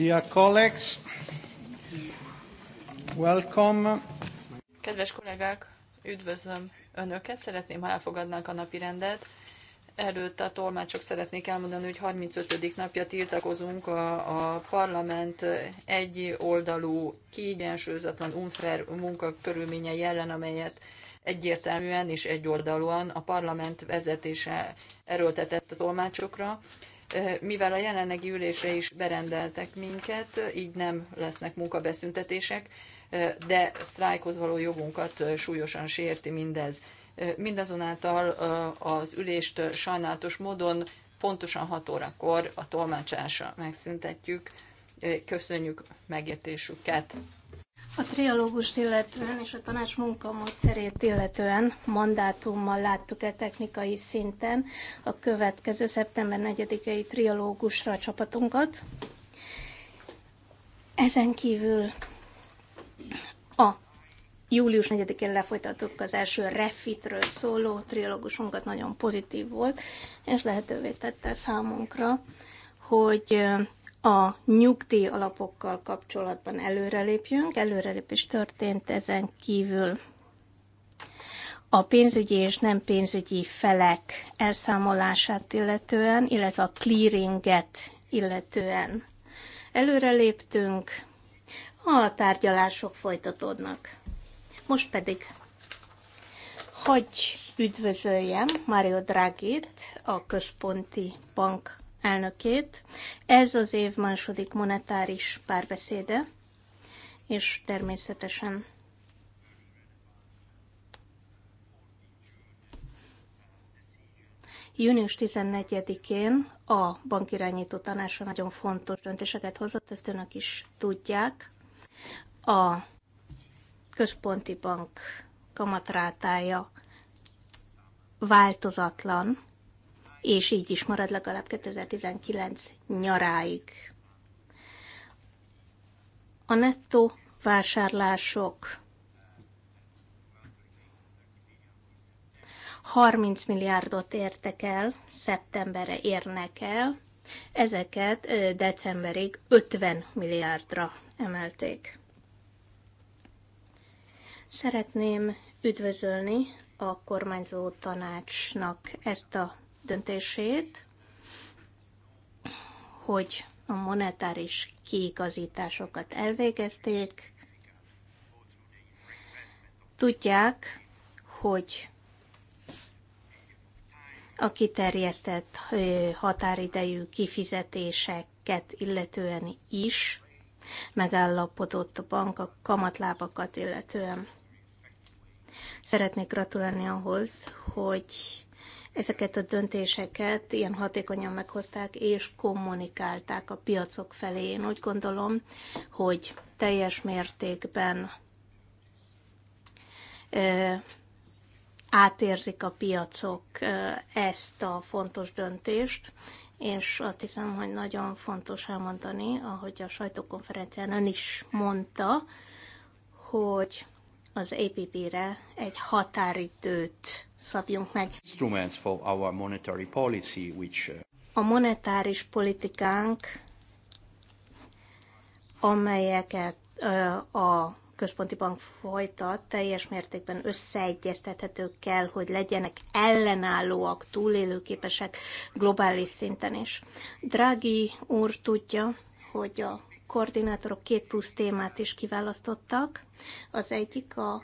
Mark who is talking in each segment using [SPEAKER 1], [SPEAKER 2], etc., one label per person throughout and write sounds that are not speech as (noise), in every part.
[SPEAKER 1] Dear colleagues, welcome.
[SPEAKER 2] Kedves kollégák, üdvözlöm Önöket, szeretném, ha elfogadnánk a napi rendet. Előtt a tolmácsok szeretnék elmondani, hogy 35. napja tiltakozunk a, a parlament egy oldalú, kiegyensúlyozatlan, unfair munkakörülményei ellen, amelyet egyértelműen és egyoldalúan a parlament vezetése erőltetett a tolmácsokra mivel a jelenlegi ülésre is berendeltek minket, így nem lesznek munkabeszüntetések, de sztrájkhoz való jogunkat súlyosan sérti mindez. Mindazonáltal az ülést sajnálatos módon pontosan 6 órakor a tolmácsásra megszüntetjük. Köszönjük megértésüket!
[SPEAKER 3] A trialógust illetően és a tanács munkamódszerét illetően mandátummal láttuk e technikai szinten a következő szeptember 4-i trialógusra a csapatunkat. Ezen kívül a július 4-én lefolytattuk az első refitről szóló trialógusunkat, nagyon pozitív volt, és lehetővé tette számunkra, hogy a nyugdíj alapokkal kapcsolatban előrelépjünk. Előrelépés történt ezen kívül a pénzügyi és nem pénzügyi felek elszámolását illetően, illetve a clearinget illetően. Előreléptünk, a tárgyalások folytatódnak. Most pedig hagy üdvözöljem Mario Dragit, a Központi Bank elnökét. Ez az év második monetáris párbeszéde, és természetesen Június 14-én a bankirányító tanása nagyon fontos döntéseket hozott, ezt önök is tudják. A központi bank kamatrátája változatlan, és így is marad legalább 2019 nyaráig. A nettó vásárlások 30 milliárdot értek el, szeptemberre érnek el, ezeket decemberig 50 milliárdra emelték. Szeretném üdvözölni a kormányzó tanácsnak ezt a döntését, hogy a monetáris kiigazításokat elvégezték. Tudják, hogy a kiterjesztett határidejű kifizetéseket illetően is megállapodott a bank a kamatlábakat illetően. Szeretnék gratulálni ahhoz, hogy ezeket a döntéseket ilyen hatékonyan meghozták és kommunikálták a piacok felé. Én úgy gondolom, hogy teljes mértékben átérzik a piacok ezt a fontos döntést, és azt hiszem, hogy nagyon fontos elmondani, ahogy a sajtókonferencián ön is mondta, hogy az APP-re egy határidőt szabjunk meg.
[SPEAKER 1] Instruments for our monetary policy, which, uh,
[SPEAKER 3] A monetáris politikánk, amelyeket a központi bank folytat, teljes mértékben összeegyeztethető kell, hogy legyenek ellenállóak, túlélőképesek globális szinten is. Drági úr tudja, hogy a koordinátorok két plusz témát is kiválasztottak. Az egyik a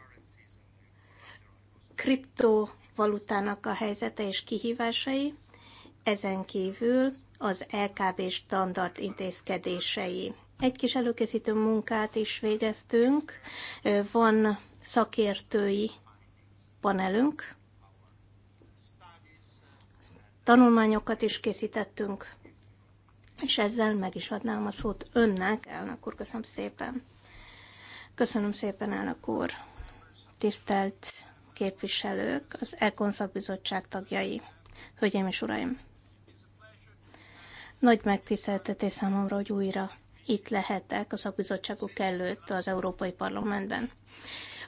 [SPEAKER 3] kripto valutának a helyzete és kihívásai, ezen kívül az LKB standard intézkedései. Egy kis előkészítő munkát is végeztünk, van szakértői panelünk, tanulmányokat is készítettünk, és ezzel meg is adnám a szót önnek, elnök úr, köszönöm szépen. Köszönöm szépen, elnök úr. Tisztelt képviselők, az ECON szakbizottság tagjai. Hölgyeim és uraim! Nagy megtiszteltetés számomra, hogy újra itt lehetek a szakbizottságok előtt az Európai Parlamentben.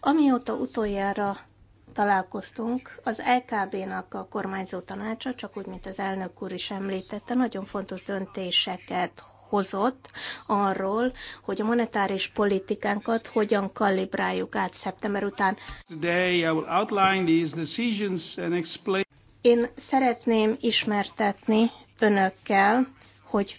[SPEAKER 3] Amióta utoljára találkoztunk, az LKB-nak a kormányzó tanácsa, csak úgy, mint az elnök úr is említette, nagyon fontos döntéseket hozott arról, hogy a monetáris politikánkat hogyan kalibráljuk át szeptember után. Én szeretném ismertetni önökkel, hogy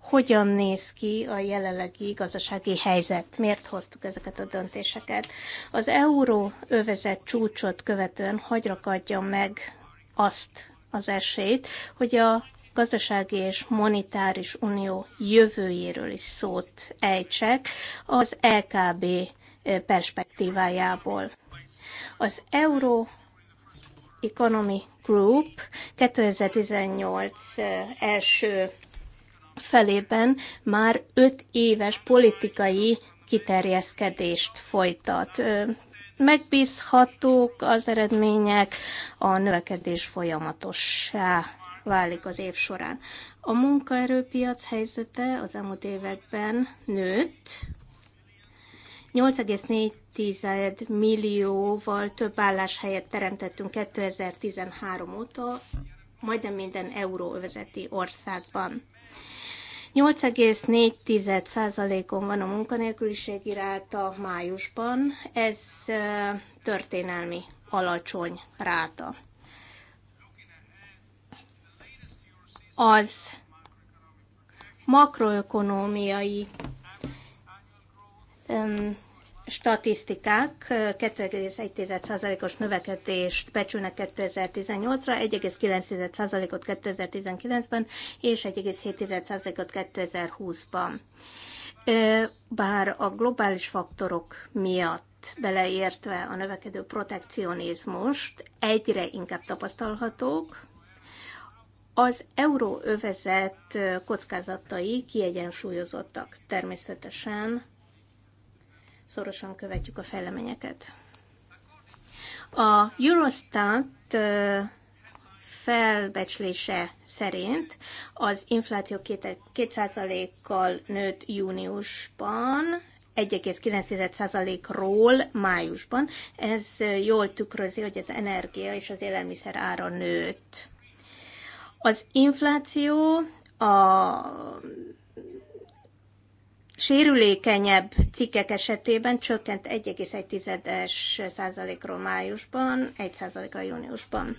[SPEAKER 3] hogyan néz ki a jelenlegi gazdasági helyzet, miért hoztuk ezeket a döntéseket. Az euró övezet csúcsot követően hagyrakadja meg azt az esélyt, hogy a gazdasági és monetáris unió jövőjéről is szót ejtsek az LKB perspektívájából. Az Euro Economy Group 2018 első felében már öt éves politikai kiterjeszkedést folytat. Megbízhatók az eredmények, a növekedés folyamatossá válik az év során. A munkaerőpiac helyzete az elmúlt években nőtt, 8,4 millióval több álláshelyet teremtettünk 2013 óta, majdnem minden euróövezeti országban. 8,4%-on van a munkanélküliségi ráta májusban, ez történelmi alacsony ráta. az makroökonómiai um, statisztikák 2,1%-os növekedést becsülnek 2018-ra, 1,9%-ot 2019-ben és 1,7%-ot 2020-ban. Bár a globális faktorok miatt beleértve a növekedő protekcionizmust egyre inkább tapasztalhatók, az euróövezet kockázatai kiegyensúlyozottak. Természetesen szorosan követjük a fejleményeket. A Eurostat felbecslése szerint az infláció 2%-kal nőtt júniusban, 1,9%-ról májusban. Ez jól tükrözi, hogy az energia és az élelmiszer ára nőtt. Az infláció a sérülékenyebb cikkek esetében csökkent 1,1%-es százalékról májusban, 1 százalékra júniusban.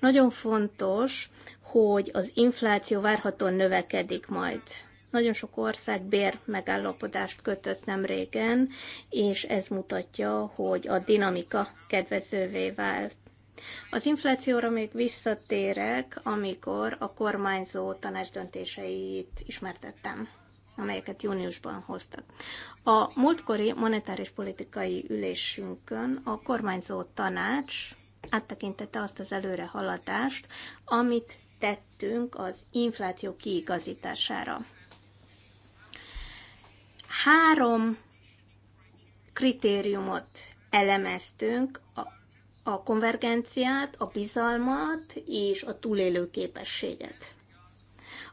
[SPEAKER 3] Nagyon fontos, hogy az infláció várhatóan növekedik majd. Nagyon sok ország bér megállapodást kötött nem régen, és ez mutatja, hogy a dinamika kedvezővé vált. Az inflációra még visszatérek, amikor a kormányzó tanács döntéseit ismertettem amelyeket júniusban hoztak. A múltkori monetáris politikai ülésünkön a kormányzó tanács áttekintette azt az előrehaladást, amit tettünk az infláció kiigazítására. Három kritériumot elemeztünk, a konvergenciát, a bizalmat és a túlélő képességet.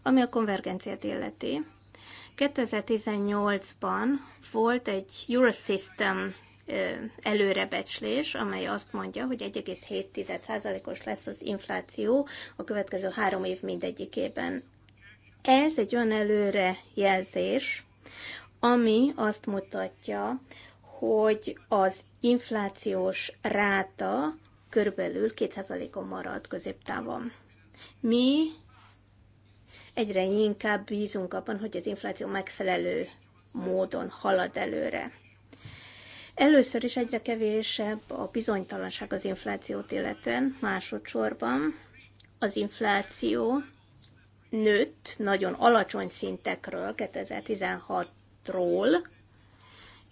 [SPEAKER 3] Ami a konvergenciát illeti, 2018-ban volt egy Eurosystem előrebecslés, amely azt mondja, hogy 1,7%-os lesz az infláció a következő három év mindegyikében. Ez egy olyan előrejelzés, ami azt mutatja, hogy az inflációs ráta körülbelül 2%-on marad középtávon. Mi egyre inkább bízunk abban, hogy az infláció megfelelő módon halad előre. Először is egyre kevésebb a bizonytalanság az inflációt illetően, másodszorban az infláció nőtt nagyon alacsony szintekről 2016-ról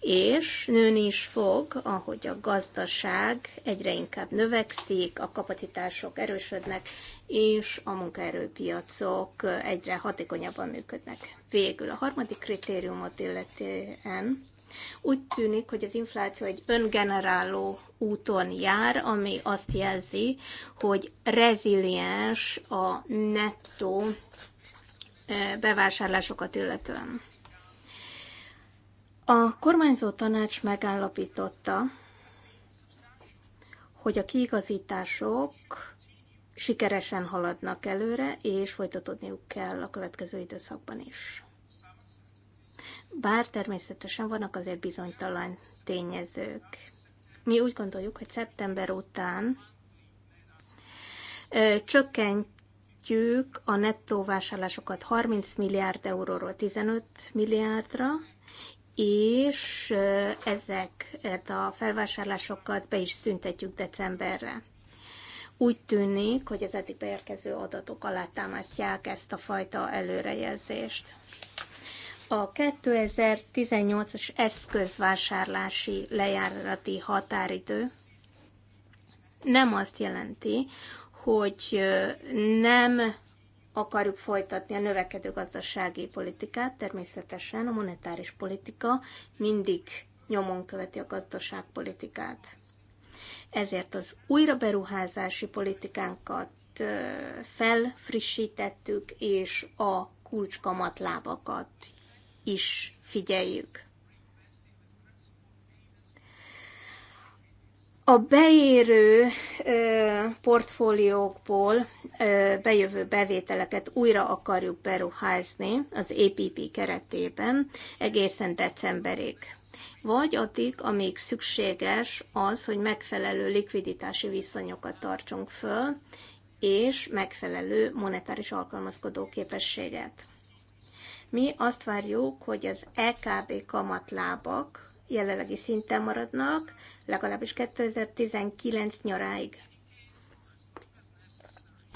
[SPEAKER 3] és nőni is fog, ahogy a gazdaság egyre inkább növekszik, a kapacitások erősödnek, és a munkaerőpiacok egyre hatékonyabban működnek. Végül a harmadik kritériumot illetően úgy tűnik, hogy az infláció egy öngeneráló úton jár, ami azt jelzi, hogy reziliens a nettó eh, bevásárlásokat illetően. A kormányzó tanács megállapította, hogy a kiigazítások sikeresen haladnak előre, és folytatódniuk kell a következő időszakban is. Bár természetesen vannak azért bizonytalan tényezők. Mi úgy gondoljuk, hogy szeptember után ö, csökkentjük a nettó vásárlásokat 30 milliárd euróról 15 milliárdra, és ezeket a felvásárlásokat be is szüntetjük decemberre. Úgy tűnik, hogy az eddig beérkező adatok alátámasztják ezt a fajta előrejelzést. A 2018-as eszközvásárlási lejárati határidő nem azt jelenti, hogy nem akarjuk folytatni a növekedő gazdasági politikát, természetesen a monetáris politika mindig nyomon követi a gazdaságpolitikát. Ezért az újraberuházási politikánkat felfrissítettük, és a kulcskamatlábakat is figyeljük. a beérő portfóliókból bejövő bevételeket újra akarjuk beruházni az EPP keretében egészen decemberig. Vagy addig, amíg szükséges az, hogy megfelelő likviditási viszonyokat tartsunk föl, és megfelelő monetáris alkalmazkodó képességet. Mi azt várjuk, hogy az EKB kamatlábak jelenlegi szinten maradnak, legalábbis 2019 nyaráig.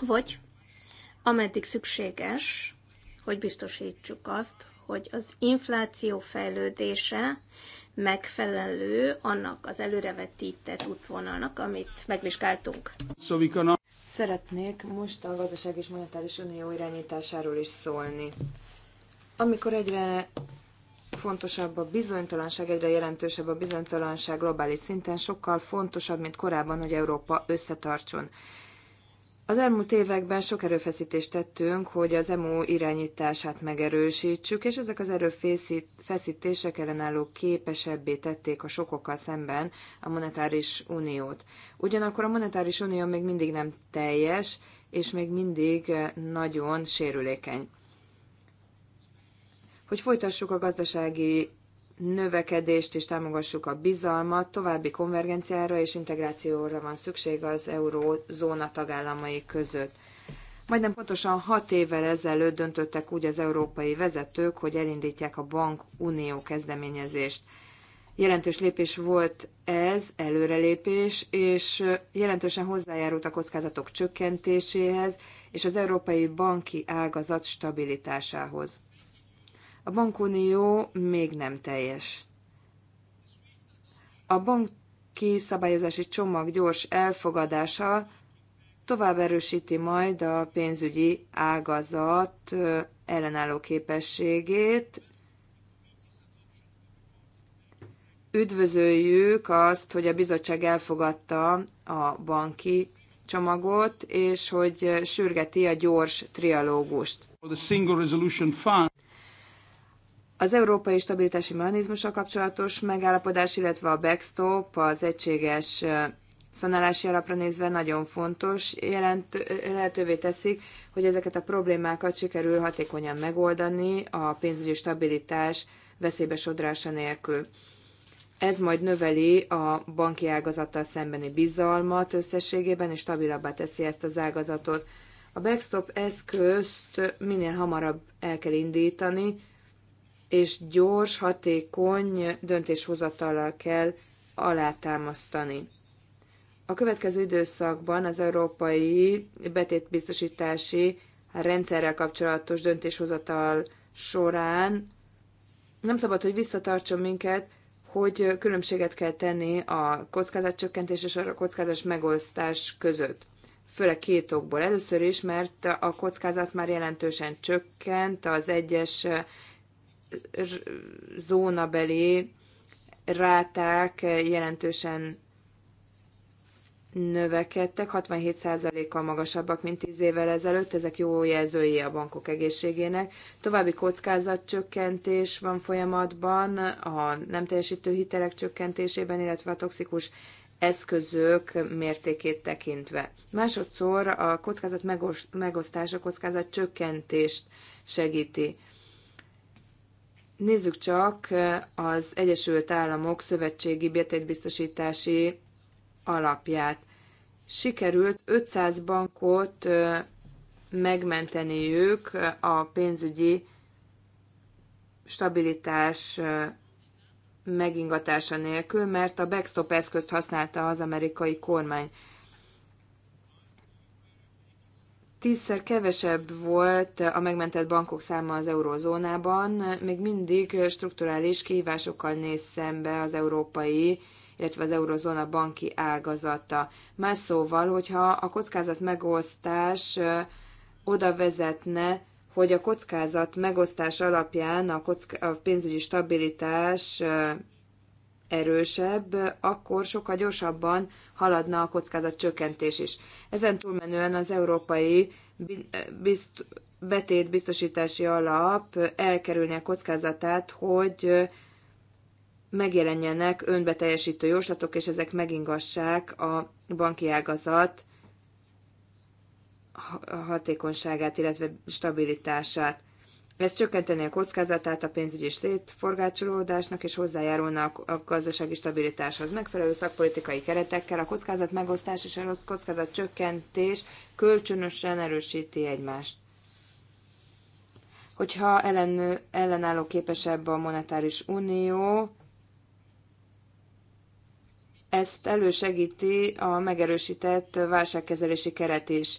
[SPEAKER 3] Vagy ameddig szükséges, hogy biztosítsuk azt, hogy az infláció fejlődése megfelelő annak az előrevetített útvonalnak, amit megvizsgáltunk.
[SPEAKER 4] Szeretnék most a Gazdaság és Monetáris Unió irányításáról is szólni. Amikor egyre fontosabb a bizonytalanság, egyre jelentősebb a bizonytalanság globális szinten, sokkal fontosabb, mint korábban, hogy Európa összetartson. Az elmúlt években sok erőfeszítést tettünk, hogy az EMU irányítását megerősítsük, és ezek az erőfeszítések ellenálló képesebbé tették a sokokkal szemben a monetáris uniót. Ugyanakkor a monetáris unió még mindig nem teljes, és még mindig nagyon sérülékeny hogy folytassuk a gazdasági növekedést és támogassuk a bizalmat, további konvergenciára és integrációra van szükség az eurózóna tagállamai között. Majdnem pontosan hat évvel ezelőtt döntöttek úgy az európai vezetők, hogy elindítják a bankunió kezdeményezést. Jelentős lépés volt ez, előrelépés, és jelentősen hozzájárult a kockázatok csökkentéséhez és az európai banki ágazat stabilitásához. A bankunió még nem teljes. A banki szabályozási csomag gyors elfogadása tovább erősíti majd a pénzügyi ágazat ellenálló képességét. Üdvözöljük azt, hogy a bizottság elfogadta a banki csomagot, és hogy sürgeti a gyors trialógust. Az európai stabilitási mechanizmussal kapcsolatos megállapodás, illetve a backstop, az egységes szanálási alapra nézve nagyon fontos, jelent, lehetővé teszik, hogy ezeket a problémákat sikerül hatékonyan megoldani a pénzügyi stabilitás veszélybe sodrása nélkül. Ez majd növeli a banki ágazattal szembeni bizalmat összességében, és stabilabbá teszi ezt az ágazatot. A backstop eszközt minél hamarabb el kell indítani, és gyors, hatékony döntéshozatallal kell alátámasztani. A következő időszakban az európai betétbiztosítási rendszerrel kapcsolatos döntéshozatal során nem szabad, hogy visszatartson minket, hogy különbséget kell tenni a kockázatcsökkentés és a kockázat megosztás között. Főleg két okból. Először is, mert a kockázat már jelentősen csökkent az egyes zónabeli ráták jelentősen növekedtek, 67%-kal magasabbak, mint 10 évvel ezelőtt, ezek jó jelzői a bankok egészségének. További kockázatcsökkentés van folyamatban, a nem teljesítő hitelek csökkentésében, illetve a toxikus eszközök mértékét tekintve. Másodszor a kockázat megosztás a kockázat csökkentést segíti. Nézzük csak az Egyesült Államok Szövetségi Betétbiztosítási Alapját. Sikerült 500 bankot megmenteniük a pénzügyi stabilitás megingatása nélkül, mert a backstop eszközt használta az amerikai kormány tízszer kevesebb volt a megmentett bankok száma az eurozónában, még mindig strukturális kihívásokkal néz szembe az európai, illetve az eurozóna banki ágazata. Más szóval, hogyha a kockázat megosztás oda vezetne, hogy a kockázat megosztás alapján a, kocka, a pénzügyi stabilitás erősebb, akkor sokkal gyorsabban haladna a kockázat csökkentés is. Ezen túlmenően az európai bizt, betét biztosítási alap elkerülni a kockázatát, hogy megjelenjenek önbeteljesítő jóslatok, és ezek megingassák a banki ágazat hatékonyságát, illetve stabilitását. Ez csökkenteni a kockázatát a pénzügyi szétforgácsolódásnak, és hozzájárulnak a gazdasági stabilitáshoz. Megfelelő szakpolitikai keretekkel a kockázat megosztás és a kockázat csökkentés kölcsönösen erősíti egymást. Hogyha ellen, ellenálló képesebb a monetáris unió, ezt elősegíti a megerősített válságkezelési keret is.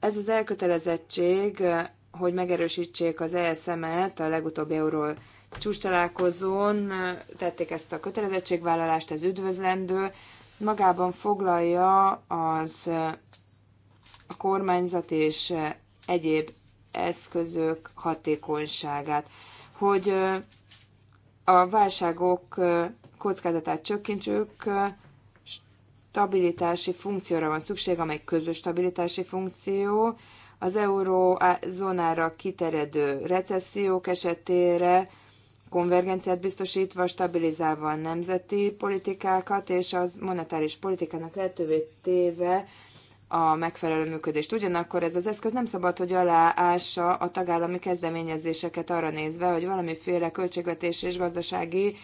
[SPEAKER 4] Ez az elkötelezettség hogy megerősítsék az ESM-et a legutóbbi euról csúcs találkozón tették ezt a kötelezettségvállalást, ez üdvözlendő. Magában foglalja az a kormányzat és egyéb eszközök hatékonyságát, hogy a válságok kockázatát csökkentsük, stabilitási funkcióra van szükség, amely közös stabilitási funkció, az eurózónára kiteredő recessziók esetére konvergenciát biztosítva, stabilizálva a nemzeti politikákat, és az monetáris politikának lehetővé téve a megfelelő működést. Ugyanakkor ez az eszköz nem szabad, hogy aláássa a tagállami kezdeményezéseket arra nézve, hogy valamiféle költségvetés és gazdasági,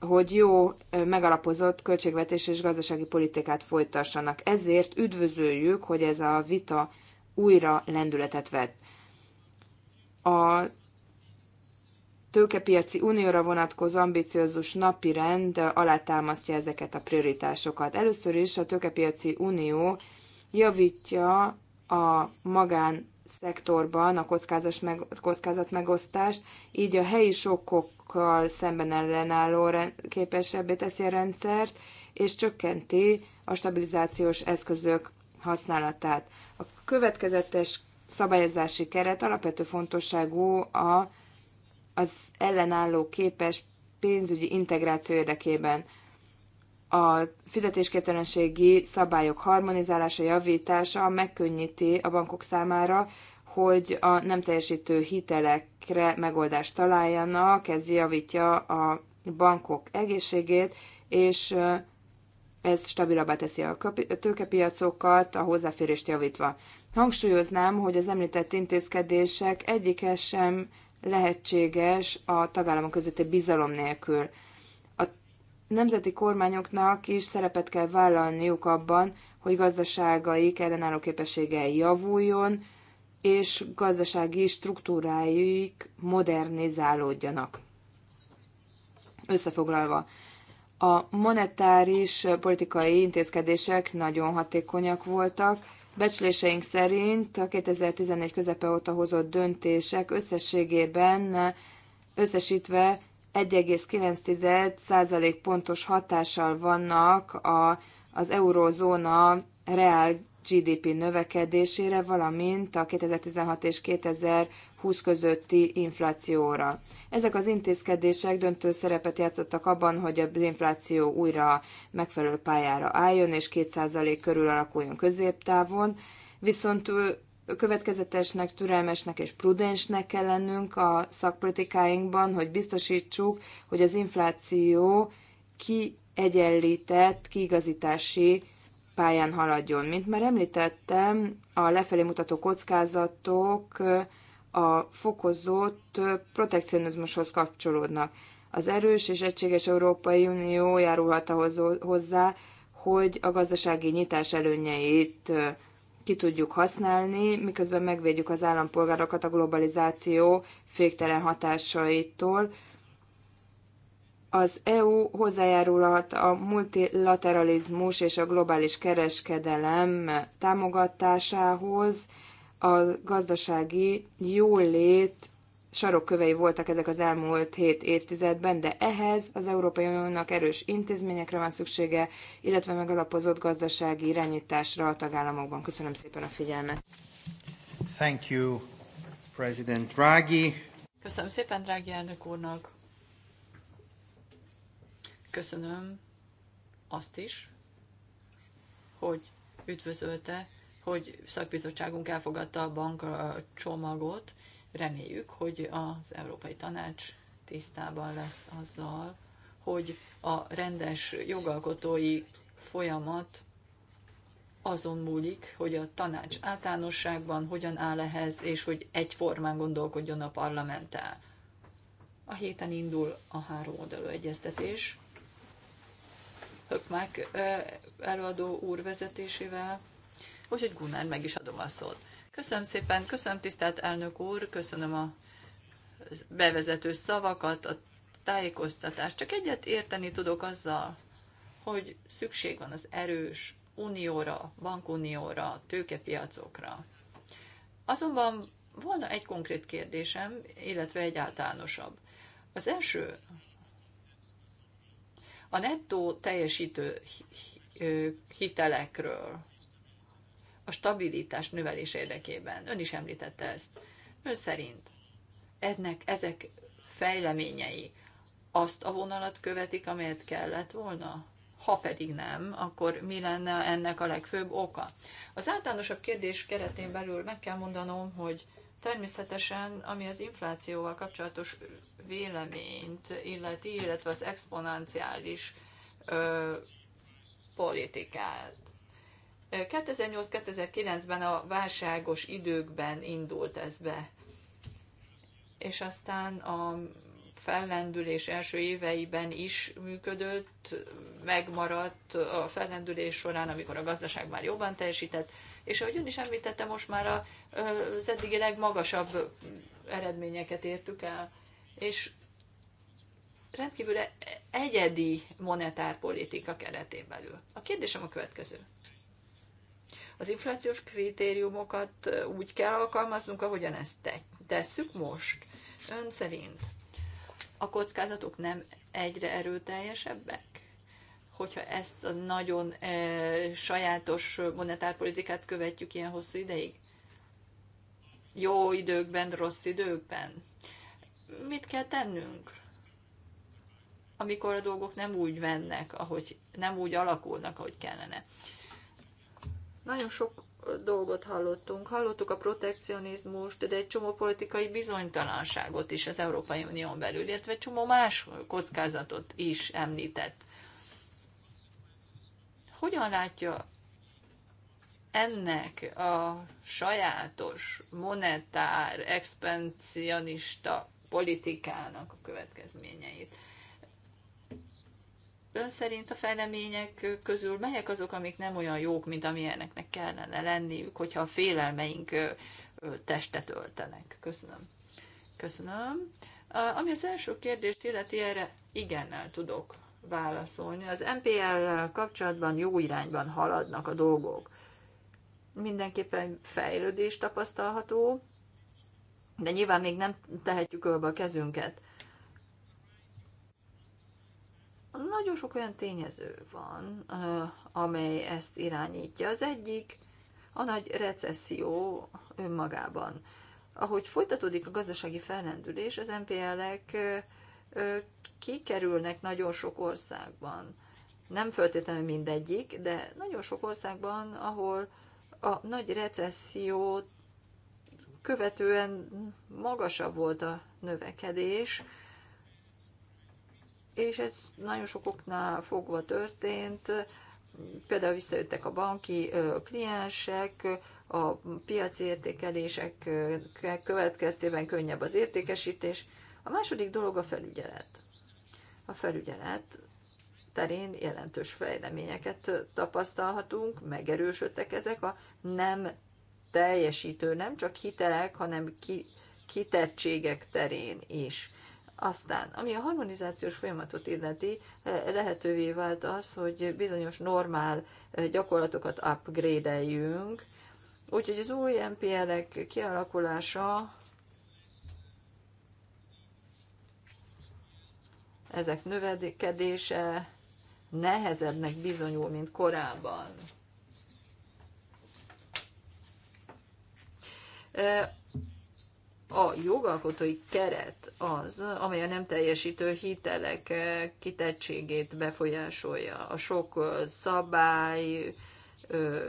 [SPEAKER 4] hogy jó megalapozott költségvetés és gazdasági politikát folytassanak. Ezért üdvözöljük, hogy ez a vita újra lendületet vett. A tőkepiaci unióra vonatkozó ambiciózus napi rend alátámasztja ezeket a prioritásokat. Először is a tőkepiaci unió javítja a magán szektorban a kockázat, meg, kockázat megosztást, így a helyi sokkokkal szemben ellenálló képesebbé teszi a rendszert, és csökkenti a stabilizációs eszközök használatát következetes szabályozási keret alapvető fontosságú a, az ellenálló képes pénzügyi integráció érdekében. A fizetésképtelenségi szabályok harmonizálása, javítása megkönnyíti a bankok számára, hogy a nem teljesítő hitelekre megoldást találjanak, ez javítja a bankok egészségét, és ez stabilabbá teszi a tőkepiacokat, a hozzáférést javítva. Hangsúlyoznám, hogy az említett intézkedések egyike sem lehetséges a tagállamok közötti bizalom nélkül. A nemzeti kormányoknak is szerepet kell vállalniuk abban, hogy gazdaságaik ellenálló képessége javuljon, és gazdasági struktúráik modernizálódjanak. Összefoglalva, a monetáris politikai intézkedések nagyon hatékonyak voltak, Becsléseink szerint a 2014 közepe óta hozott döntések összességében összesítve 1,9% pontos hatással vannak a, az eurózóna reál GDP növekedésére, valamint a 2016 és 2020 közötti inflációra. Ezek az intézkedések döntő szerepet játszottak abban, hogy az infláció újra megfelelő pályára álljon, és 2% körül alakuljon középtávon, viszont következetesnek, türelmesnek és prudensnek kell lennünk a szakpolitikáinkban, hogy biztosítsuk, hogy az infláció kiegyenlített kiigazítási pályán haladjon. Mint már említettem, a lefelé mutató kockázatok a fokozott protekcionizmushoz kapcsolódnak. Az erős és egységes Európai Unió járulhat ahhoz hozzá, hogy a gazdasági nyitás előnyeit ki tudjuk használni, miközben megvédjük az állampolgárokat a globalizáció féktelen hatásaitól, az EU hozzájárulhat a multilateralizmus és a globális kereskedelem támogatásához. A gazdasági jólét sarokkövei voltak ezek az elmúlt hét évtizedben, de ehhez az Európai Uniónak erős intézményekre van szüksége, illetve megalapozott gazdasági irányításra a tagállamokban. Köszönöm szépen a figyelmet.
[SPEAKER 3] Thank you, President Draghi.
[SPEAKER 2] Köszönöm szépen Draghi elnök úrnak. Köszönöm azt is, hogy üdvözölte, hogy szakbizottságunk elfogadta a bank csomagot. Reméljük, hogy az Európai Tanács tisztában lesz azzal, hogy a rendes jogalkotói folyamat azon múlik, hogy a tanács általánosságban hogyan áll ehhez, és hogy egyformán gondolkodjon a parlamenttel. A héten indul a három oldalú egyeztetés, Hökmák előadó úr vezetésével. Úgyhogy Gunnar, meg is adom a szót. Köszönöm szépen, köszönöm tisztelt elnök úr, köszönöm a bevezető szavakat, a tájékoztatást. Csak egyet érteni tudok azzal, hogy szükség van az erős unióra, bankunióra, tőkepiacokra. Azonban volna egy konkrét kérdésem, illetve egy általánosabb. Az első, a nettó teljesítő hitelekről a stabilitás növelés érdekében. Ön is említette ezt. Ön szerint ennek, ezek fejleményei azt a vonalat követik, amelyet kellett volna? Ha pedig nem, akkor mi lenne ennek a legfőbb oka? Az általánosabb kérdés keretén belül meg kell mondanom, hogy Természetesen, ami az inflációval kapcsolatos véleményt illeti, illetve az exponenciális ö, politikát. 2008-2009-ben a válságos időkben indult ez be, és aztán a fellendülés első éveiben is működött, megmaradt a fellendülés során, amikor a gazdaság már jobban teljesített, és ahogy ön is említette, most már az eddigi legmagasabb eredményeket értük el, és rendkívül egyedi monetárpolitika keretén belül. A kérdésem a következő. Az inflációs kritériumokat úgy kell alkalmaznunk, ahogyan ezt tesszük most, ön szerint a kockázatok nem egyre erőteljesebbek? Hogyha ezt a nagyon e, sajátos monetárpolitikát követjük ilyen hosszú ideig? Jó időkben, rossz időkben? Mit kell tennünk? amikor a dolgok nem úgy mennek, ahogy nem úgy alakulnak, ahogy kellene. Nagyon sok dolgot hallottunk. Hallottuk a protekcionizmust, de egy csomó politikai bizonytalanságot is az Európai Unión belül, illetve egy csomó más kockázatot is említett. Hogyan látja ennek a sajátos, monetár, expansionista politikának a következményeit? ön szerint a fejlemények közül melyek azok, amik nem olyan jók, mint amilyeneknek kellene lenniük, hogyha a félelmeink testet öltenek? Köszönöm. Köszönöm. Ami az első kérdést illeti, erre igennel tudok válaszolni. Az MPL kapcsolatban jó irányban haladnak a dolgok. Mindenképpen fejlődés tapasztalható, de nyilván még nem tehetjük ölbe a kezünket. Nagyon sok olyan tényező van, amely ezt irányítja. Az egyik a nagy recesszió önmagában. Ahogy folytatódik a gazdasági felrendülés, az MPL-ek kikerülnek nagyon sok országban. Nem feltétlenül mindegyik, de nagyon sok országban, ahol a nagy recesszió követően magasabb volt a növekedés, és ez nagyon sokoknál fogva történt, például visszajöttek a banki kliensek, a piaci értékelések következtében könnyebb az értékesítés. A második dolog a felügyelet. A felügyelet terén jelentős fejleményeket tapasztalhatunk, megerősödtek ezek a nem teljesítő, nem csak hitelek, hanem ki, kitettségek terén is. Aztán, ami a harmonizációs folyamatot illeti, eh, lehetővé vált az, hogy bizonyos normál eh, gyakorlatokat upgrade-eljünk, úgyhogy az új MPL-ek kialakulása ezek növekedése nehezebbnek bizonyul, mint korábban. Eh, a jogalkotói keret az, amely a nem teljesítő hitelek eh, kitettségét befolyásolja. A sok eh, szabály, eh,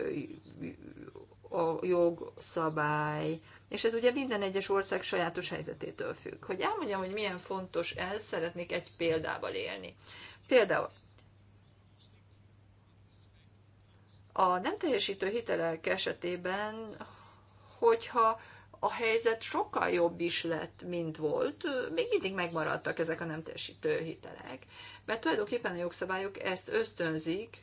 [SPEAKER 2] a jogszabály, és ez ugye minden egyes ország sajátos helyzetétől függ. Hogy elmondjam, hogy milyen fontos ez, szeretnék egy példával élni. Például a nem teljesítő hitelek esetében, hogyha a helyzet sokkal jobb is lett, mint volt, még mindig megmaradtak ezek a nem teljesítő hitelek, mert tulajdonképpen a jogszabályok ezt ösztönzik,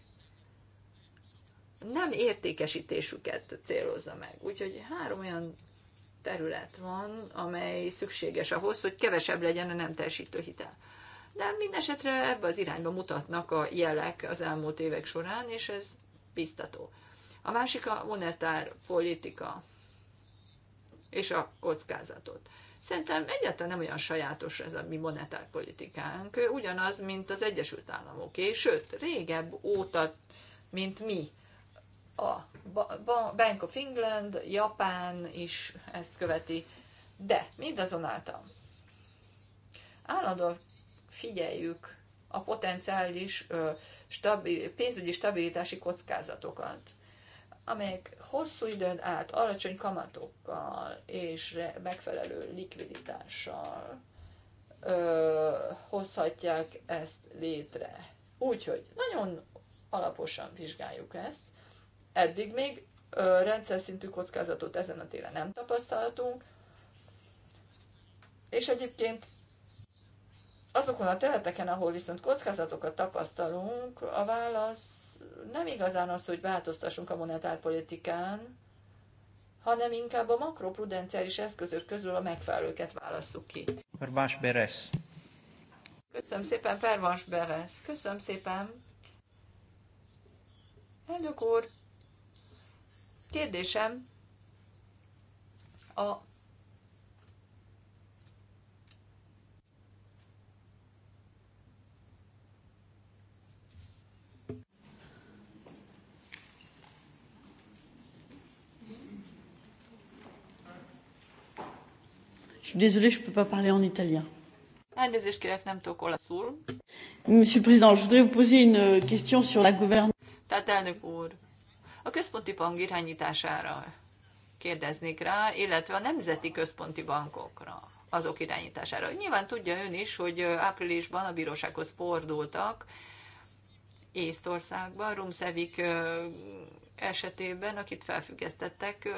[SPEAKER 2] nem értékesítésüket célozza meg. Úgyhogy három olyan terület van, amely szükséges ahhoz, hogy kevesebb legyen a nem teljesítő hitel. De minden esetre ebbe az irányba mutatnak a jelek az elmúlt évek során, és ez biztató. A másik a monetár politika és a kockázatot. Szerintem egyáltalán nem olyan sajátos ez a mi monetárpolitikánk, ugyanaz, mint az Egyesült Államoké, sőt, régebb óta, mint mi. A Bank of England, Japán is ezt követi, de mindazonáltal állandóan figyeljük a potenciális stabil, pénzügyi stabilitási kockázatokat amelyek hosszú időn át alacsony kamatokkal és megfelelő likviditással ö, hozhatják ezt létre. Úgyhogy nagyon alaposan vizsgáljuk ezt. Eddig még ö, rendszer szintű kockázatot ezen a téren nem tapasztaltunk, és egyébként azokon a területeken, ahol viszont kockázatokat tapasztalunk, a válasz nem igazán az, hogy változtassunk a monetárpolitikán, hanem inkább a makroprudenciális eszközök közül a megfelelőket válasszuk ki.
[SPEAKER 1] Pervans Beres.
[SPEAKER 2] Köszönöm szépen, Pervans Beres. Köszönöm szépen. Elnök úr, kérdésem a
[SPEAKER 1] Je suis désolée, je ne peux pas parler en italien.
[SPEAKER 2] Elnézést kérek, nem tudok olaszul.
[SPEAKER 1] Monsieur le Président, je voudrais vous poser une euh,
[SPEAKER 2] question sur la gouvernance. Tehát elnök úr, a központi bank irányítására kérdeznék rá, illetve a nemzeti központi bankokra, azok irányítására. Nyilván tudja ön is, hogy áprilisban a bírósághoz fordultak Észtországban, Rumszevik esetében, akit felfüggesztettek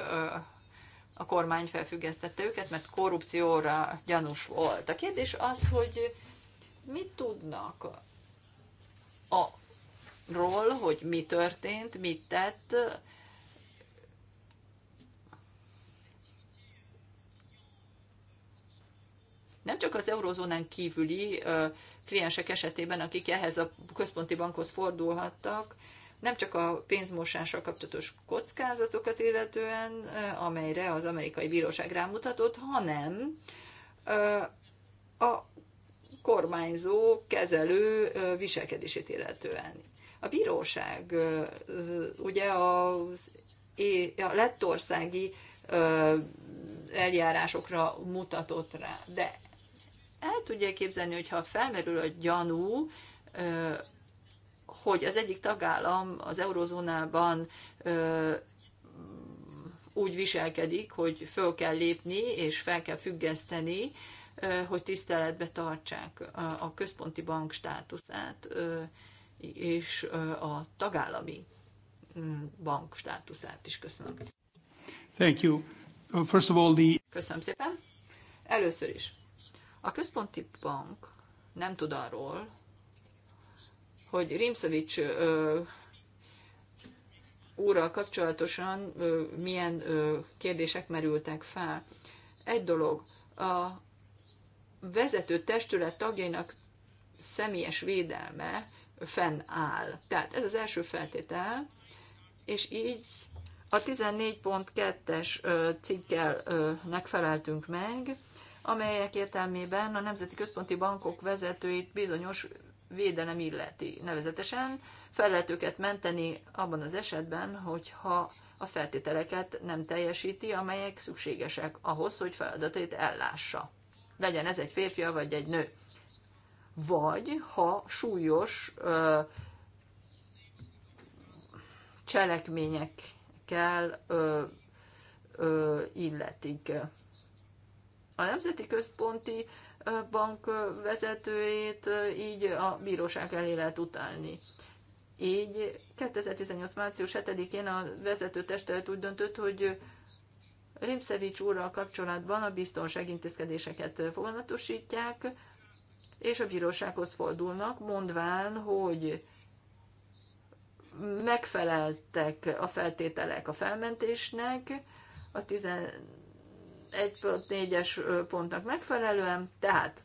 [SPEAKER 2] a kormány felfüggesztette őket, mert korrupcióra gyanús volt. A kérdés az, hogy mit tudnak arról, hogy mi történt, mit tett, nem csak az eurozónán kívüli ö, kliensek esetében, akik ehhez a központi bankhoz fordulhattak, nem csak a pénzmosással kapcsolatos kockázatokat illetően, amelyre az amerikai bíróság rámutatott, hanem a kormányzó, kezelő viselkedését illetően. A bíróság ugye az, a lettországi eljárásokra mutatott rá, de el tudja képzelni, hogyha felmerül a gyanú hogy az egyik tagállam az eurozónában úgy viselkedik, hogy föl kell lépni és fel kell függeszteni, hogy tiszteletbe tartsák a központi bank státuszát és a tagállami mm, bank státuszát is. Köszönöm.
[SPEAKER 1] Thank you. Uh, first of all, the...
[SPEAKER 2] Köszönöm szépen. Először is. A központi bank nem tud arról, hogy Rimszavics úrral kapcsolatosan milyen kérdések merültek fel. Egy dolog, a vezető testület tagjainak személyes védelme fennáll. Tehát ez az első feltétel, és így a 14.2-es cikkelnek feleltünk meg, amelyek értelmében a Nemzeti Központi Bankok vezetőit bizonyos védelem illeti. Nevezetesen fel lehet őket menteni abban az esetben, hogyha a feltételeket nem teljesíti, amelyek szükségesek ahhoz, hogy feladatait ellássa. Legyen ez egy férfi vagy egy nő. Vagy ha súlyos ö, cselekményekkel ö, ö, illetik. A Nemzeti Központi bank vezetőjét így a bíróság elé lehet utálni. Így 2018. március 7-én a vezető testület úgy döntött, hogy Rimszevics úrral kapcsolatban a biztonságintézkedéseket foganatosítják, és a bírósághoz fordulnak, mondván, hogy megfeleltek a feltételek a felmentésnek, a 10 14 négyes pontnak megfelelően, tehát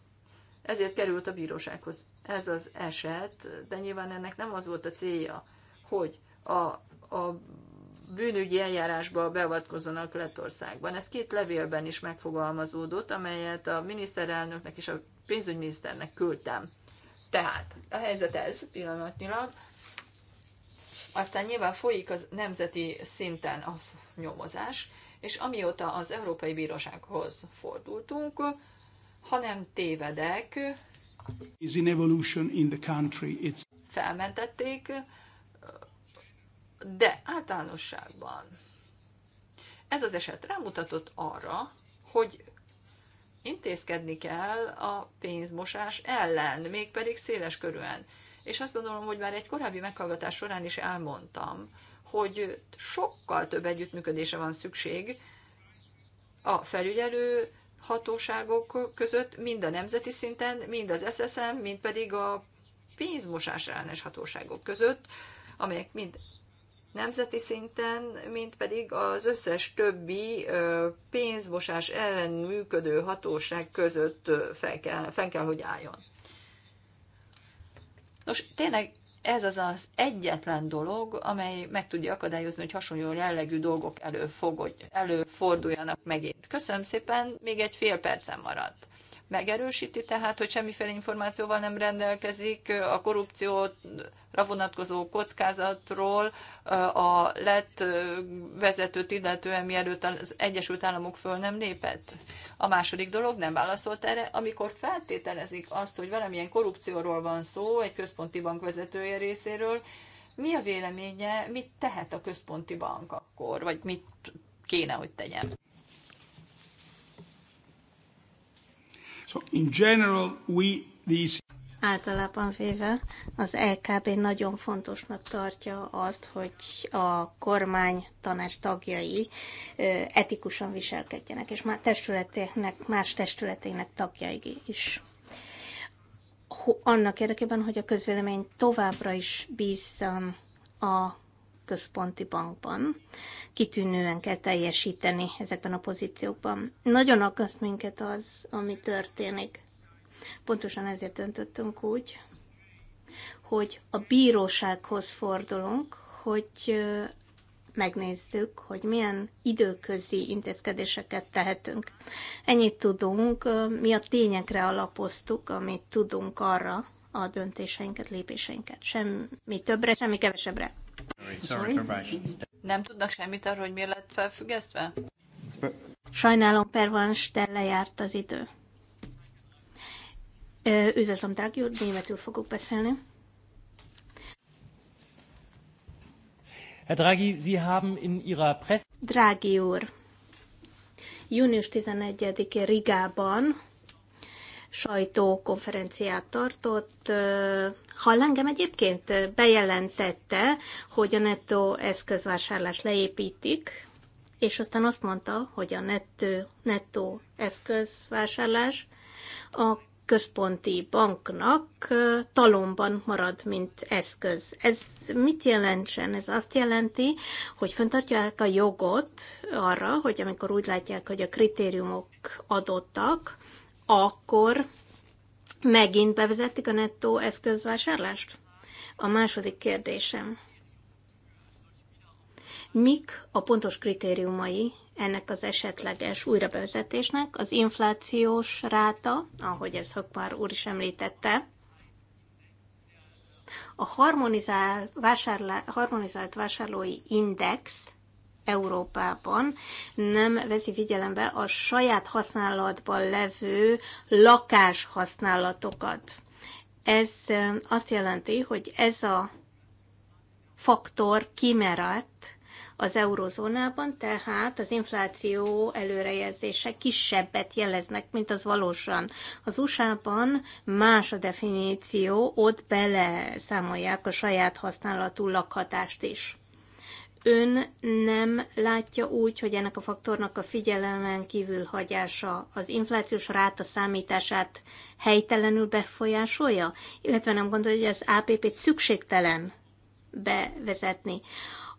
[SPEAKER 2] ezért került a bírósághoz ez az eset, de nyilván ennek nem az volt a célja, hogy a, a bűnügyi eljárásba beavatkozzanak Lettországban. Ez két levélben is megfogalmazódott, amelyet a miniszterelnöknek és a pénzügyminiszternek küldtem. Tehát a helyzet ez pillanatnyilag. Aztán nyilván folyik az nemzeti szinten a nyomozás, és amióta az Európai Bírósághoz fordultunk, ha nem tévedek,
[SPEAKER 1] is in evolution in the country. It's...
[SPEAKER 2] felmentették, de általánosságban ez az eset rámutatott arra, hogy intézkedni kell a pénzmosás ellen, mégpedig széles körűen. És azt gondolom, hogy már egy korábbi meghallgatás során is elmondtam, hogy sokkal több együttműködése van szükség a felügyelő hatóságok között, mind a nemzeti szinten, mind az SSM, mind pedig a pénzmosás ellenes hatóságok között, amelyek mind nemzeti szinten, mint pedig az összes többi pénzmosás ellen működő hatóság között fel kell, fel kell hogy álljon. Nos, tényleg ez az az egyetlen dolog, amely meg tudja akadályozni, hogy hasonló jellegű dolgok előfogod, előforduljanak megint. Köszönöm szépen, még egy fél percem maradt megerősíti tehát, hogy semmiféle információval nem rendelkezik a korrupcióra vonatkozó kockázatról a lett vezetőt illetően, mielőtt az Egyesült Államok föl nem lépett. A második dolog nem válaszolt erre, amikor feltételezik azt, hogy valamilyen korrupcióról van szó egy központi bank vezetője részéről, mi a véleménye, mit tehet a központi bank akkor, vagy mit kéne, hogy
[SPEAKER 3] tegyen?
[SPEAKER 1] So in general, we, these...
[SPEAKER 3] Általában véve az LKB nagyon fontosnak tartja azt, hogy a kormány tanács tagjai etikusan viselkedjenek, és már testületének, más testületének tagjai is annak érdekében, hogy a közvélemény továbbra is bízzon a központi bankban kitűnően kell teljesíteni ezekben a pozíciókban. Nagyon akaszt minket az, ami történik. Pontosan ezért döntöttünk úgy, hogy a bírósághoz fordulunk, hogy megnézzük, hogy milyen időközi intézkedéseket tehetünk. Ennyit tudunk, mi a tényekre alapoztuk, amit tudunk arra, a döntéseinket, lépéseinket. Semmi többre, semmi kevesebbre. Nem tudnak semmit arról, hogy miért lett felfüggesztve? Sajnálom, Pervans, de lejárt az idő. Üdvözlöm, drági úr, németül fogok beszélni. Herr Draghi, Sie haben in Ihrer Presse... Draghi úr, június 11-én Rigában sajtókonferenciát tartott. Hall engem egyébként bejelentette, hogy a nettó eszközvásárlás leépítik, és aztán azt mondta, hogy a nettó, nettó eszközvásárlás a központi banknak talomban marad, mint eszköz. Ez mit jelentsen? Ez azt jelenti, hogy fenntartják a jogot arra, hogy amikor úgy látják, hogy a kritériumok adottak, akkor megint bevezetik a nettó eszközvásárlást? A második kérdésem. Mik a pontos kritériumai ennek az esetleges újrabevezetésnek? Az inflációs ráta, ahogy ez Hökmár úr is említette, a harmonizál, vásárlá, harmonizált vásárlói index Európában nem veszi figyelembe a saját használatban levő lakáshasználatokat. Ez azt jelenti, hogy ez a faktor kimerett az eurozónában, tehát az infláció előrejelzése kisebbet jeleznek, mint az valósan. Az USA-ban más a definíció, ott bele számolják a saját használatú lakhatást is ön nem látja úgy, hogy ennek a faktornak a figyelemen kívül hagyása az inflációs ráta számítását helytelenül befolyásolja, illetve nem gondolja, hogy az APP-t szükségtelen bevezetni.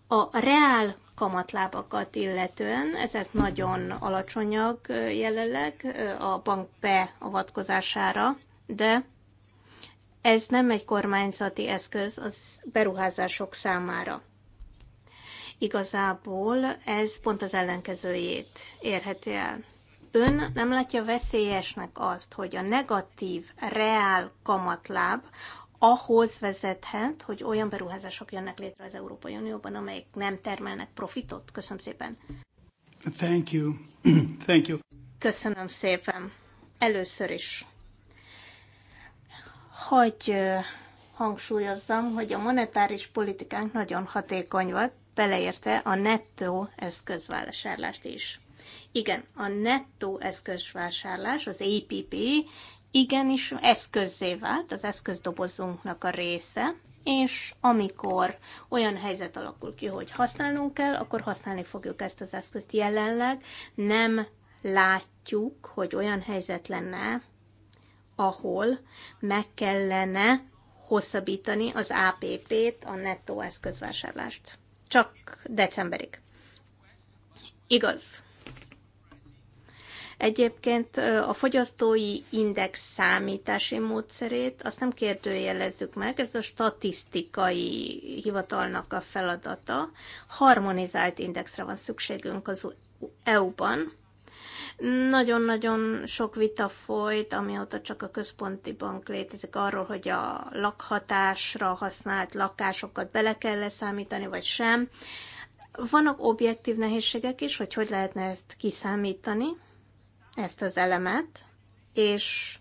[SPEAKER 3] A reál kamatlábakat illetően, ezek nagyon alacsonyak jelenleg a bank beavatkozására, de ez nem egy kormányzati eszköz az beruházások számára. Igazából ez pont az ellenkezőjét érheti el. Ön nem látja veszélyesnek azt, hogy a negatív, reál kamatláb ahhoz vezethet, hogy olyan beruházások jönnek létre az Európai Unióban, amelyek nem termelnek profitot? Köszönöm szépen.
[SPEAKER 1] Thank you. (clears throat) Thank you.
[SPEAKER 3] Köszönöm szépen. Először is. Hogy hangsúlyozzam, hogy a monetáris politikánk nagyon hatékony volt, beleérte a nettó eszközvásárlást is. Igen, a nettó eszközvásárlás, az APP, igenis eszközzé vált, az eszközdobozunknak a része, és amikor olyan helyzet alakul ki, hogy használnunk kell, akkor használni fogjuk ezt az eszközt. Jelenleg nem látjuk, hogy olyan helyzet lenne, ahol meg kellene hosszabbítani az APP-t, a nettó eszközvásárlást. Csak decemberig. Igaz. Egyébként a fogyasztói index számítási módszerét azt nem kérdőjelezzük meg, ez a statisztikai hivatalnak a feladata. Harmonizált indexre van szükségünk az EU-ban, nagyon-nagyon sok vita folyt, amióta csak a központi bank létezik arról, hogy a lakhatásra használt lakásokat bele kell leszámítani, vagy sem. Vannak objektív nehézségek is, hogy hogy lehetne ezt kiszámítani, ezt az elemet, és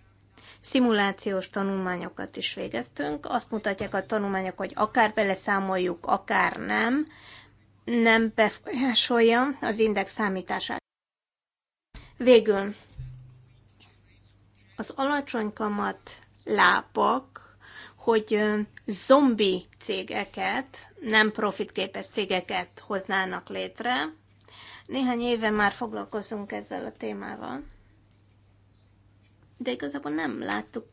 [SPEAKER 3] szimulációs tanulmányokat is végeztünk. Azt mutatják a tanulmányok, hogy akár beleszámoljuk, akár nem, nem befolyásolja az index számítását. Végül az alacsony kamat lápak, hogy zombi cégeket, nem profitképes cégeket hoznának létre. Néhány éve már foglalkozunk ezzel a témával, de igazából nem láttuk,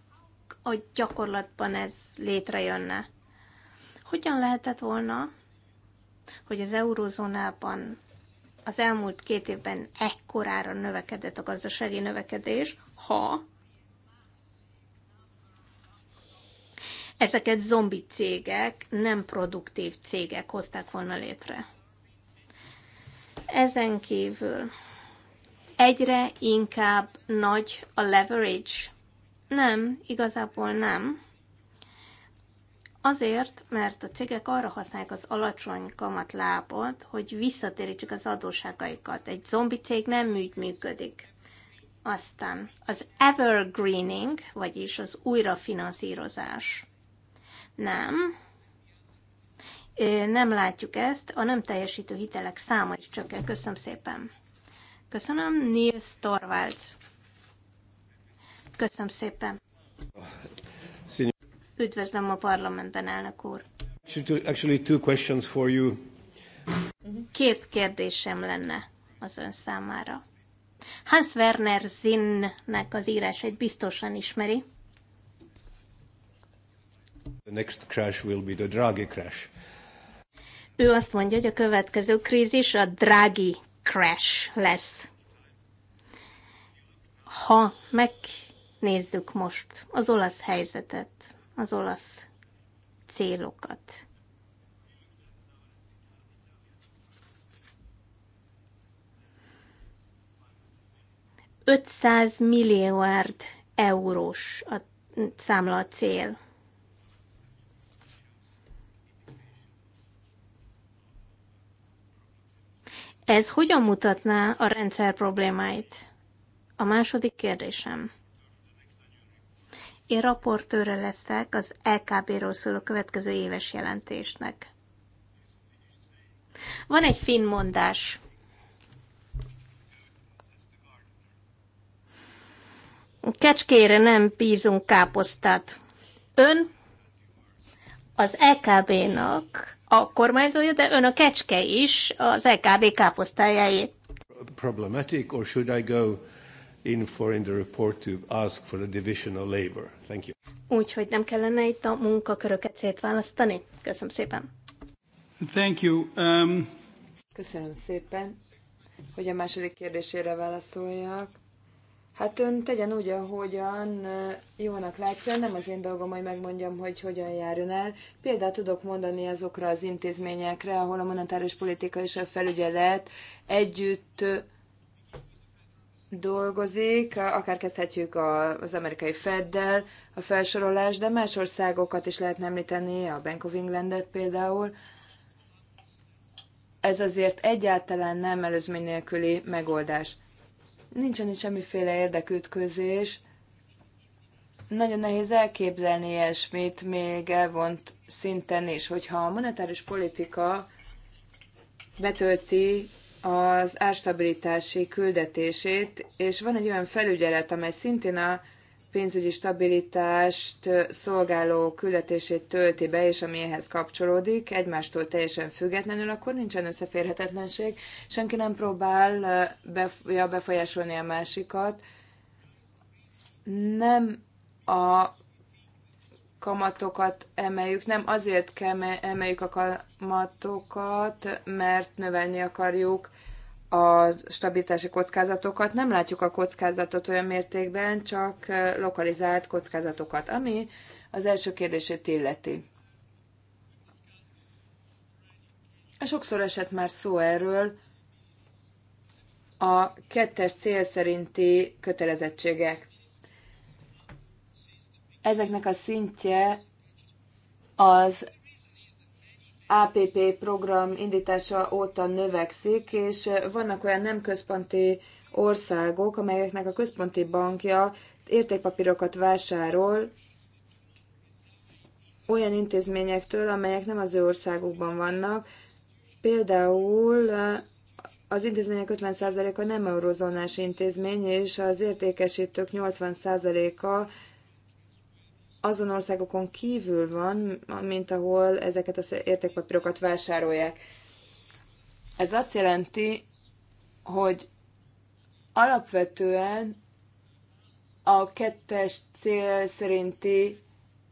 [SPEAKER 3] hogy gyakorlatban ez létrejönne. Hogyan lehetett volna, hogy az eurózónában az elmúlt két évben ekkorára növekedett a gazdasági növekedés, ha ezeket zombi cégek, nem produktív cégek hozták volna létre. Ezen kívül egyre inkább nagy a leverage. Nem, igazából nem. Azért, mert a cégek arra használják az alacsony kamatlábot, hogy visszatérítsük az adósságaikat. Egy zombi cég nem úgy működik. Aztán az evergreening, vagyis az újrafinanszírozás. Nem. Nem látjuk ezt. A nem teljesítő hitelek száma is el. Köszönöm szépen. Köszönöm, Nils Torvalds. Köszönöm szépen. Üdvözlöm a parlamentben, elnök úr.
[SPEAKER 1] Actually, two questions for you.
[SPEAKER 3] Két kérdésem lenne az ön számára. Hans Werner Zinnnek az egy biztosan ismeri.
[SPEAKER 1] The next crash will be the Draghi crash.
[SPEAKER 3] Ő azt mondja, hogy a következő krízis a Draghi crash lesz. Ha megnézzük most az olasz helyzetet, az olasz célokat. Ötszáz milliárd eurós a számla a cél. Ez hogyan mutatná a rendszer problémáit? A második kérdésem. Én raportőre leszek az LKB-ról szóló következő éves jelentésnek. Van egy finn mondás. Kecskére nem bízunk káposztát. Ön az lkb nak a kormányzója, de ön a kecske is az LKB káposztájáért.
[SPEAKER 1] Problematic, or should I go in for in the report to ask for division of labor. Thank you.
[SPEAKER 3] Úgyhogy nem kellene itt a munkaköröket szétválasztani? Köszönöm szépen.
[SPEAKER 1] Thank you. Um...
[SPEAKER 3] Köszönöm szépen. Hogy a második
[SPEAKER 4] kérdésére válaszoljak. Hát ön tegyen úgy, ahogyan uh, jónak látja, nem az én dolgom, hogy megmondjam, hogy hogyan járjon el. Példát tudok mondani azokra az intézményekre, ahol a monetáris politika és a felügyelet együtt dolgozik, akár kezdhetjük az amerikai Feddel a felsorolás, de más országokat is lehet említeni, a Bank of England-et például. Ez azért egyáltalán nem előzmény nélküli megoldás. Nincsen itt semmiféle érdekütközés. Nagyon nehéz elképzelni ilyesmit még elvont szinten is, hogyha a monetáris politika betölti az árstabilitási küldetését, és van egy olyan felügyelet, amely szintén a pénzügyi stabilitást szolgáló küldetését tölti be, és ami ehhez kapcsolódik, egymástól teljesen függetlenül, akkor nincsen összeférhetetlenség, senki nem próbál eh, befolyásolni a másikat. Nem a kamatokat emeljük, nem azért kell emeljük a kamatokat, mert növelni akarjuk a stabilitási kockázatokat. Nem látjuk a kockázatot olyan mértékben, csak lokalizált kockázatokat, ami az első kérdését illeti. Sokszor esett már szó erről, a kettes cél szerinti kötelezettségek. Ezeknek a szintje az APP program indítása óta növekszik, és vannak olyan nem központi országok, amelyeknek a központi bankja értékpapírokat vásárol olyan intézményektől, amelyek nem az ő országukban vannak. Például az intézmények 50%-a nem eurozónás intézmény, és az értékesítők 80%-a azon országokon kívül van, mint ahol ezeket az értékpapírokat vásárolják. Ez azt jelenti, hogy alapvetően a kettes cél szerinti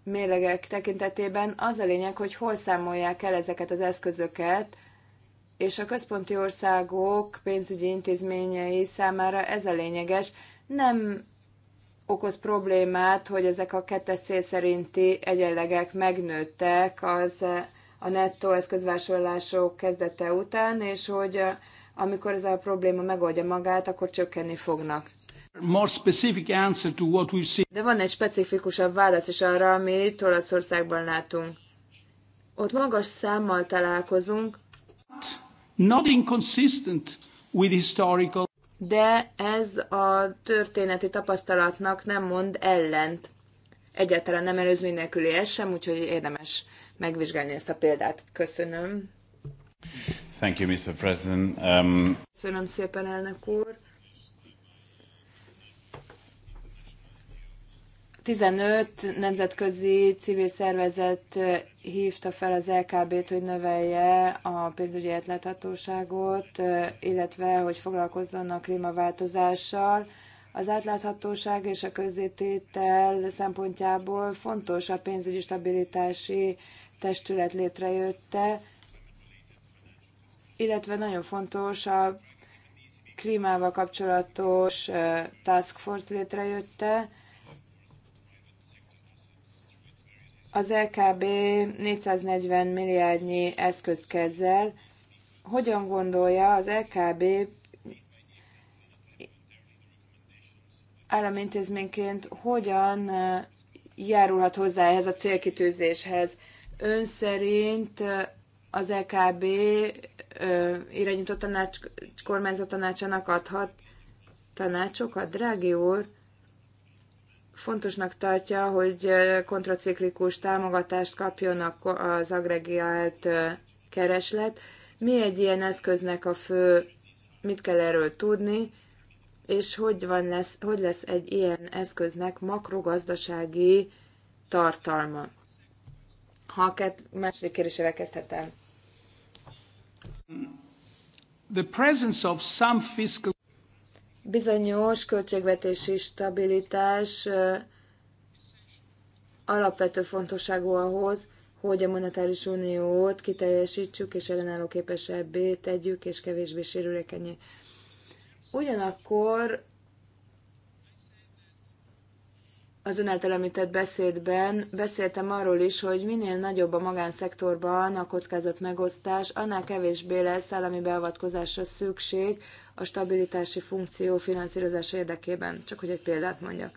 [SPEAKER 4] mélegek tekintetében az a lényeg, hogy hol számolják el ezeket az eszközöket, és a központi országok pénzügyi intézményei számára ez a lényeges. Nem okoz problémát, hogy ezek a kettes cél szerinti egyenlegek megnőttek az a nettó eszközvásárlások kezdete után, és hogy eh, amikor ez a probléma megoldja magát, akkor csökkenni fognak.
[SPEAKER 1] De van egy specifikusabb
[SPEAKER 4] válasz is arra, amit Olaszországban látunk. Ott magas számmal találkozunk,
[SPEAKER 1] not inconsistent with historical
[SPEAKER 4] de ez a történeti tapasztalatnak nem mond ellent. Egyáltalán nem előzmény nélküli ez sem, úgyhogy érdemes megvizsgálni ezt a példát. Köszönöm.
[SPEAKER 2] Thank you, Mr. President. Um...
[SPEAKER 4] Köszönöm szépen, elnök úr. 15 nemzetközi civil szervezet hívta fel az LKB-t, hogy növelje a pénzügyi átláthatóságot, illetve hogy foglalkozzon a klímaváltozással. Az átláthatóság és a közzététel szempontjából fontos a pénzügyi stabilitási testület létrejötte, illetve nagyon fontos a klímával kapcsolatos task force létrejötte, az LKB 440 milliárdnyi eszköz kezel. Hogyan gondolja az LKB államintézményként hogyan járulhat hozzá ehhez a célkitűzéshez? Ön szerint az LKB irányított tanács, kormányzat tanácsának adhat tanácsokat? Drági úr, fontosnak tartja, hogy kontraciklikus támogatást kapjon az agregált kereslet. Mi egy ilyen eszköznek a fő, mit kell erről tudni, és hogy, van lesz, hogy lesz egy ilyen eszköznek makrogazdasági tartalma? Ha a kett, második kérdésével kezdhetem.
[SPEAKER 1] The presence of some fiscal
[SPEAKER 4] Bizonyos költségvetési stabilitás alapvető fontosságú ahhoz, hogy a monetáris uniót kiteljesítsük és ellenálló képesebbé tegyük és kevésbé sérülékenyé. Ugyanakkor az ön által említett beszédben beszéltem arról is, hogy minél nagyobb a magánszektorban a kockázat megosztás, annál kevésbé lesz állami beavatkozásra szükség a stabilitási funkció finanszírozása érdekében, csak hogy egy példát mondjak.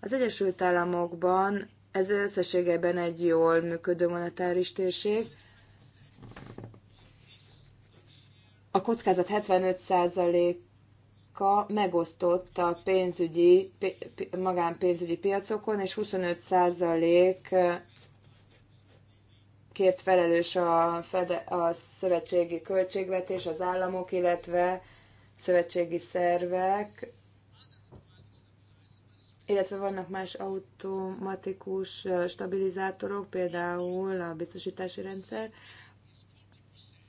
[SPEAKER 4] Az Egyesült Államokban ez összességében egy jól működő monetáris térség. A kockázat 75%-a megosztott a pénzügyi, magánpénzügyi piacokon, és 25% kért felelős a, fede, a szövetségi költségvetés, az államok, illetve szövetségi szervek, illetve vannak más automatikus stabilizátorok, például a biztosítási rendszer.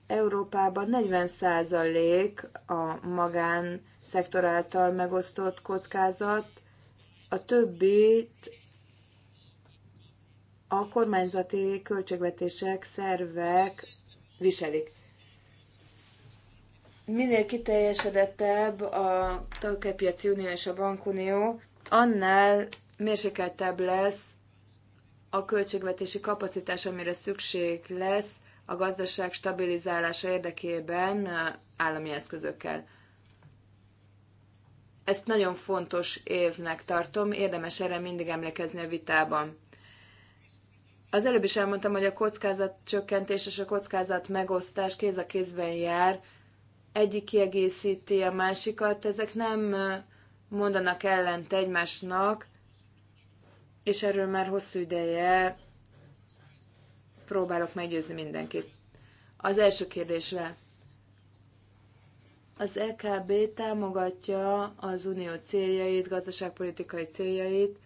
[SPEAKER 4] Európában 40% a magán szektor által megosztott kockázat, a többit a kormányzati költségvetések, szervek viselik minél kiteljesedettebb a tagkepiaci unió és a bankunió, annál mérsékeltebb lesz a költségvetési kapacitás, amire szükség lesz a gazdaság stabilizálása érdekében állami eszközökkel. Ezt nagyon fontos évnek tartom, érdemes erre mindig emlékezni a vitában. Az előbb is elmondtam, hogy a kockázat csökkentés és a kockázat megosztás kéz a kézben jár egyik kiegészíti a másikat, ezek nem mondanak ellent egymásnak, és erről már hosszú ideje próbálok meggyőzni mindenkit. Az első kérdésre. Az LKB e támogatja az unió céljait, gazdaságpolitikai céljait,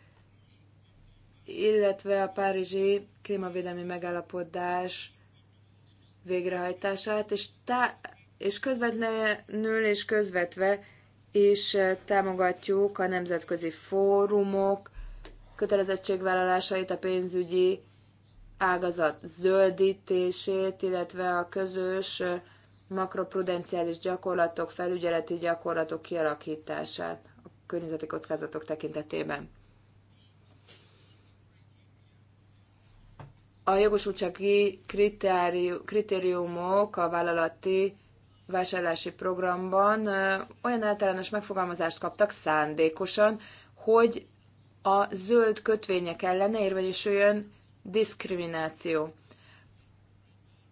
[SPEAKER 4] illetve a párizsi klímavédelmi megállapodás végrehajtását, és tá- és közvetlenül és közvetve is eh, támogatjuk a nemzetközi fórumok kötelezettségvállalásait, a pénzügyi ágazat zöldítését, illetve a közös eh, makroprudenciális gyakorlatok, felügyeleti gyakorlatok kialakítását a környezeti kockázatok tekintetében. A jogosultsági kritériumok a vállalati vásárlási programban olyan általános megfogalmazást kaptak szándékosan, hogy a zöld kötvények ellen érvényesüljön diszkrimináció.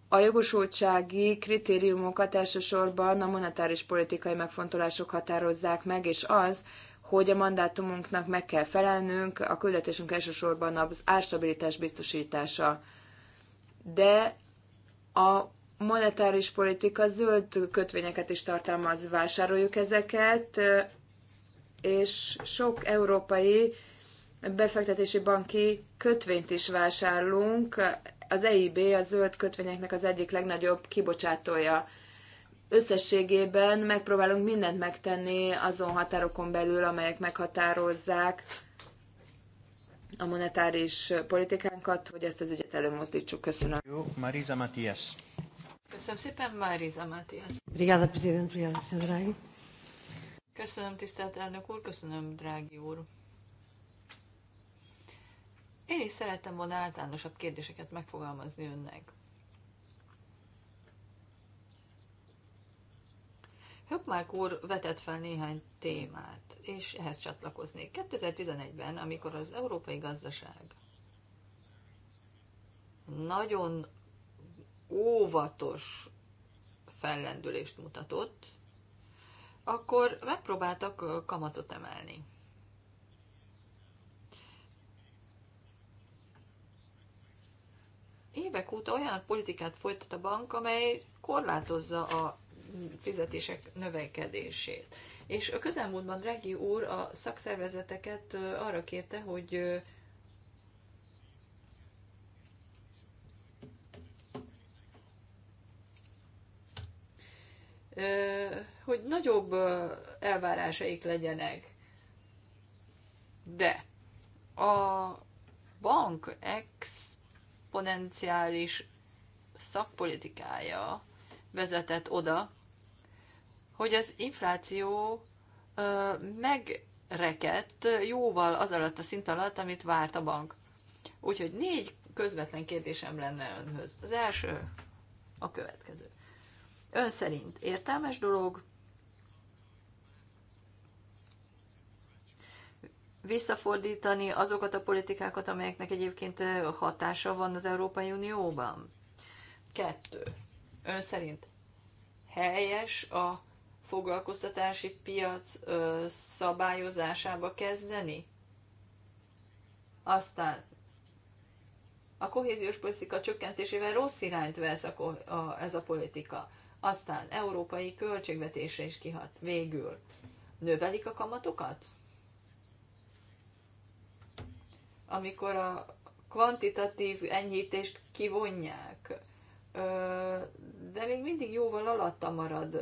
[SPEAKER 4] A jogosultsági kritériumokat elsősorban a monetáris politikai megfontolások határozzák meg, és az, hogy a mandátumunknak meg kell felelnünk, a küldetésünk elsősorban az árstabilitás biztosítása. De a monetáris politika zöld kötvényeket is tartalmaz, vásároljuk ezeket, és sok európai befektetési banki kötvényt is vásárolunk. Az EIB a zöld kötvényeknek az egyik legnagyobb kibocsátója. Összességében megpróbálunk mindent megtenni azon határokon belül, amelyek meghatározzák a monetáris politikánkat, hogy ezt az ügyet előmozdítsuk. Köszönöm. Marisa
[SPEAKER 3] Matias.
[SPEAKER 2] Köszönöm szépen, Máriza Mátiás.
[SPEAKER 3] Presidente, prezident, brigáda, Draghi.
[SPEAKER 2] Köszönöm, tisztelt elnök úr, köszönöm, drági úr. Én is szerettem volna általánosabb kérdéseket megfogalmazni önnek. Hökmárk úr vetett fel néhány témát, és ehhez csatlakoznék. 2011-ben, amikor az európai gazdaság nagyon óvatos fellendülést mutatott, akkor megpróbáltak kamatot emelni. Évek óta olyan politikát folytat a bank, amely korlátozza a fizetések növekedését. És a közelmúltban Draghi úr a szakszervezeteket arra kérte, hogy hogy nagyobb elvárásaik legyenek. De a bank exponenciális szakpolitikája vezetett oda, hogy az infláció megrekedt jóval az alatt a szint alatt, amit várt a bank. Úgyhogy négy közvetlen kérdésem lenne önhöz. Az első a következő. Ön szerint értelmes dolog, visszafordítani azokat a politikákat, amelyeknek egyébként hatása van az Európai Unióban? Kettő. Ön szerint helyes a foglalkoztatási piac ö, szabályozásába kezdeni? Aztán a kohéziós politika csökkentésével rossz irányt vesz a, a, ez a politika aztán európai költségvetésre is kihat végül. Növelik a kamatokat? Amikor a kvantitatív enyhítést kivonják, de még mindig jóval alatta marad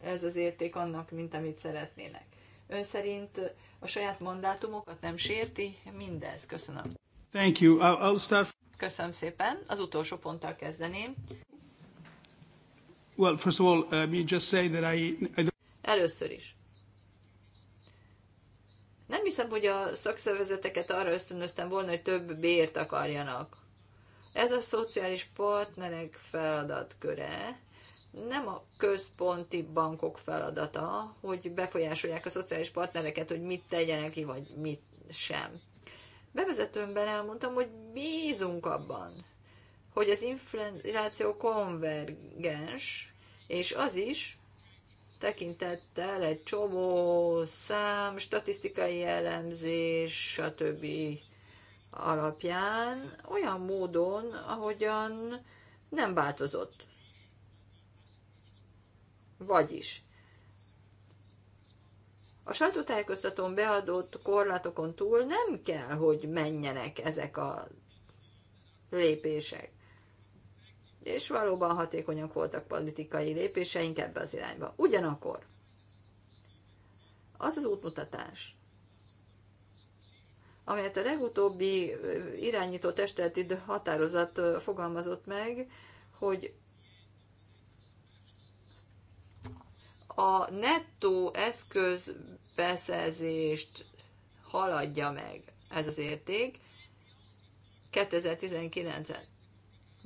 [SPEAKER 2] ez az érték annak, mint amit szeretnének. Ön szerint a saját mandátumokat nem sérti? Mindez. Köszönöm.
[SPEAKER 1] Thank you. I'll start...
[SPEAKER 2] Köszönöm szépen. Az utolsó ponttal kezdeném.
[SPEAKER 1] Well, first of all, uh, me just say that I, I don't...
[SPEAKER 2] Először is. Nem hiszem, hogy a szakszervezeteket arra ösztönöztem volna, hogy több bért akarjanak. Ez a szociális partnerek feladatköre, nem a központi bankok feladata, hogy befolyásolják a szociális partnereket, hogy mit tegyenek ki, vagy mit sem. Bevezetőmben elmondtam, hogy bízunk abban, hogy az infláció konvergens, és az is tekintettel egy csomó szám, statisztikai jellemzés, stb. alapján olyan módon, ahogyan nem változott. Vagyis a sajtótájékoztatón beadott korlátokon túl nem kell, hogy menjenek ezek a lépések és valóban hatékonyak voltak politikai lépéseink ebbe az irányba. Ugyanakkor az az útmutatás, amelyet a legutóbbi irányító testeleti határozat fogalmazott meg, hogy a nettó eszközbeszerzést haladja meg ez az érték 2019-en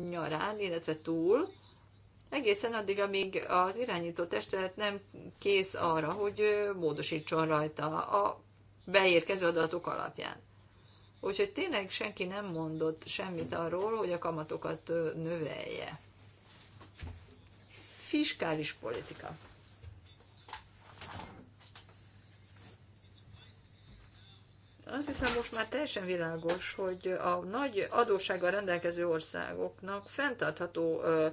[SPEAKER 2] nyarán, illetve túl, egészen addig, amíg az irányító testület nem kész arra, hogy módosítson rajta a beérkező adatok alapján. Úgyhogy tényleg senki nem mondott semmit arról, hogy a kamatokat növelje. Fiskális politika. Azt hiszem most már teljesen világos, hogy a nagy adóssággal rendelkező országoknak fenntartható ö,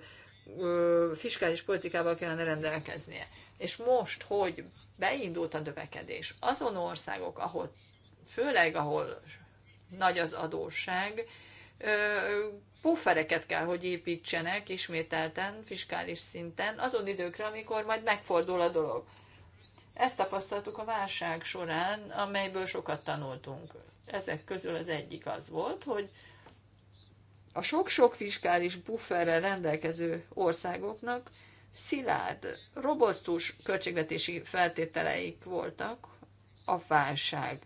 [SPEAKER 2] ö, fiskális politikával kellene rendelkeznie. És most, hogy beindult a növekedés, azon országok, ahol főleg ahol nagy az adósság, ö, puffereket kell, hogy építsenek ismételten, fiskális szinten, azon időkre, amikor majd megfordul a dolog. Ezt tapasztaltuk a válság során, amelyből sokat tanultunk. Ezek közül az egyik az volt, hogy a sok-sok fiskális bufferrel rendelkező országoknak szilárd, robosztus költségvetési feltételeik voltak a válság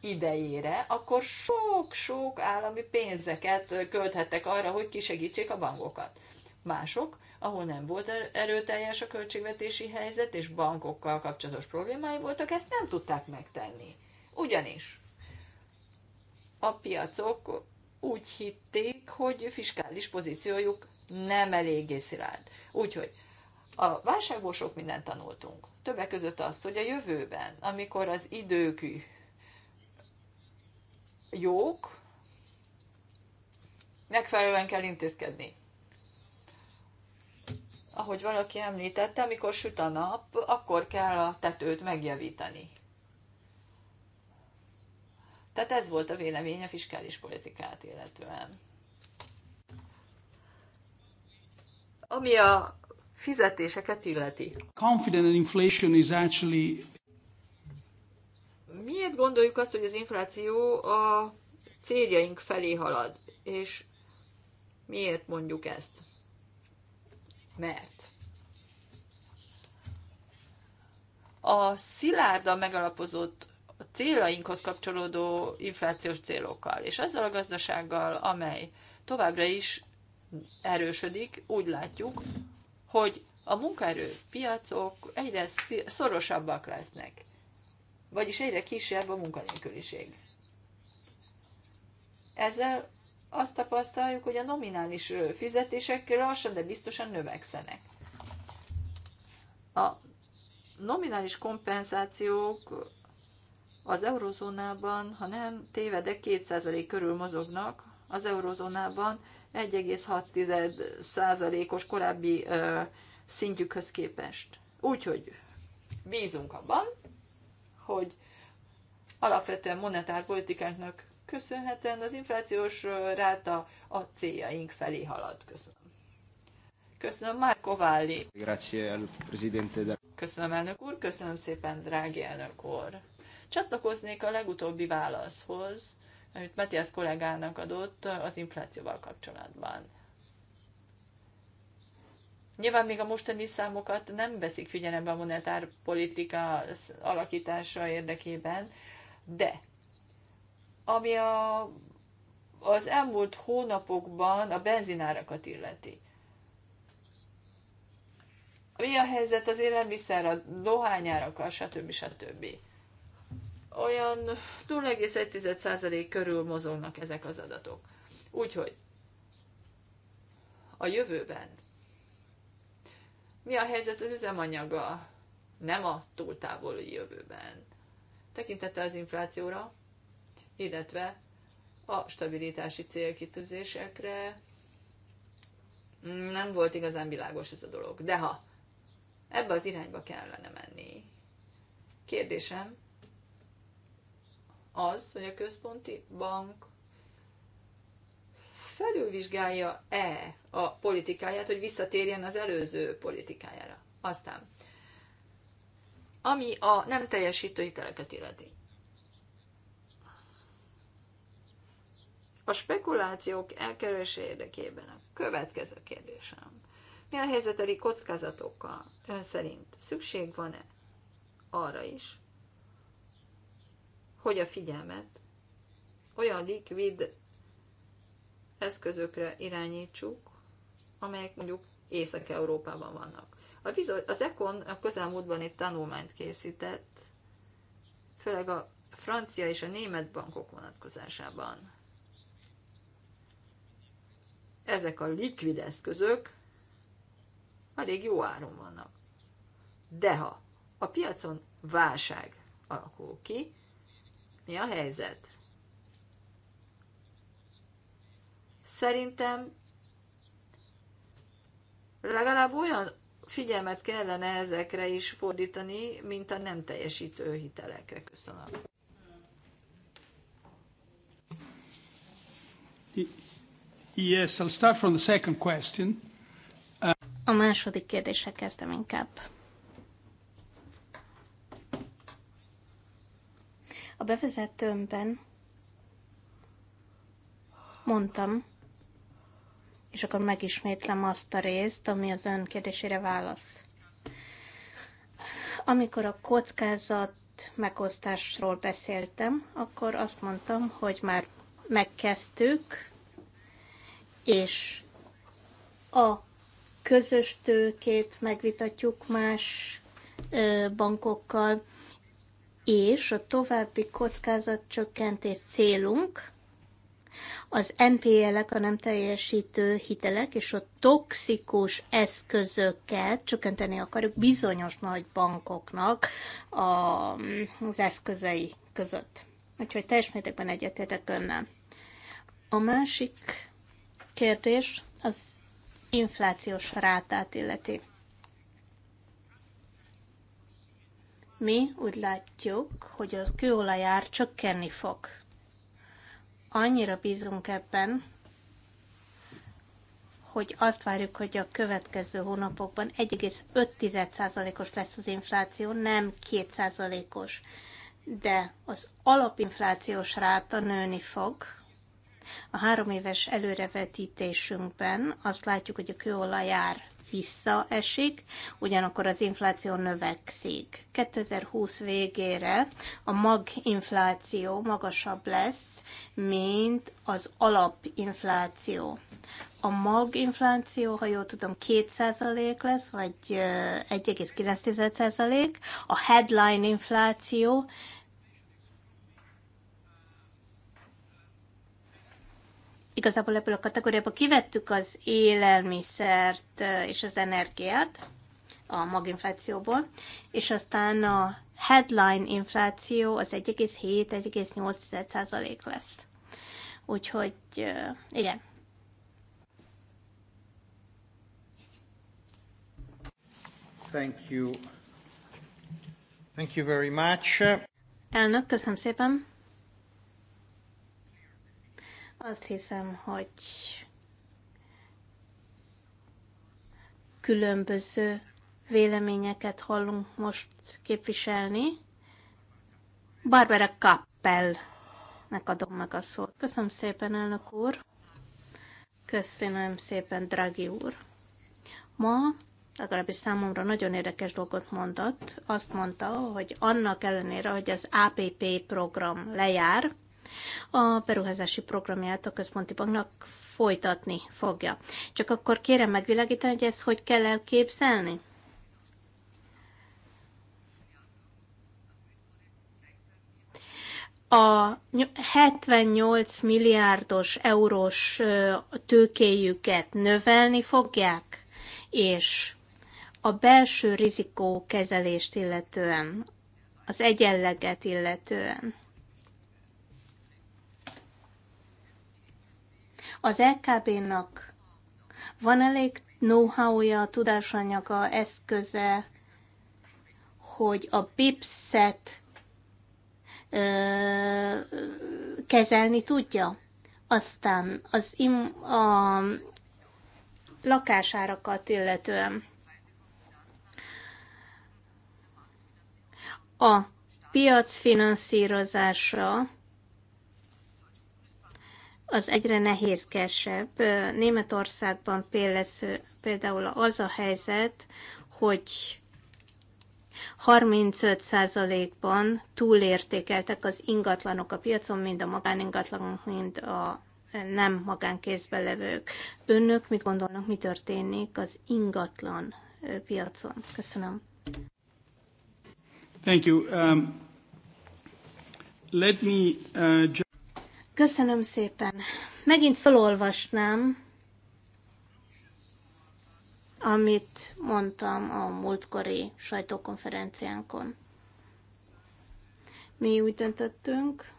[SPEAKER 2] idejére, akkor sok-sok állami pénzeket költhettek arra, hogy kisegítsék a bankokat mások, ahol nem volt er- erőteljes a költségvetési helyzet, és bankokkal kapcsolatos problémái voltak, ezt nem tudták megtenni. Ugyanis a piacok úgy hitték, hogy fiskális pozíciójuk nem eléggé szilárd. Úgyhogy a válságból sok mindent tanultunk. Többek között azt, hogy a jövőben, amikor az idők jók, megfelelően kell intézkedni ahogy valaki említette, amikor süt a nap, akkor kell a tetőt megjavítani. Tehát ez volt a vélemény a fiskális politikát illetően. Ami a fizetéseket illeti.
[SPEAKER 1] Confident that inflation is actually...
[SPEAKER 2] Miért gondoljuk azt, hogy az infláció a céljaink felé halad? És miért mondjuk ezt? mert a szilárda megalapozott a célainkhoz kapcsolódó inflációs célokkal, és azzal a gazdasággal, amely továbbra is erősödik, úgy látjuk, hogy a munkaerőpiacok egyre szorosabbak lesznek, vagyis egyre kisebb a munkanélküliség. Ezzel azt tapasztaljuk, hogy a nominális fizetésekkel lassan, de biztosan növekszenek. A nominális kompenzációk az eurozónában, ha nem tévedek, 2% körül mozognak, az eurozónában 1,6%-os korábbi ö, szintjükhöz képest. Úgyhogy bízunk abban, hogy alapvetően monetárpolitikánknak köszönhetően az inflációs ráta a céljaink felé halad. Köszönöm. Köszönöm Márko Válli. Köszönöm elnök úr, köszönöm szépen drági elnök úr. Csatlakoznék a legutóbbi válaszhoz, amit Matthias kollégának adott az inflációval kapcsolatban. Nyilván még a mostani számokat nem veszik figyelembe a monetárpolitika alakítása érdekében, de ami a, az elmúlt hónapokban a benzinárakat illeti. Mi a helyzet az a dohányárakkal, stb. stb. Olyan 0,1% körül mozognak ezek az adatok. Úgyhogy a jövőben mi a helyzet az üzemanyaga? Nem a túltávoli jövőben. Tekintettel az inflációra, illetve a stabilitási célkitűzésekre nem volt igazán világos ez a dolog. De ha ebbe az irányba kellene menni, kérdésem az, hogy a központi bank felülvizsgálja-e a politikáját, hogy visszatérjen az előző politikájára. Aztán, ami a nem teljesítő hiteleket illeti. A spekulációk elkerülése érdekében a következő kérdésem. Mi a helyzet a kockázatokkal? Ön szerint szükség van-e arra is, hogy a figyelmet olyan likvid eszközökre irányítsuk, amelyek mondjuk Észak-Európában vannak. A bizony, az Econ a közelmúltban egy tanulmányt készített, főleg a francia és a német bankok vonatkozásában ezek a likvid eszközök elég jó áron vannak. De ha a piacon válság alakul ki, mi a helyzet? Szerintem legalább olyan figyelmet kellene ezekre is fordítani, mint a nem teljesítő hitelekre. Köszönöm.
[SPEAKER 1] Yes, I'll start from the second question.
[SPEAKER 3] A második kérdésre kezdem inkább. A bevezetőmben mondtam, és akkor megismétlem azt a részt, ami az ön kérdésére válasz. Amikor a kockázat megosztásról beszéltem, akkor azt mondtam, hogy már megkezdtük, és a közös tőkét megvitatjuk más bankokkal, és a további kockázatcsökkentés célunk az NPL-ek, a nem teljesítő hitelek és a toxikus eszközöket csökkenteni akarjuk bizonyos nagy bankoknak a, az eszközei között. Úgyhogy teljes mértékben egyetértek önnel. A másik kérdés az inflációs rátát illeti. Mi úgy látjuk, hogy a kőolajár csökkenni fog. Annyira bízunk ebben, hogy azt várjuk, hogy a következő hónapokban 1,5%-os lesz az infláció, nem 2%-os. De az alapinflációs ráta nőni fog, a három éves előrevetítésünkben azt látjuk, hogy a kőolajár visszaesik, ugyanakkor az infláció növekszik. 2020 végére a maginfláció magasabb lesz, mint az alapinfláció. A maginfláció, ha jól tudom, 2% lesz, vagy 1,9%, a headline infláció igazából ebből a kategóriából kivettük az élelmiszert és az energiát a maginflációból, és aztán a headline infláció az 1,7-1,8% lesz. Úgyhogy igen.
[SPEAKER 1] Thank you. Thank you very
[SPEAKER 3] much. Elnök, köszönöm szépen. Azt hiszem, hogy különböző véleményeket hallunk most képviselni. Barbara Kappelnek adom meg a szót. Köszönöm szépen, elnök úr. Köszönöm szépen, Dragi úr. Ma legalábbis számomra nagyon érdekes dolgot mondott. Azt mondta, hogy annak ellenére, hogy az APP program lejár, a beruházási programját a központi banknak folytatni fogja. Csak akkor kérem megvilágítani, hogy ezt hogy kell elképzelni? a 78 milliárdos eurós tőkéjüket növelni fogják, és a belső rizikó kezelést illetően, az egyenleget illetően Az LKB-nak van elég know-how-ja, tudásanyaga, eszköze, hogy a BIPS-et kezelni tudja. Aztán az im, a lakásárakat illetően. A piac finanszírozása az egyre nehézkesebb. Németországban például az a helyzet, hogy 35%-ban túlértékeltek az ingatlanok a piacon, mind a magáningatlanok, mind a nem magánkézben levők. Önök mit gondolnak, mi történik az ingatlan piacon? Köszönöm.
[SPEAKER 1] Thank you. Um, let me uh, just...
[SPEAKER 3] Köszönöm szépen. Megint felolvasnám, amit mondtam a múltkori sajtókonferenciánkon. Mi úgy döntöttünk,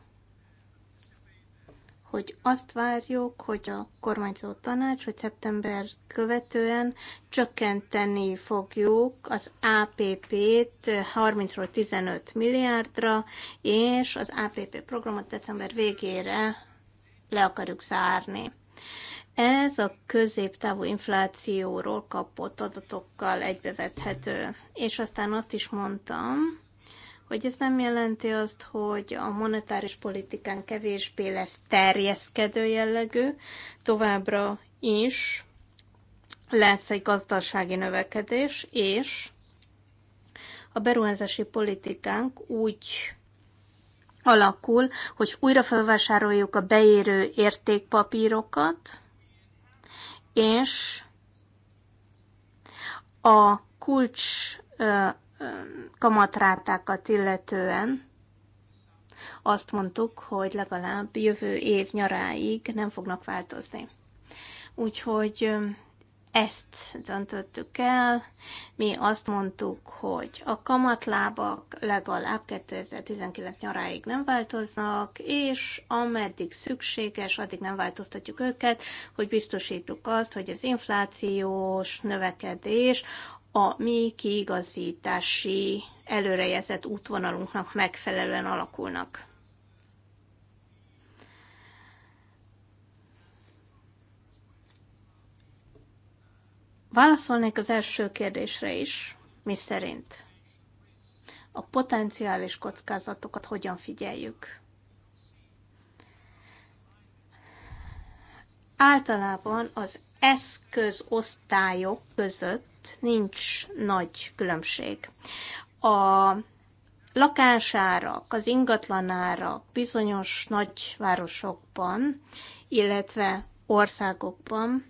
[SPEAKER 3] hogy azt várjuk, hogy a kormányzó tanács, hogy szeptember követően csökkenteni fogjuk az APP-t 30-ról 15 milliárdra, és az APP programot december végére le akarjuk zárni. Ez a középtávú inflációról kapott adatokkal egybevethető. És aztán azt is mondtam, hogy ez nem jelenti azt, hogy a monetáris politikán kevésbé lesz terjeszkedő jellegű, továbbra is lesz egy gazdasági növekedés, és a beruházási politikánk úgy alakul, hogy újra felvásároljuk a beérő értékpapírokat, és a kulcs kamatrátákat illetően azt mondtuk, hogy legalább jövő év nyaráig nem fognak változni. Úgyhogy ezt döntöttük el. Mi azt mondtuk, hogy a kamatlábak legalább 2019 nyaráig nem változnak, és ameddig szükséges, addig nem változtatjuk őket, hogy biztosítsuk azt, hogy az inflációs növekedés a mi kiigazítási előrejelzett útvonalunknak megfelelően alakulnak. Válaszolnék az első kérdésre is, mi szerint a potenciális kockázatokat hogyan figyeljük. Általában az eszközosztályok között nincs nagy különbség. A lakásárak, az ingatlanárak bizonyos nagyvárosokban, illetve országokban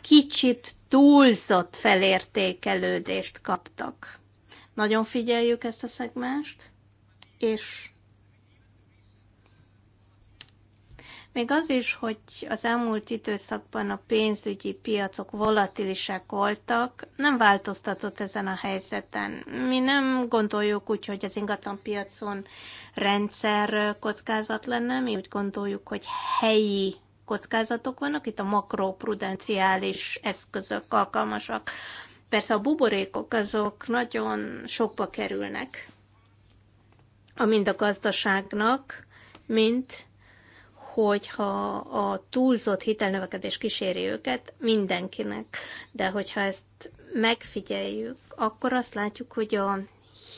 [SPEAKER 3] kicsit túlzott felértékelődést kaptak. Nagyon figyeljük ezt a szegmást, és Még az is, hogy az elmúlt időszakban a pénzügyi piacok volatilisek voltak, nem változtatott ezen a helyzeten. Mi nem gondoljuk úgy, hogy az ingatlanpiacon rendszer kockázat lenne, mi úgy gondoljuk, hogy helyi kockázatok vannak, itt a makroprudenciális eszközök alkalmasak. Persze a buborékok azok nagyon sokba kerülnek, mind a gazdaságnak, mint hogyha a túlzott hitelnövekedés kíséri őket, mindenkinek. De hogyha ezt megfigyeljük, akkor azt látjuk, hogy a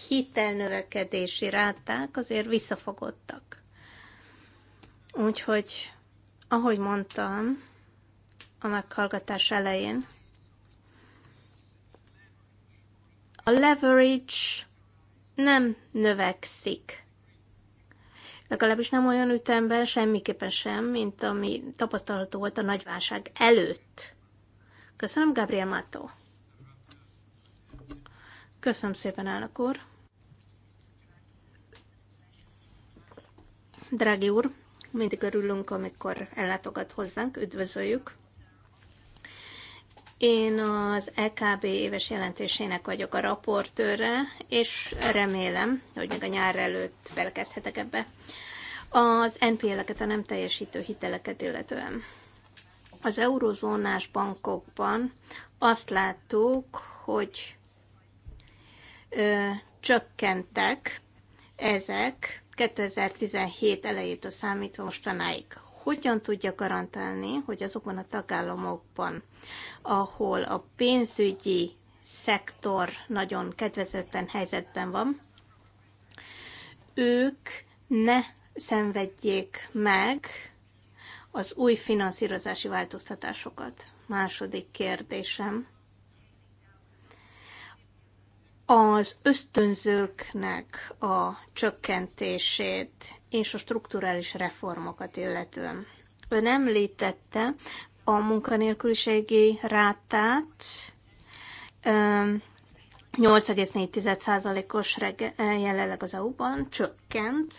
[SPEAKER 3] hitelnövekedési ráták azért visszafogottak. Úgyhogy, ahogy mondtam a meghallgatás elején, a leverage nem növekszik legalábbis nem olyan ütemben, semmiképpen sem, mint ami tapasztalható volt a nagyválság előtt. Köszönöm, Gabriel Mato. Köszönöm szépen, elnök úr. Drági úr, mindig örülünk, amikor ellátogat hozzánk, üdvözöljük. Én az EKB éves jelentésének vagyok a raportőre, és remélem, hogy még a nyár előtt belekezdhetek ebbe. Az NPL-eket, a nem teljesítő hiteleket illetően. Az eurozónás bankokban azt láttuk, hogy ö, csökkentek ezek 2017 elejétől számítva mostanáig hogyan tudja garantálni, hogy azokban a tagállamokban, ahol a pénzügyi szektor nagyon kedvezőtlen helyzetben van, ők ne szenvedjék meg az új finanszírozási változtatásokat. Második kérdésem. Az ösztönzőknek a csökkentését és a strukturális reformokat illetően. Ön említette a munkanélküliségi rátát, 8,4%-os jelenleg az EU-ban csökkent,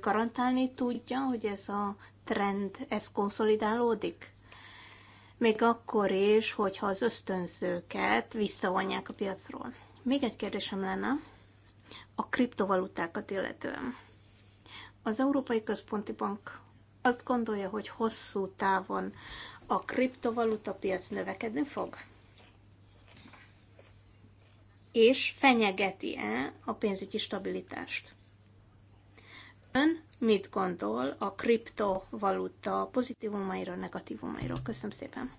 [SPEAKER 3] garantálni tudja, hogy ez a trend, ez konszolidálódik? Még akkor is, hogyha az ösztönzőket visszavonják a piacról. Még egy kérdésem lenne a kriptovalutákat illetően. Az Európai Központi Bank azt gondolja, hogy hosszú távon a kriptovaluta piac növekedni fog? És fenyegeti-e a pénzügyi stabilitást? Ön mit gondol a kriptovaluta pozitívumairól, negatívumairól? Köszönöm szépen.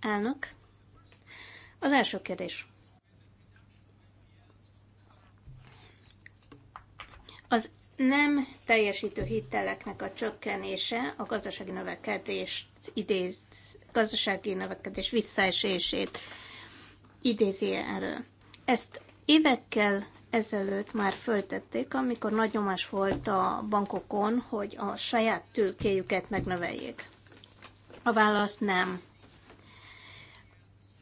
[SPEAKER 3] Elnök. Az első kérdés. Az nem teljesítő hiteleknek a csökkenése a gazdasági növekedést idéz, gazdasági növekedés visszaesését idézi elő. Ezt évekkel ezelőtt már föltették, amikor nagy nyomás volt a bankokon, hogy a saját tőkéjüket megnöveljék. A válasz nem.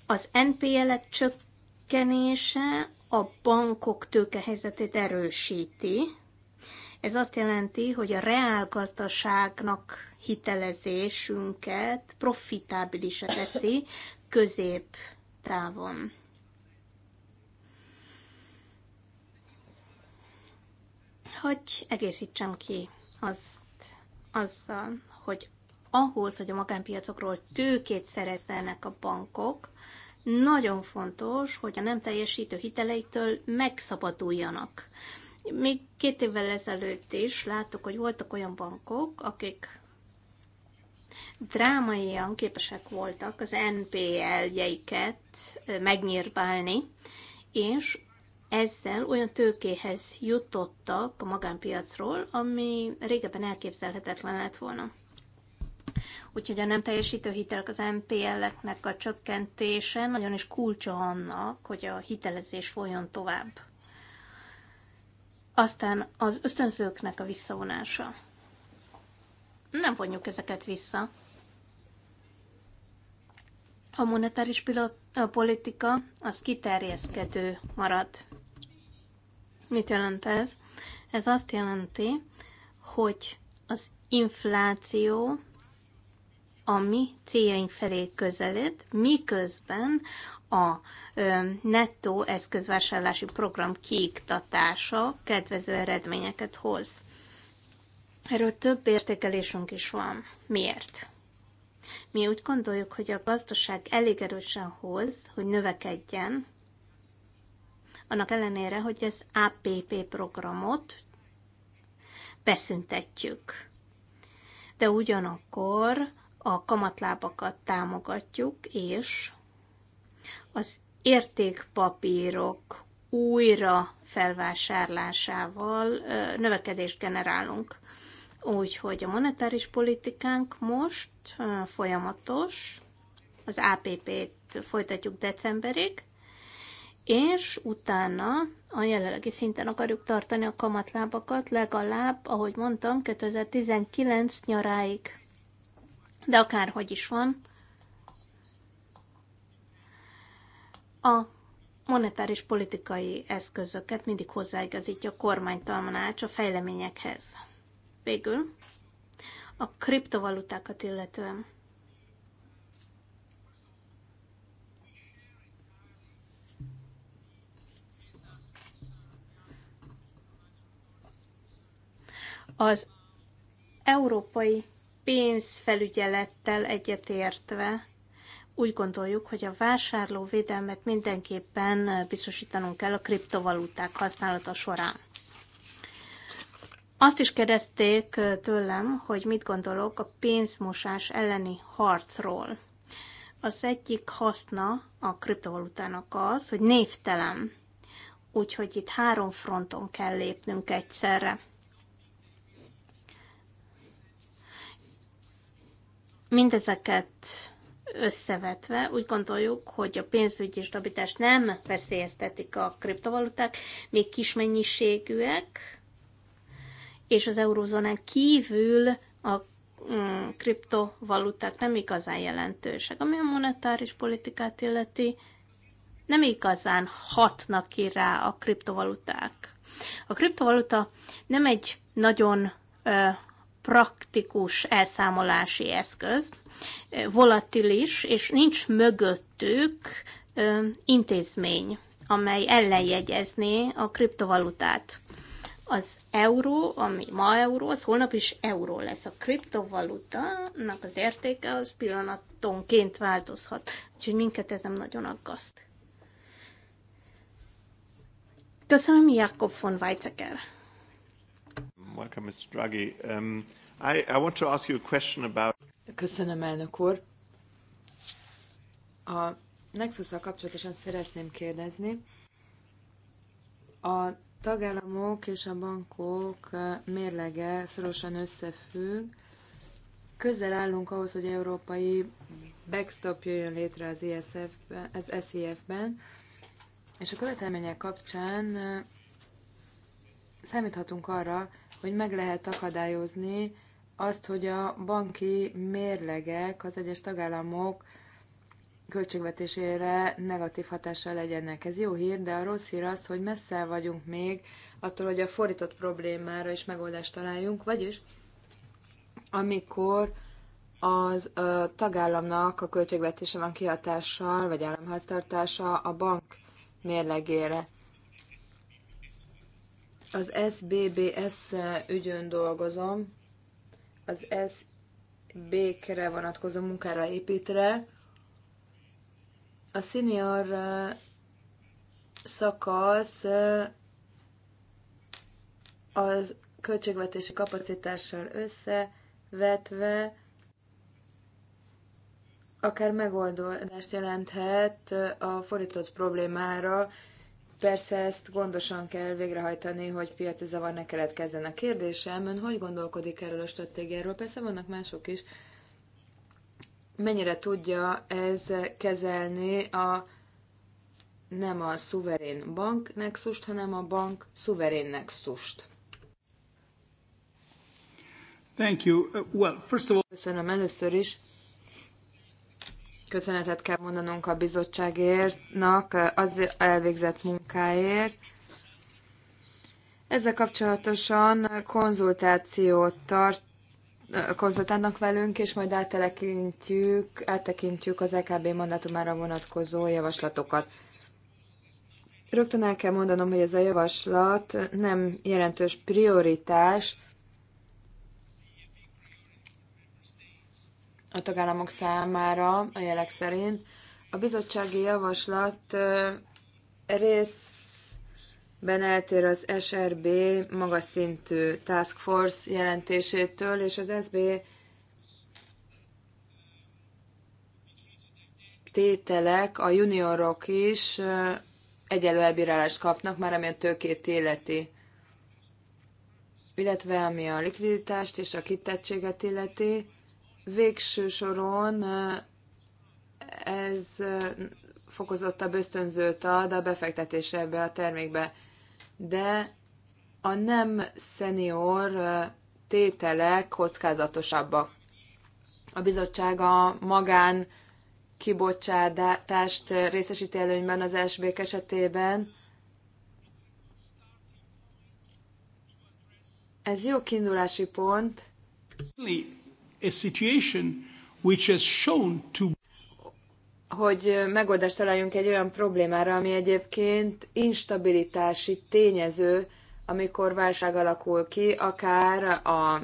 [SPEAKER 3] Az NPL-ek csökkenése a bankok tőkehelyzetét erősíti, ez azt jelenti, hogy a reálgazdaságnak hitelezésünket profitábilise teszi távon. Hogy egészítsem ki azt azzal, hogy ahhoz, hogy a magánpiacokról tőkét szerezzenek a bankok, nagyon fontos, hogy a nem teljesítő hiteleitől megszabaduljanak. Még két évvel ezelőtt is láttuk, hogy voltak olyan bankok, akik drámaian képesek voltak az NPL-jeiket megnyírbálni, és ezzel olyan tőkéhez jutottak a magánpiacról, ami régebben elképzelhetetlen lett volna. Úgyhogy a nem teljesítő hitelek az NPL-eknek a csökkentése nagyon is kulcsa annak, hogy a hitelezés folyjon tovább. Aztán az ösztönzőknek a visszavonása. Nem vonjuk ezeket vissza. A monetáris pilot, a politika az kiterjeszkedő marad. Mit jelent ez? Ez azt jelenti, hogy az infláció a mi céljaink felé közeled, miközben a nettó eszközvásárlási program kiiktatása kedvező eredményeket hoz. Erről több értékelésünk is van. Miért? Mi úgy gondoljuk, hogy a gazdaság elég erősen hoz, hogy növekedjen, annak ellenére, hogy az APP programot beszüntetjük. De ugyanakkor a kamatlábakat támogatjuk, és az értékpapírok újra felvásárlásával növekedést generálunk. Úgyhogy a monetáris politikánk most folyamatos, az APP-t folytatjuk decemberig, és utána a jelenlegi szinten akarjuk tartani a kamatlábakat legalább, ahogy mondtam, 2019 nyaráig. De akárhogy is van, a monetáris politikai eszközöket mindig hozzáigazítja a kormánytalmanács a fejleményekhez. Végül a kriptovalutákat illetően. Az európai pénzfelügyelettel egyetértve úgy gondoljuk, hogy a vásárló védelmet mindenképpen biztosítanunk kell a kriptovaluták használata során. Azt is kérdezték tőlem, hogy mit gondolok a pénzmosás elleni harcról. Az egyik haszna a kriptovalutának az, hogy névtelen. Úgyhogy itt három fronton kell lépnünk egyszerre. Mindezeket összevetve úgy gondoljuk, hogy a pénzügyi stabilitást nem veszélyeztetik a kriptovaluták, még kis mennyiségűek, és az eurózónán kívül a mm, kriptovaluták nem igazán jelentősek. Ami a monetáris politikát illeti, nem igazán hatnak ki rá a kriptovaluták. A kriptovaluta nem egy nagyon ö, praktikus elszámolási eszköz, volatilis, és nincs mögöttük intézmény, amely ellenjegyezné a kriptovalutát. Az euró, ami ma euró, az holnap is euró lesz. A kriptovalutának az értéke az pillanatonként változhat, úgyhogy minket ez nem nagyon aggaszt. Köszönöm, Jakob von Weizsäcker. Welcome, Mr. Draghi. Um, I, I want to ask you a question about...
[SPEAKER 4] Köszönöm, elnök úr. A nexus kapcsolatosan szeretném kérdezni. A tagállamok és a bankok mérlege szorosan összefügg. Közel állunk ahhoz, hogy európai backstop jöjjön létre az, ISF-ben, az SIF-ben, és a követelmények kapcsán számíthatunk arra, hogy meg lehet akadályozni azt, hogy a banki mérlegek az egyes tagállamok költségvetésére negatív hatással legyenek. Ez jó hír, de a rossz hír az, hogy messze vagyunk még attól, hogy a fordított problémára is megoldást találjunk, vagyis amikor az a tagállamnak a költségvetése van kihatással, vagy államháztartása a bank mérlegére. Az SBBS ügyön dolgozom, az SB-kre vonatkozó munkára építre. A senior szakasz a költségvetési kapacitással összevetve akár megoldást jelenthet a fordított problémára, Persze ezt gondosan kell végrehajtani, hogy piaci zavar ne keletkezzen. A kérdésem, ön hogy gondolkodik erről a stratégiáról? Persze vannak mások is. Mennyire tudja ez kezelni a nem a szuverén bank nexust, hanem a bank szuverén nexust?
[SPEAKER 1] Thank you. Uh, well, first of all... Köszönöm először is.
[SPEAKER 4] Köszönetet kell mondanunk a bizottságértnak az elvégzett munkáért. Ezzel kapcsolatosan konzultációt tart, konzultálnak velünk, és majd áttekintjük, áttekintjük az EKB mandátumára vonatkozó javaslatokat. Rögtön el kell mondanom, hogy ez a javaslat nem jelentős prioritás a tagállamok számára a jelek szerint. A bizottsági javaslat részben eltér az SRB magas szintű Task Force jelentésétől, és az SB tételek, a juniorok is egyelő elbírálást kapnak, már ami a tőkét illeti, illetve ami a likviditást és a kitettséget illeti. Végső soron ez fokozottabb ösztönzőt ad a befektetése ebbe a termékbe. De a nem szenior tételek kockázatosabbak. A bizottság a magán kibocsátást részesíti előnyben az SB esetében. Ez jó kiindulási pont
[SPEAKER 1] a situation which has shown to
[SPEAKER 4] hogy megoldást találjunk egy olyan problémára, ami egyébként instabilitási tényező, amikor válság alakul ki, akár a,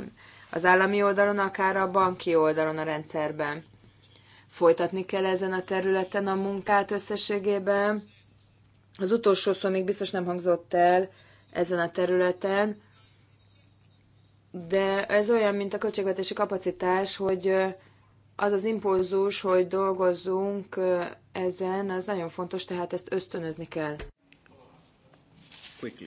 [SPEAKER 4] az állami oldalon, akár a banki oldalon a rendszerben. Folytatni kell ezen a területen a munkát összességében. Az utolsó szó még biztos nem hangzott el ezen a területen, de ez olyan, mint a költségvetési kapacitás, hogy az az impulzus, hogy dolgozzunk ezen, az nagyon fontos, tehát ezt ösztönözni kell.
[SPEAKER 3] Quickly.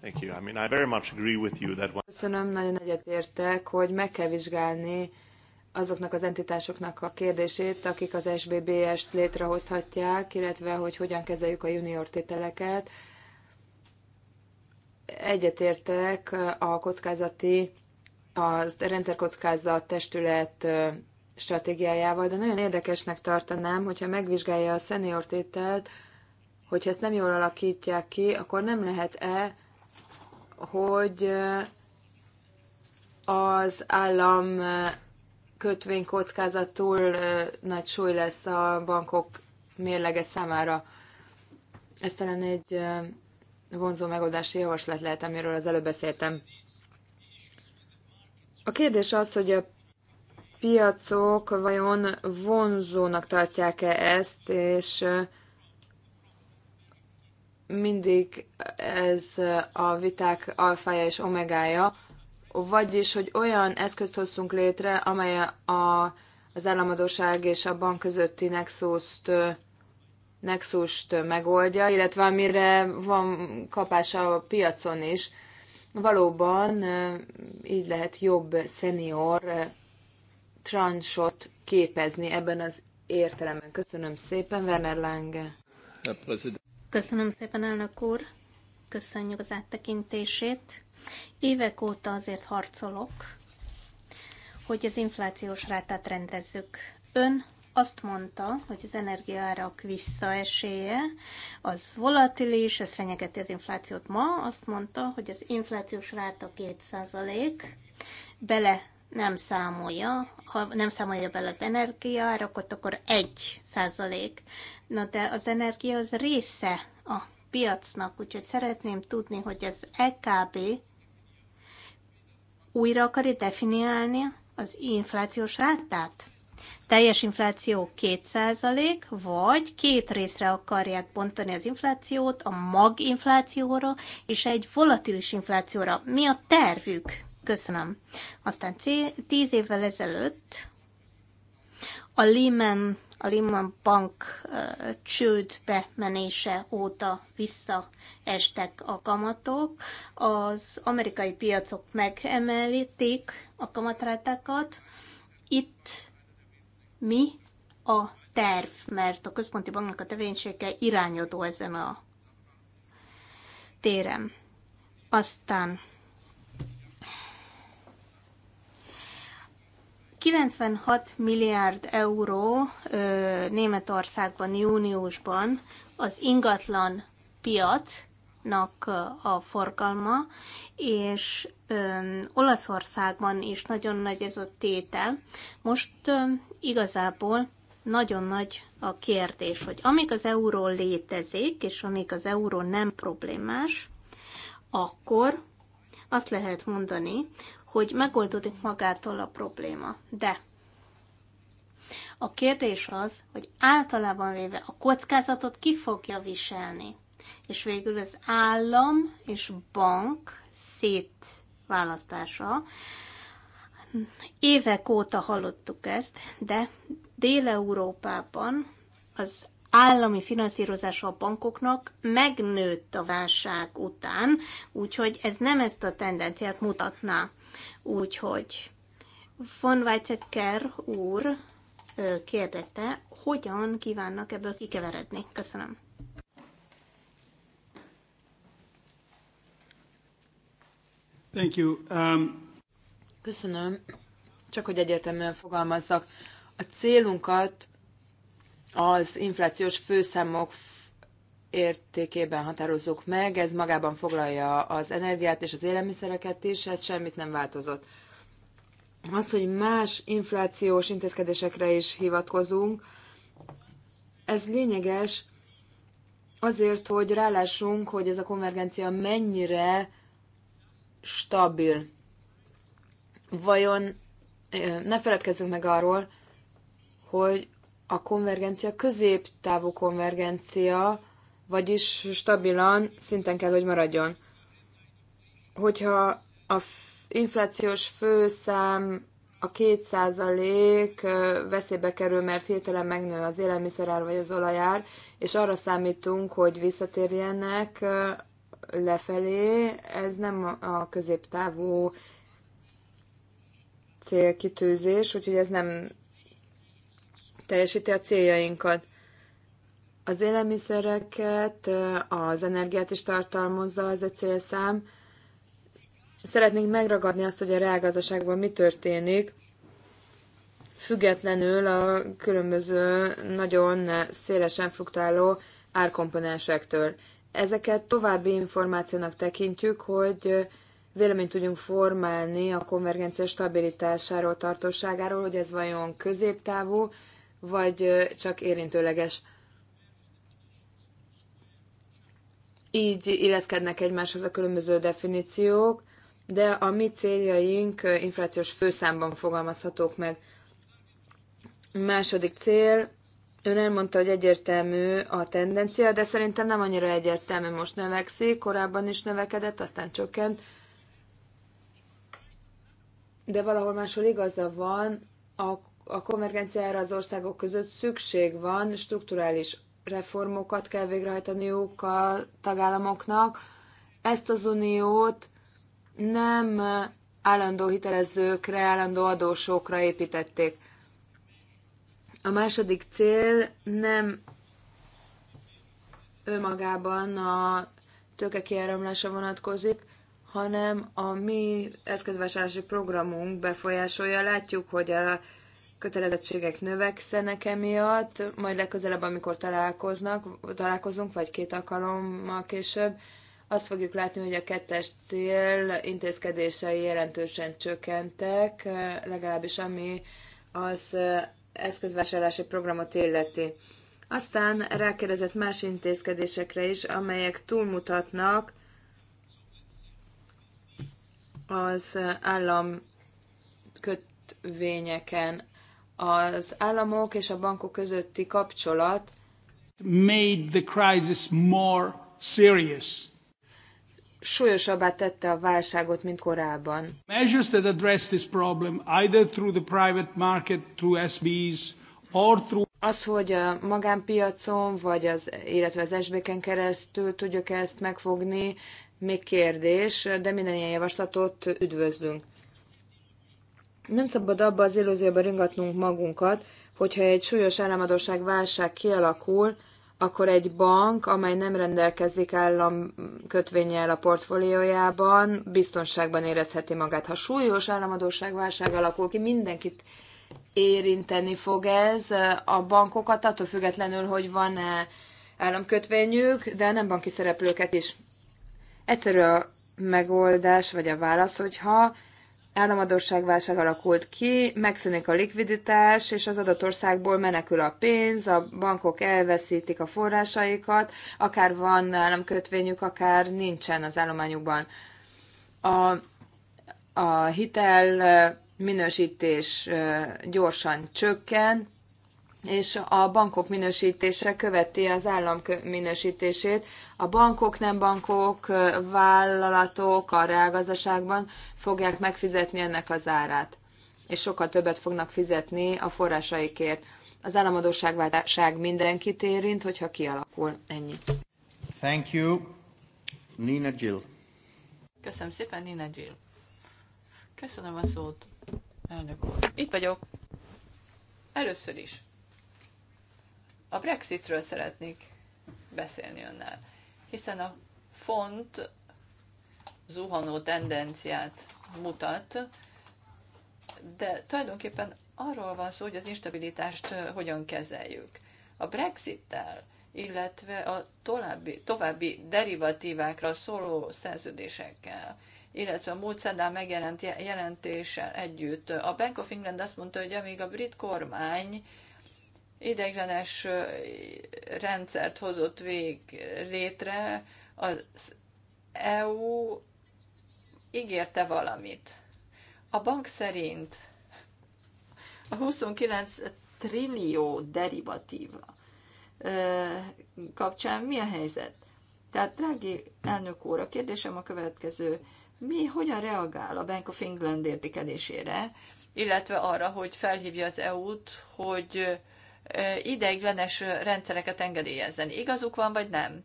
[SPEAKER 3] Thank you. I mean, I very much agree with you that one...
[SPEAKER 4] Köszönöm, nagyon egyetértek, hogy meg kell vizsgálni azoknak az entitásoknak a kérdését, akik az SBBS-t létrehozhatják, illetve hogy hogyan kezeljük a junior tételeket egyetértek a kockázati, a rendszerkockázat testület stratégiájával, de nagyon érdekesnek tartanám, hogyha megvizsgálja a szenior tételt, hogyha ezt nem jól alakítják ki, akkor nem lehet-e, hogy az állam kötvény túl nagy súly lesz a bankok mérlege számára. Ez talán egy vonzó megoldási javaslat lehet, amiről az előbb beszéltem. A kérdés az, hogy a piacok vajon vonzónak tartják-e ezt, és mindig ez a viták alfája és omegája, vagyis, hogy olyan eszközt hozzunk létre, amely a, az államadóság és a bank közötti nexuszt nexust megoldja, illetve amire van kapása a piacon is. Valóban így lehet jobb szenior transot képezni ebben az értelemben. Köszönöm szépen, Werner Lange.
[SPEAKER 3] Köszönöm szépen, elnök úr. Köszönjük az áttekintését. Évek óta azért harcolok, hogy az inflációs rátát rendezzük. Ön azt mondta, hogy az energiárak visszaeséje az volatilis, ez fenyegeti az inflációt ma, azt mondta, hogy az inflációs ráta 2% bele nem számolja, ha nem számolja bele az energiaárakot, akkor 1 Na de az energia az része a piacnak, úgyhogy szeretném tudni, hogy az EKB újra akarja definiálni az inflációs rátát? teljes infláció 2% vagy két részre akarják bontani az inflációt, a maginflációra és egy volatilis inflációra. Mi a tervük? Köszönöm. Aztán tíz évvel ezelőtt a Lehman, a Lehman Bank csődbe menése óta visszaestek a kamatok. Az amerikai piacok megemelítik a kamatrátákat. Itt mi a terv, mert a központi banknak a tevékenysége irányadó ezen a téren. Aztán 96 milliárd euró ö, Németországban júniusban az ingatlan piac nak a forgalma, és ö, Olaszországban is nagyon nagy ez a tétel. Most ö, igazából nagyon nagy a kérdés, hogy amíg az euró létezik, és amíg az euró nem problémás, akkor azt lehet mondani, hogy megoldódik magától a probléma. De a kérdés az, hogy általában véve a kockázatot ki fogja viselni és végül az állam és bank szétválasztása. Évek óta hallottuk ezt, de Dél-Európában az állami finanszírozása a bankoknak megnőtt a válság után, úgyhogy ez nem ezt a tendenciát mutatná. Úgyhogy von Weizsäcker úr kérdezte, hogyan kívánnak ebből kikeveredni. Köszönöm.
[SPEAKER 1] Thank you. Um...
[SPEAKER 4] Köszönöm. Csak hogy egyértelműen fogalmazzak. A célunkat az inflációs főszámok értékében határozzuk meg, ez magában foglalja az energiát és az élelmiszereket is, ez semmit nem változott. Az, hogy más inflációs intézkedésekre is hivatkozunk, ez lényeges azért, hogy rálássunk, hogy ez a konvergencia mennyire stabil. Vajon ne feledkezzünk meg arról, hogy a konvergencia középtávú konvergencia, vagyis stabilan szinten kell, hogy maradjon. Hogyha a inflációs főszám a két százalék veszélybe kerül, mert hirtelen megnő az élelmiszerár vagy az olajár, és arra számítunk, hogy visszatérjenek lefelé, ez nem a középtávú célkitűzés, úgyhogy ez nem teljesíti a céljainkat. Az élelmiszereket, az energiát is tartalmazza ez a célszám. Szeretnénk megragadni azt, hogy a reálgazdaságban mi történik, függetlenül a különböző nagyon szélesen fluktuáló árkomponensektől. Ezeket további információnak tekintjük, hogy véleményt tudjunk formálni a konvergencia stabilitásáról, tartóságáról, hogy ez vajon középtávú, vagy csak érintőleges. Így illeszkednek egymáshoz a különböző definíciók, de a mi céljaink inflációs főszámban fogalmazhatók meg. Második cél, Ön elmondta, hogy egyértelmű a tendencia, de szerintem nem annyira egyértelmű. Most növekszik, korábban is növekedett, aztán csökkent. De valahol máshol igaza van, a, a konvergenciára az országok között szükség van, strukturális reformokat kell végrehajtaniuk a tagállamoknak. Ezt az uniót nem állandó hitelezőkre, állandó adósokra építették a második cél nem önmagában a tőke kiáramlása vonatkozik, hanem a mi eszközvásárlási programunk befolyásolja. Látjuk, hogy a kötelezettségek növekszenek emiatt, majd legközelebb, amikor találkoznak, találkozunk, vagy két alkalommal később, azt fogjuk látni, hogy a kettes cél intézkedései jelentősen csökkentek, legalábbis ami az eszközvásárlási programot illeti. Aztán rákérdezett más intézkedésekre is, amelyek túlmutatnak az állam kötvényeken. Az államok és a bankok közötti kapcsolat
[SPEAKER 1] made the crisis more serious
[SPEAKER 4] súlyosabbá tette a válságot, mint korábban.
[SPEAKER 1] Measures that address this problem either through the private market, through SBs, or through
[SPEAKER 4] az, hogy a magánpiacon, vagy az, illetve az SB-ken keresztül tudjuk ezt megfogni, még kérdés, de minden ilyen javaslatot üdvözlünk. Nem szabad abba az illúzióba ringatnunk magunkat, hogyha egy súlyos államadóság válság kialakul, akkor egy bank, amely nem rendelkezik állam kötvényel a portfóliójában, biztonságban érezheti magát. Ha súlyos államadóságválság alakul ki, mindenkit érinteni fog ez a bankokat, attól függetlenül, hogy van-e államkötvényük, de nem banki szereplőket is. Egyszerű a megoldás, vagy a válasz, hogyha államadóságválság alakult ki, megszűnik a likviditás, és az adott országból menekül a pénz, a bankok elveszítik a forrásaikat, akár van államkötvényük, akár nincsen az állományukban. A, a hitel minősítés gyorsan csökken, és a bankok minősítése követi az állam minősítését. A bankok, nem bankok, vállalatok a reálgazdaságban fogják megfizetni ennek az árát, és sokkal többet fognak fizetni a forrásaikért. Az államadóságválság mindenkit érint, hogyha kialakul. Ennyi. Thank you, Nina Jill.
[SPEAKER 2] Köszönöm szépen, Nina Jill. Köszönöm a szót, elnök úr. Itt vagyok. Először is a Brexitről szeretnék beszélni önnel, hiszen a font zuhanó tendenciát mutat, de tulajdonképpen arról van szó, hogy az instabilitást hogyan kezeljük. A Brexittel, illetve a további, további derivatívákra szóló szerződésekkel, illetve a múlt szedán megjelent jelentéssel együtt. A Bank of England azt mondta, hogy amíg a brit kormány ideiglenes rendszert hozott vég létre, az EU ígérte valamit. A bank szerint a 29 trillió derivatíva kapcsán mi a helyzet? Tehát, drági elnök úr, a kérdésem a következő. Mi hogyan reagál a Bank of England értékelésére, illetve arra, hogy felhívja az EU-t, hogy ideiglenes rendszereket engedélyezni. Igazuk van, vagy nem?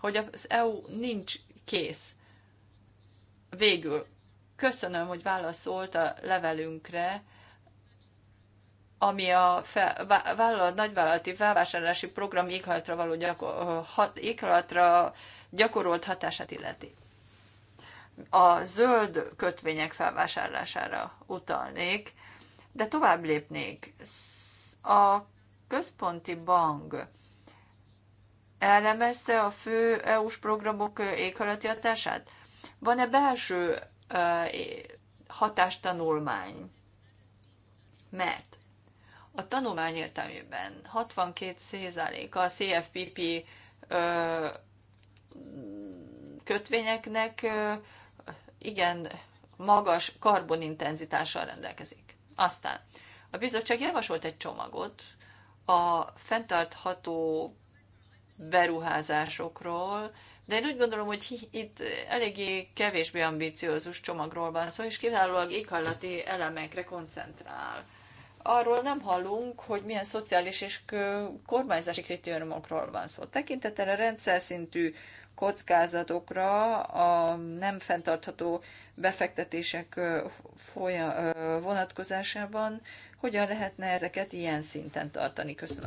[SPEAKER 2] Hogy az EU nincs kész. Végül, köszönöm, hogy válaszolt a levelünkre, ami a fel, vállalat, nagyvállalati felvásárlási program éghajlatra, való gyakor, hat, éghajlatra gyakorolt hatását illeti. A zöld kötvények felvásárlására utalnék de tovább lépnék. A központi bank elemezte a fő EU-s programok éghajlati hatását? Van-e belső hatástanulmány? Mert a tanulmány értelmében 62% a CFPP kötvényeknek igen magas karbonintenzitással rendelkezik. Aztán a bizottság javasolt egy csomagot a fenntartható beruházásokról, de én úgy gondolom, hogy itt eléggé kevésbé ambiciózus csomagról van szó, és kizárólag éghajlati elemekre koncentrál. Arról nem hallunk, hogy milyen szociális és kormányzási kritériumokról van szó. Tekintetlen a rendszer szintű kockázatokra a nem fenntartható befektetések folya, vonatkozásában, hogyan lehetne ezeket ilyen szinten tartani? Köszönöm.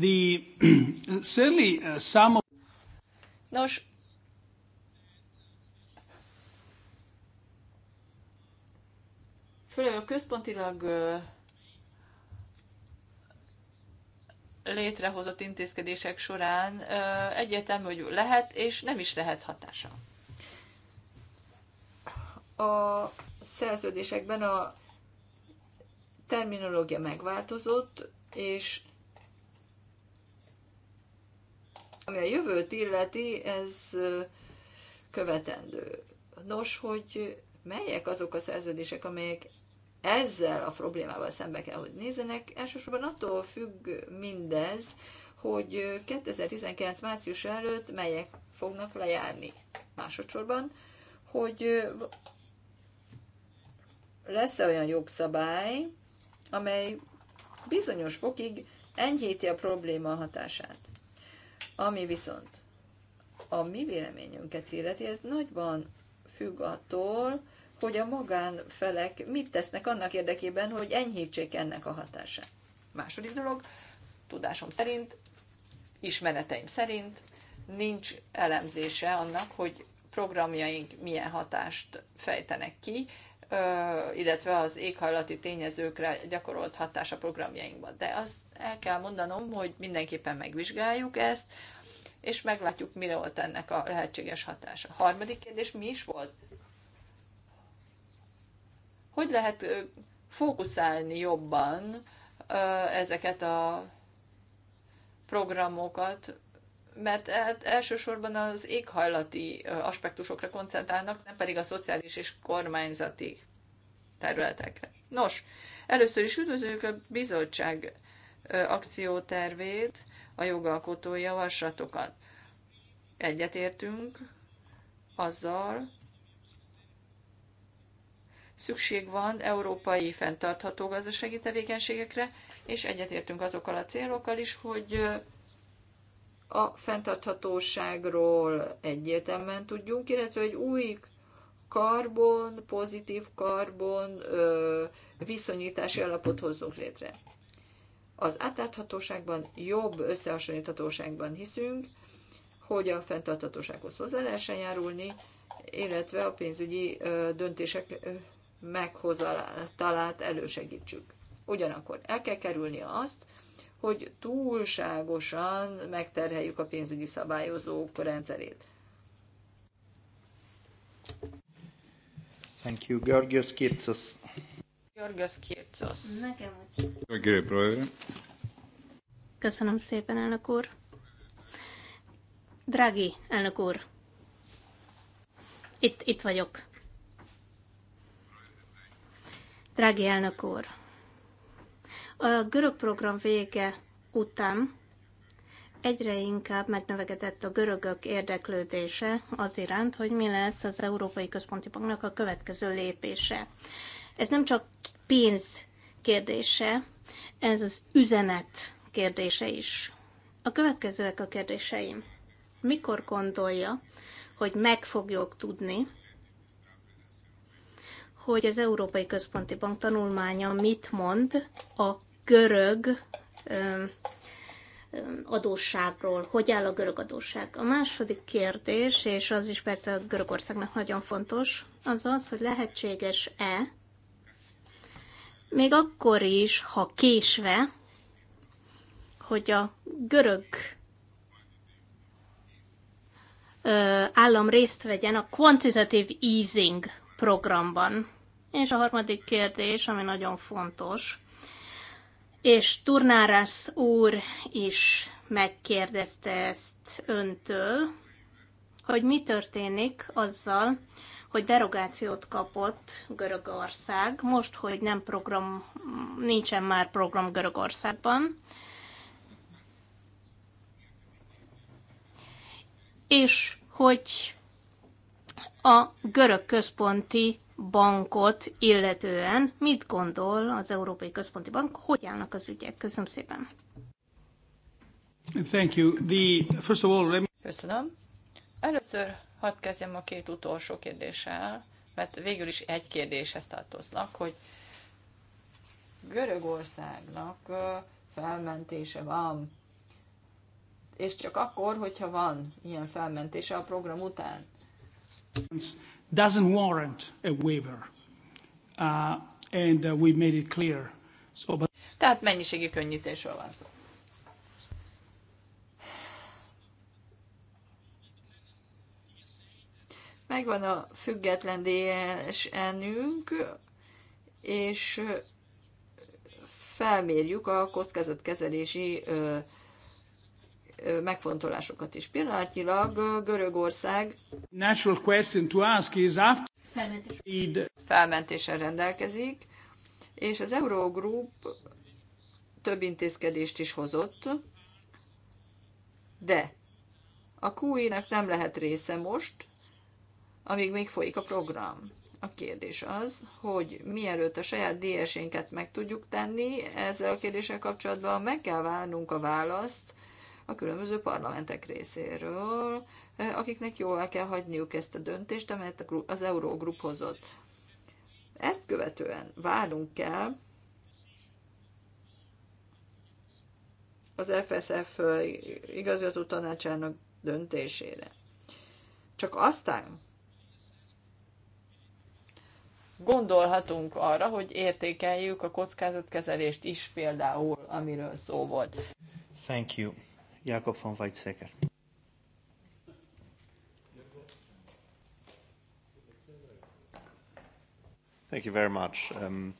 [SPEAKER 1] The, (clears throat) certainly, uh, some of... Nos,
[SPEAKER 2] főleg a központilag létrehozott intézkedések során egyetem, hogy lehet és nem is lehet hatása. A szerződésekben a terminológia megváltozott, és ami a jövőt illeti, ez követendő. Nos, hogy melyek azok a szerződések, amelyek ezzel a problémával szembe kell, hogy nézzenek. Elsősorban attól függ mindez, hogy 2019 március előtt melyek fognak lejárni. Másodszorban, hogy lesz-e olyan jogszabály, amely bizonyos fokig enyhíti a probléma hatását. Ami viszont a mi véleményünket illeti, ez nagyban függ attól, hogy a magánfelek mit tesznek annak érdekében, hogy enyhítsék ennek a hatását. Második dolog, tudásom szerint, ismereteim szerint nincs elemzése annak, hogy programjaink milyen hatást fejtenek ki, illetve az éghajlati tényezőkre gyakorolt hatás a programjainkban. De azt el kell mondanom, hogy mindenképpen megvizsgáljuk ezt, és meglátjuk, mire volt ennek a lehetséges hatása. A harmadik kérdés mi is volt? hogy lehet fókuszálni jobban ezeket a programokat, mert hát elsősorban az éghajlati aspektusokra koncentrálnak, nem pedig a szociális és kormányzati területekre. Nos, először is üdvözöljük a bizottság akciótervét, a jogalkotói javaslatokat. Egyetértünk azzal, szükség van európai fenntartható gazdasági tevékenységekre, és egyetértünk azokkal a célokkal is, hogy a fenntarthatóságról egyértelműen tudjunk, illetve egy új karbon, pozitív karbon ö, viszonyítási alapot hozzunk létre. Az átláthatóságban, jobb összehasonlíthatóságban hiszünk, hogy a fenntarthatósághoz hozzá lehessen járulni, illetve a pénzügyi döntések meghozatalát elősegítsük. Ugyanakkor el kell kerülni azt, hogy túlságosan megterheljük a pénzügyi szabályozók rendszerét.
[SPEAKER 3] Thank you, Georgios Kirtsos. Georgios Kirtsos. Nekem Köszönöm szépen, elnök úr. Drági elnök úr, itt, itt vagyok. Drági elnök úr, a görög program vége után egyre inkább megnövekedett a görögök érdeklődése az iránt, hogy mi lesz az Európai Központi Banknak a következő lépése. Ez nem csak pénz kérdése, ez az üzenet kérdése is. A következőek a kérdéseim. Mikor gondolja, hogy meg fogjuk tudni, hogy az Európai Központi Bank tanulmánya mit mond a görög adósságról, hogy áll a görög adósság. A második kérdés, és az is persze a Görögországnak nagyon fontos, az az, hogy lehetséges-e, még akkor is, ha késve, hogy a görög állam részt vegyen a quantitative easing programban. És a harmadik kérdés, ami nagyon fontos, és Turnárász úr is megkérdezte ezt öntől, hogy mi történik azzal, hogy derogációt kapott Görögország, most, hogy nem program, nincsen már program Görögországban, és hogy a görög központi bankot illetően mit gondol az Európai Központi Bank, hogy állnak az ügyek? Köszönöm szépen.
[SPEAKER 1] Thank you. The, first of all, let me... Köszönöm.
[SPEAKER 2] Először hadd kezdjem a két utolsó kérdéssel, mert végül is egy kérdéshez tartoznak, hogy Görögországnak felmentése van, és csak akkor, hogyha van ilyen felmentése a program után
[SPEAKER 1] doesn't warrant a waiver. Uh, and uh, we made it clear. So, but...
[SPEAKER 2] Tehát mennyiségi könnyítésről van szó. Megvan a független DSN-ünk, és felmérjük a kockázatkezelési kezelési megfontolásokat is. Pillanatnyilag Görögország
[SPEAKER 1] Natural question to ask is
[SPEAKER 2] after... felmentéssel rendelkezik, és az Eurogroup több intézkedést is hozott, de a QI-nak nem lehet része most, amíg még folyik a program. A kérdés az, hogy mielőtt a saját DS-énket meg tudjuk tenni, ezzel a kérdéssel kapcsolatban meg kell várnunk a választ a különböző parlamentek részéről, eh, akiknek jóvá kell hagyniuk ezt a döntést, amelyet az Eurogroup hozott. Ezt követően várunk kell az FSF igazgató tanácsának döntésére. Csak aztán gondolhatunk arra, hogy értékeljük a kockázatkezelést is például, amiről szó volt.
[SPEAKER 3] Thank you. Jacob van Weizsäcker. Thank you very much. Um...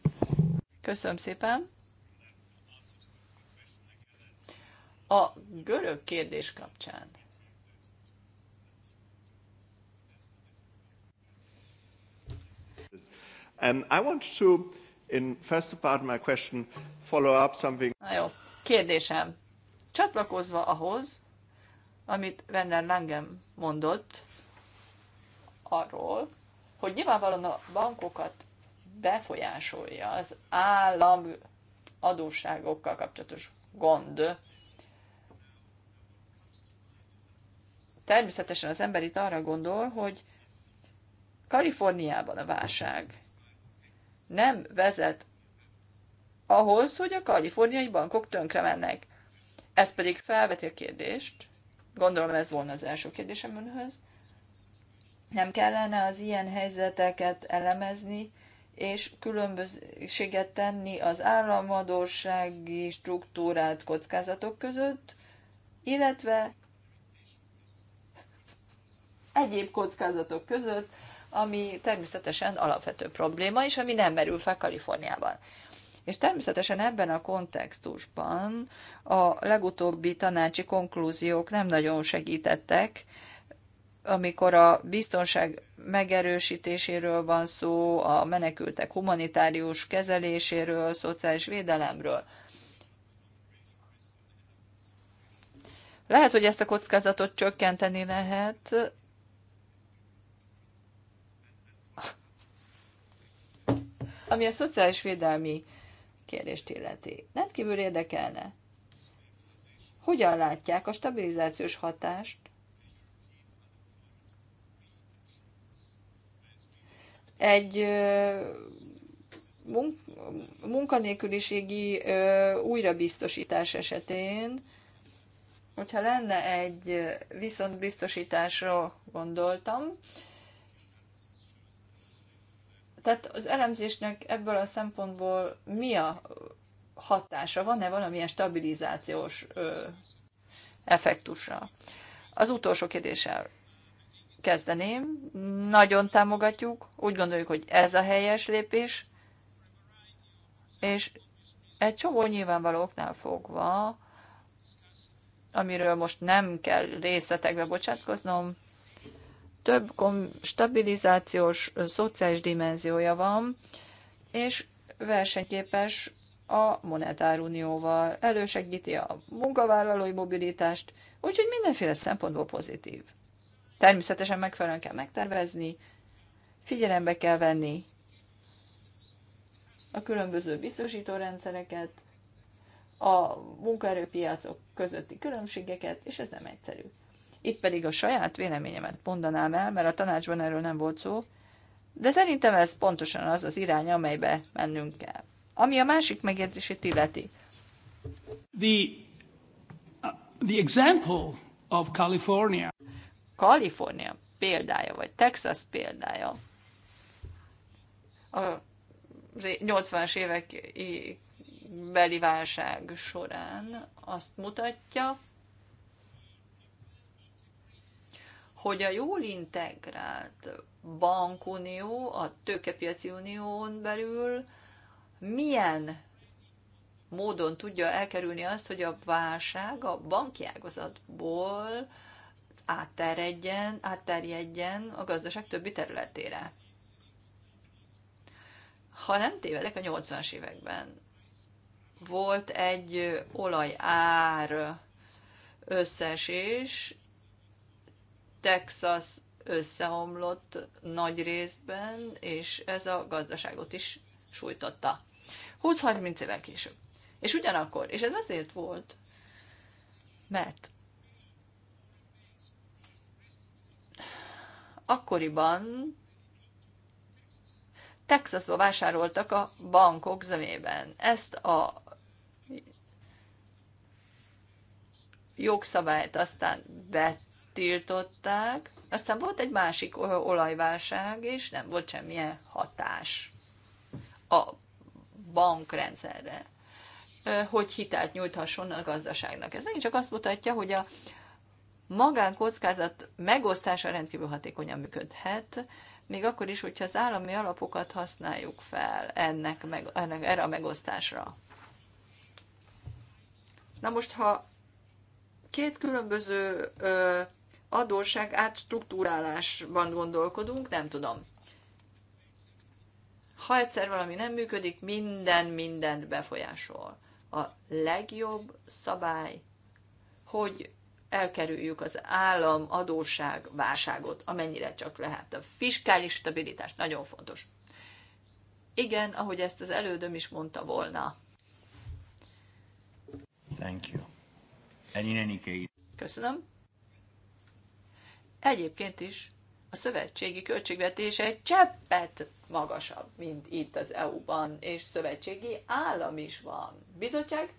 [SPEAKER 2] Köszönöm szépen. A görög kérdés kapcsán.
[SPEAKER 3] And um, I want to, in first part of my question, follow up something. Na
[SPEAKER 2] jó, kérdésem csatlakozva ahhoz, amit Werner Langem mondott arról, hogy nyilvánvalóan a bankokat befolyásolja az állam adósságokkal kapcsolatos gond. Természetesen az ember itt arra gondol, hogy Kaliforniában a válság nem vezet ahhoz, hogy a kaliforniai bankok tönkre mennek. Ez pedig felveti a kérdést, gondolom ez volna az első kérdésem önhöz, nem kellene az ilyen helyzeteket elemezni, és különbséget tenni az államadósági struktúrált kockázatok között, illetve egyéb kockázatok között, ami természetesen alapvető probléma, és ami nem merül fel Kaliforniában. És természetesen ebben a kontextusban a legutóbbi tanácsi konklúziók nem nagyon segítettek, amikor a biztonság megerősítéséről van szó, a menekültek humanitárius kezeléséről, szociális védelemről. Lehet, hogy ezt a kockázatot csökkenteni lehet. Ami a szociális védelmi kérdést illeti. Rendkívül érdekelne, hogyan látják a stabilizációs hatást egy munkanélküliségi újrabiztosítás esetén, hogyha lenne egy viszontbiztosításra gondoltam, tehát az elemzésnek ebből a szempontból mi a hatása? Van-e valamilyen stabilizációs ö, effektusa? Az utolsó kérdéssel kezdeném. Nagyon támogatjuk, úgy gondoljuk, hogy ez a helyes lépés, és egy csomó nyilvánvaló oknál fogva, amiről most nem kell részletekbe bocsátkoznom, több stabilizációs, szociális dimenziója van, és versenyképes a monetárunióval, elősegíti a munkavállalói mobilitást, úgyhogy mindenféle szempontból pozitív. Természetesen megfelelően kell megtervezni, figyelembe kell venni a különböző biztosítórendszereket, a munkaerőpiacok közötti különbségeket, és ez nem egyszerű. Itt pedig a saját véleményemet mondanám el, mert a tanácsban erről nem volt szó, de szerintem ez pontosan az az irány, amelybe mennünk kell. Ami a másik megjegyzését illeti. The, uh, the
[SPEAKER 1] example of California.
[SPEAKER 2] Kalifornia példája, vagy Texas példája a 80-as évek beli válság során azt mutatja, hogy a jól integrált bankunió, a tőkepiaci unión belül milyen módon tudja elkerülni azt, hogy a válság a banki ágazatból átterjedjen, átterjedjen a gazdaság többi területére. Ha nem tévedek, a 80-as években volt egy olajár összesés, Texas összeomlott nagy részben, és ez a gazdaságot is sújtotta. 20-30 évvel később. És ugyanakkor, és ez azért volt, mert akkoriban Texasba vásároltak a bankok zömében. Ezt a jogszabályt aztán bet tiltották, aztán volt egy másik olajválság, és nem volt semmilyen hatás a bankrendszerre, hogy hitelt nyújthasson a gazdaságnak. Ez megint csak azt mutatja, hogy a magánkockázat megosztása rendkívül hatékonyan működhet, még akkor is, hogyha az állami alapokat használjuk fel ennek, meg, ennek erre a megosztásra. Na most, ha két különböző ö, adósság átstruktúrálásban gondolkodunk, nem tudom. Ha egyszer valami nem működik, minden mindent befolyásol. A legjobb szabály, hogy elkerüljük az állam adósság válságot, amennyire csak lehet. A fiskális stabilitás nagyon fontos. Igen, ahogy ezt az elődöm is mondta volna.
[SPEAKER 3] Thank you.
[SPEAKER 4] And any
[SPEAKER 2] Köszönöm. Egyébként is a szövetségi költségvetése egy cseppet magasabb, mint itt az EU-ban, és szövetségi állam is van. Bizottság?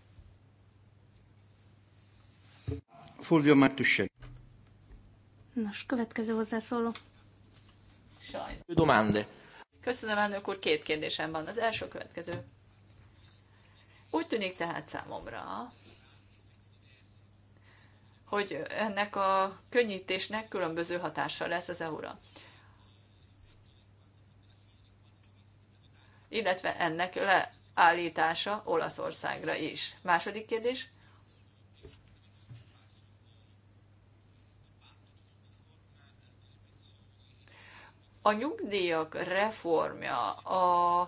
[SPEAKER 3] Fulvio Martussek. Nos, következő hozzászóló. Sajnos. Domande.
[SPEAKER 2] Köszönöm, elnök úr, két kérdésem van. Az első következő. Úgy tűnik tehát számomra, hogy ennek a könnyítésnek különböző hatása lesz az eura. Illetve ennek leállítása Olaszországra is. Második kérdés. A nyugdíjak reformja, a,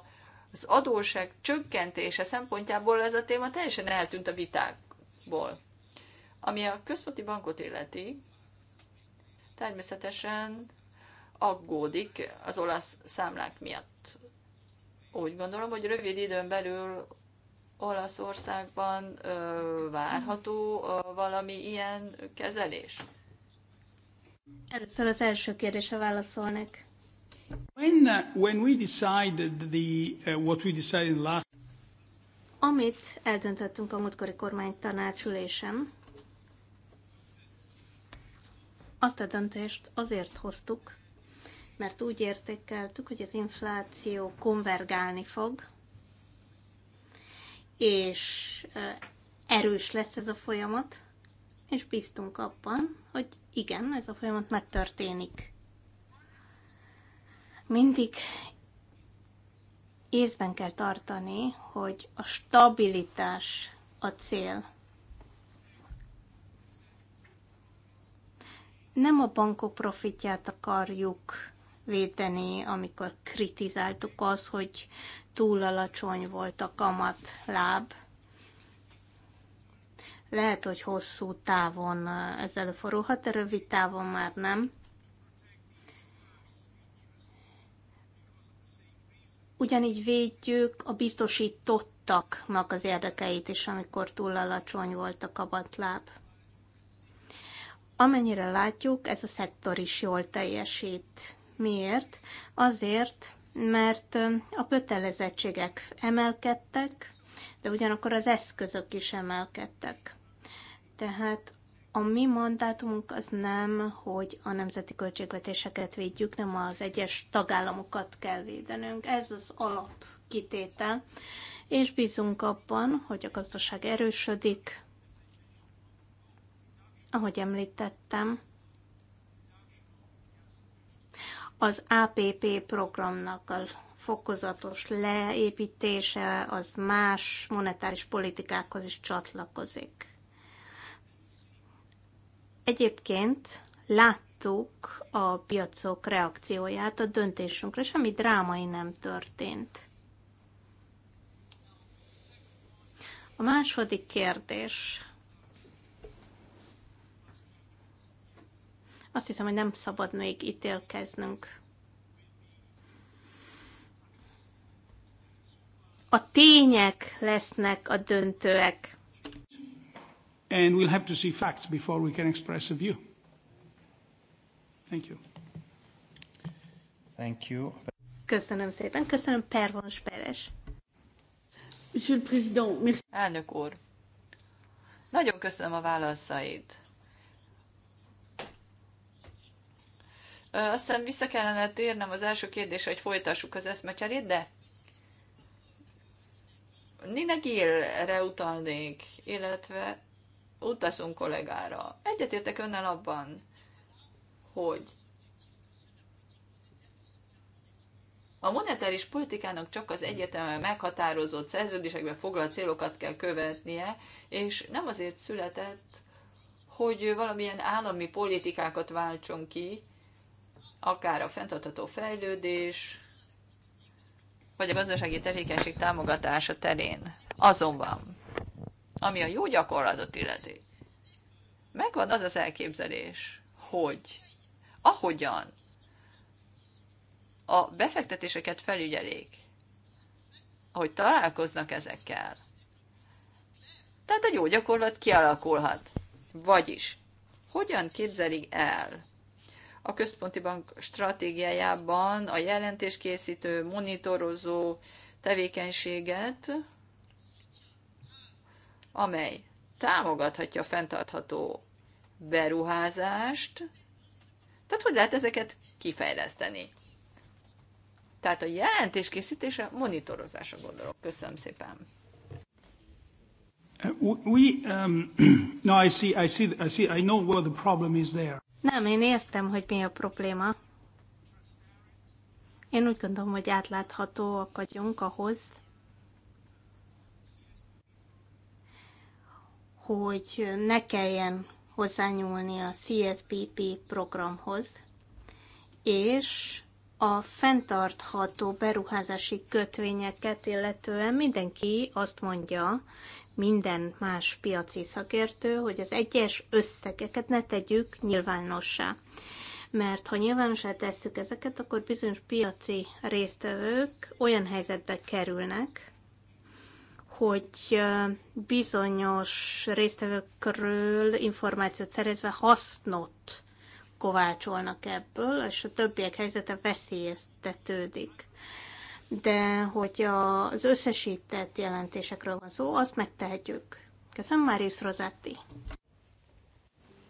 [SPEAKER 2] az adóság csökkentése szempontjából ez a téma teljesen eltűnt a vitákból. Ami a központi bankot illeti, természetesen aggódik az olasz számlák miatt. Úgy gondolom, hogy rövid időn belül Olaszországban ö, várható ö, valami ilyen kezelés?
[SPEAKER 3] Először az első kérdésre válaszolnék.
[SPEAKER 1] When, uh, when we decided the, uh, what we decided last...
[SPEAKER 3] Amit eldöntöttünk a múltkori kormány tanácsülésen, azt a döntést azért hoztuk, mert úgy értékeltük, hogy az infláció konvergálni fog, és erős lesz ez a folyamat, és bíztunk abban, hogy igen, ez a folyamat megtörténik. Mindig észben kell tartani, hogy a stabilitás a cél. nem a bankok profitját akarjuk védeni, amikor kritizáltuk az, hogy túl alacsony volt a kamatláb. Lehet, hogy hosszú távon ez előfordulhat, de rövid távon már nem. Ugyanígy védjük a biztosítottaknak az érdekeit is, amikor túl alacsony volt a kamatláb. Amennyire látjuk, ez a szektor is jól teljesít. Miért? Azért, mert a kötelezettségek emelkedtek, de ugyanakkor az eszközök is emelkedtek. Tehát a mi mandátumunk az nem, hogy a nemzeti költségvetéseket védjük, nem az egyes tagállamokat kell védenünk. Ez az alapkitétel, és bízunk abban, hogy a gazdaság erősödik, ahogy említettem, az APP programnak a fokozatos leépítése az más monetáris politikákhoz is csatlakozik. Egyébként láttuk a piacok reakcióját a döntésünkre, semmi drámai nem történt. A második kérdés Azt hiszem, hogy nem szabad még ítélkeznünk. A tények lesznek a döntőek. And
[SPEAKER 1] we'll have to see facts before we can express a view.
[SPEAKER 3] Thank you. Thank you. Köszönöm szépen. Köszönöm Pervons Peres. Monsieur le Président, merci. Elnök úr, nagyon köszönöm a
[SPEAKER 2] válaszait. Azt hiszem vissza kellene térnem az első kérdésre, hogy folytassuk az eszmecserét, de Nina élre utalnék, illetve utazunk kollégára. Egyetértek önnel abban, hogy a monetáris politikának csak az egyetemen meghatározott szerződésekben foglalt célokat kell követnie, és nem azért született, hogy valamilyen állami politikákat váltson ki, akár a fenntartható fejlődés, vagy a gazdasági tevékenység támogatása terén. Azonban, ami a jó gyakorlatot illeti, megvan az az elképzelés, hogy ahogyan a befektetéseket felügyelik, ahogy találkoznak ezekkel, tehát a jó gyakorlat kialakulhat. Vagyis, hogyan képzelik el a Központi Bank stratégiájában a jelentéskészítő, monitorozó tevékenységet, amely támogathatja a fenntartható beruházást. Tehát hogy lehet ezeket kifejleszteni? Tehát a jelentés készítése, monitorozása gondolok.
[SPEAKER 3] Köszönöm szépen.
[SPEAKER 1] Uh, we, um, (clears throat) no, I see, I see, I see, I know where the problem is there.
[SPEAKER 3] Nem, én értem, hogy mi a probléma. Én úgy gondolom, hogy átláthatóak vagyunk ahhoz, hogy ne kelljen hozzányúlni a CSPP programhoz, és a fenntartható beruházási kötvényeket illetően mindenki azt mondja, minden más piaci szakértő, hogy az egyes összegeket ne tegyük nyilvánossá. Mert ha nyilvánossá tesszük ezeket, akkor bizonyos piaci résztvevők olyan helyzetbe kerülnek, hogy bizonyos résztvevőkről információt szerezve hasznot kovácsolnak ebből, és a többiek helyzete veszélyeztetődik de hogy az összesített jelentésekről van szó, azt megtehetjük. Köszönöm, Marius Rosetti.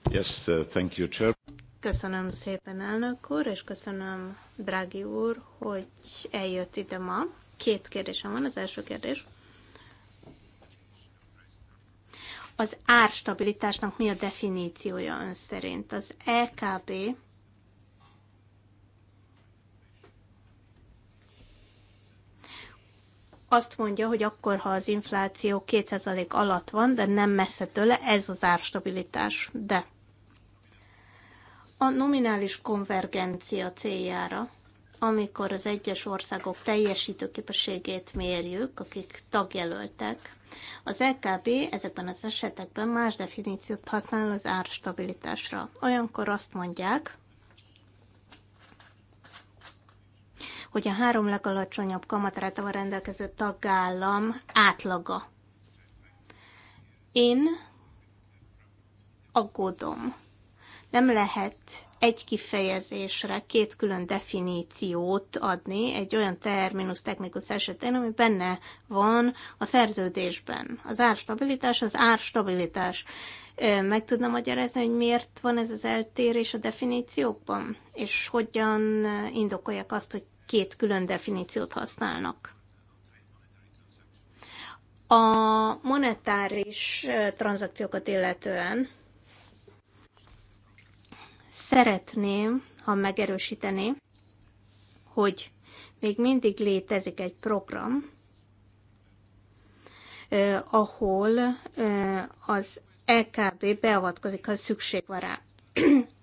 [SPEAKER 3] Yes, uh, thank you, Chair. Köszönöm szépen, elnök úr, és köszönöm, drági úr, hogy eljött ide ma. Két kérdésem van, az első kérdés. Az árstabilitásnak mi a definíciója ön szerint? Az EKB azt mondja, hogy akkor, ha az infláció 2% alatt van, de nem messze tőle, ez az árstabilitás. De a nominális konvergencia céljára, amikor az egyes országok teljesítőképességét mérjük, akik tagjelöltek, az LKB e ezekben az esetekben más definíciót használ az árstabilitásra. Olyankor azt mondják, hogy a három legalacsonyabb kamatrátával rendelkező tagállam átlaga. Én aggódom. Nem lehet egy kifejezésre két külön definíciót adni egy olyan terminus technikus esetén, ami benne van a szerződésben. Az árstabilitás az árstabilitás. Meg tudna magyarázni, hogy miért van ez az eltérés a definíciókban, és hogyan indokolják azt, hogy két külön definíciót használnak. A monetáris tranzakciókat illetően szeretném, ha megerősíteni, hogy még mindig létezik egy program, eh, ahol eh, az EKB beavatkozik, ha szükség van rá.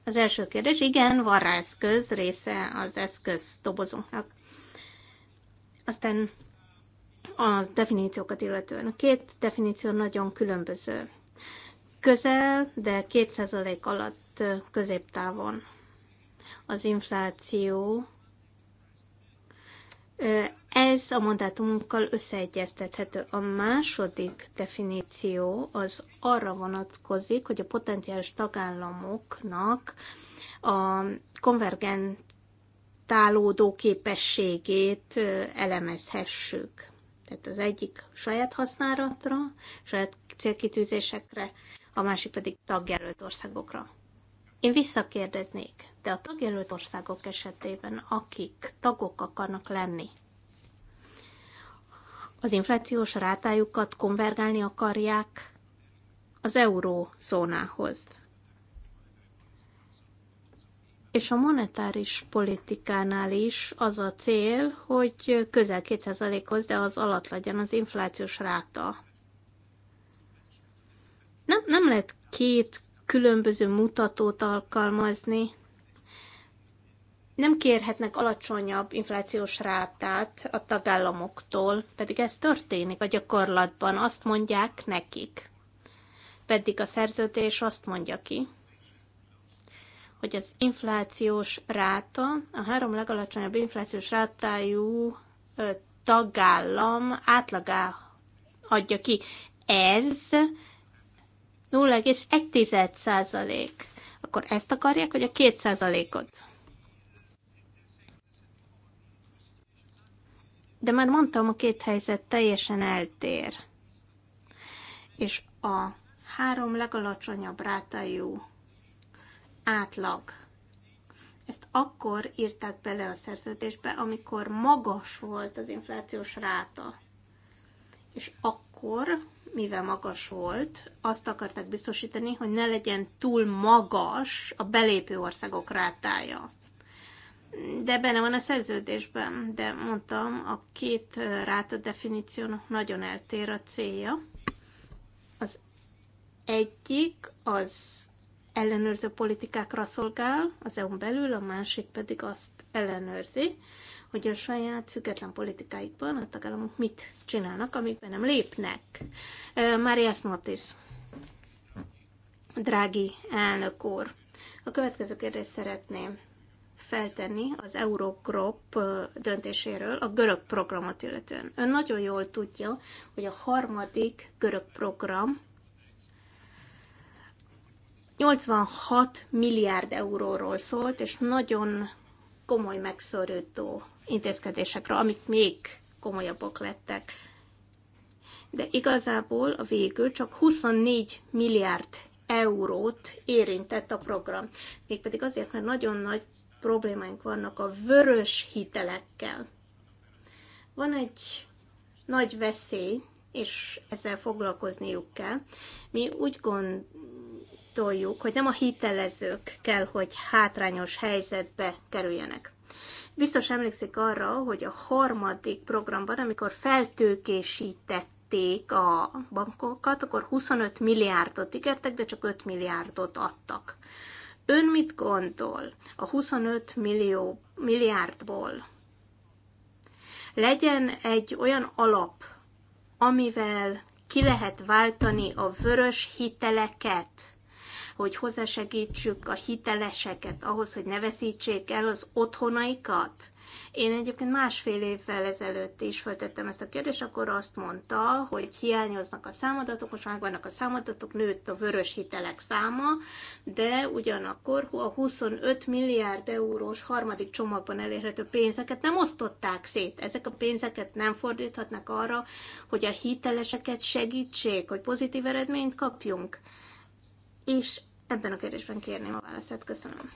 [SPEAKER 3] Az első kérdés, igen, van rá eszköz, része az eszköz dobozunknak. Aztán a definíciókat illetően. A két definíció nagyon különböző. Közel, de 2% alatt középtávon az infláció ez a mandátumunkkal összeegyeztethető. A második definíció az arra vonatkozik, hogy a potenciális tagállamoknak a konvergentálódó képességét elemezhessük. Tehát az egyik saját használatra, saját célkitűzésekre, a másik pedig tagjelölt országokra. Én visszakérdeznék, de a tagjelölt országok esetében, akik tagok akarnak lenni, az inflációs rátájukat konvergálni akarják az eurózónához. És a monetáris politikánál is az a cél, hogy közel 2%-hoz, de az alatt legyen az inflációs ráta. Nem, nem lehet két különböző mutatót alkalmazni. Nem kérhetnek alacsonyabb inflációs rátát a tagállamoktól, pedig ez történik a gyakorlatban, azt mondják nekik. Pedig a szerződés azt mondja ki, hogy az inflációs ráta, a három legalacsonyabb inflációs rátájú tagállam átlagá adja ki. Ez 0,1 százalék. Akkor ezt akarják, vagy a 2 százalékot? De már mondtam, a két helyzet teljesen eltér. És a három legalacsonyabb rátájú átlag. Ezt akkor írták bele a szerződésbe, amikor magas volt az inflációs ráta. És akkor mivel magas volt, azt akarták biztosítani, hogy ne legyen túl magas a belépő országok rátája. De benne van a szerződésben, de mondtam, a két ráta definíciónak nagyon eltér a célja. Az egyik az ellenőrző politikákra szolgál az EU-n belül, a másik pedig azt ellenőrzi, hogy a saját független politikáikban a tagállamok mit csinálnak, amikben nem lépnek. Marias Notis, drági elnök úr, a következő kérdést szeretném feltenni az Eurogrop döntéséről a görög programot illetően. Ön nagyon jól tudja, hogy a harmadik görög program 86 milliárd euróról szólt, és nagyon komoly megszorító intézkedésekre, amik még komolyabbak lettek. De igazából a végül csak 24 milliárd eurót érintett a program. Mégpedig azért, mert nagyon nagy problémáink vannak a vörös hitelekkel. Van egy nagy veszély, és ezzel foglalkozniuk kell. Mi úgy gondoljuk, hogy nem a hitelezők kell, hogy hátrányos helyzetbe kerüljenek. Biztos emlékszik arra, hogy a harmadik programban, amikor feltőkésítették a bankokat, akkor 25 milliárdot ígértek, de csak 5 milliárdot adtak. Ön mit gondol a 25 millió, milliárdból? Legyen egy olyan alap, amivel ki lehet váltani a vörös hiteleket, hogy hozzásegítsük a hiteleseket ahhoz, hogy ne veszítsék el az otthonaikat? Én egyébként másfél évvel ezelőtt is feltettem ezt a kérdést, akkor azt mondta, hogy hiányoznak a számadatok, most már vannak a számadatok, nőtt a vörös hitelek száma, de ugyanakkor a 25 milliárd eurós harmadik csomagban elérhető pénzeket nem osztották szét. Ezek a pénzeket nem fordíthatnak arra, hogy a hiteleseket segítsék, hogy pozitív eredményt kapjunk. És Ebben a kérdésben kérném a válaszát. Köszönöm.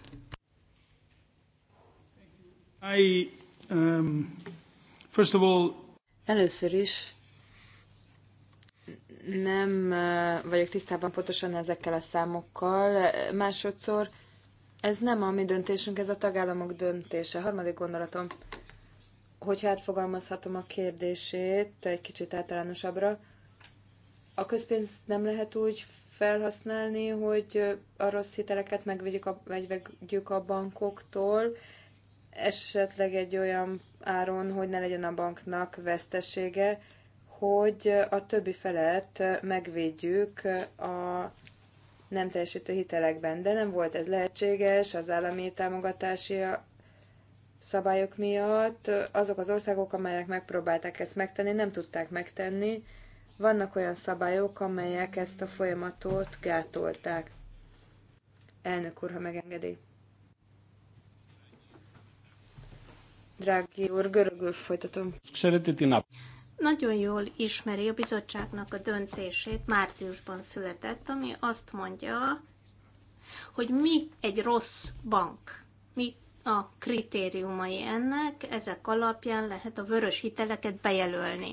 [SPEAKER 1] I, um, first of all... Először is
[SPEAKER 4] nem uh, vagyok tisztában pontosan ezekkel a számokkal. Másodszor ez nem a mi döntésünk, ez a tagállamok döntése. Harmadik gondolatom, hogyha átfogalmazhatom a kérdését egy kicsit általánosabbra, a közpénzt nem lehet úgy felhasználni, hogy a rossz hiteleket megvegyük a, megvegyük a bankoktól, esetleg egy olyan áron, hogy ne legyen a banknak vesztesége, hogy a többi felet megvédjük a nem teljesítő hitelekben, de nem volt ez lehetséges az állami támogatási szabályok miatt. Azok az országok, amelyek megpróbálták ezt megtenni, nem tudták megtenni, vannak olyan szabályok, amelyek ezt a folyamatot gátolták. Elnök úr, ha megengedi. Drági úr, görögül folytatom.
[SPEAKER 3] Nagyon jól ismeri a bizottságnak a döntését, márciusban született, ami azt mondja, hogy mi egy rossz bank, mi a kritériumai ennek, ezek alapján lehet a vörös hiteleket bejelölni.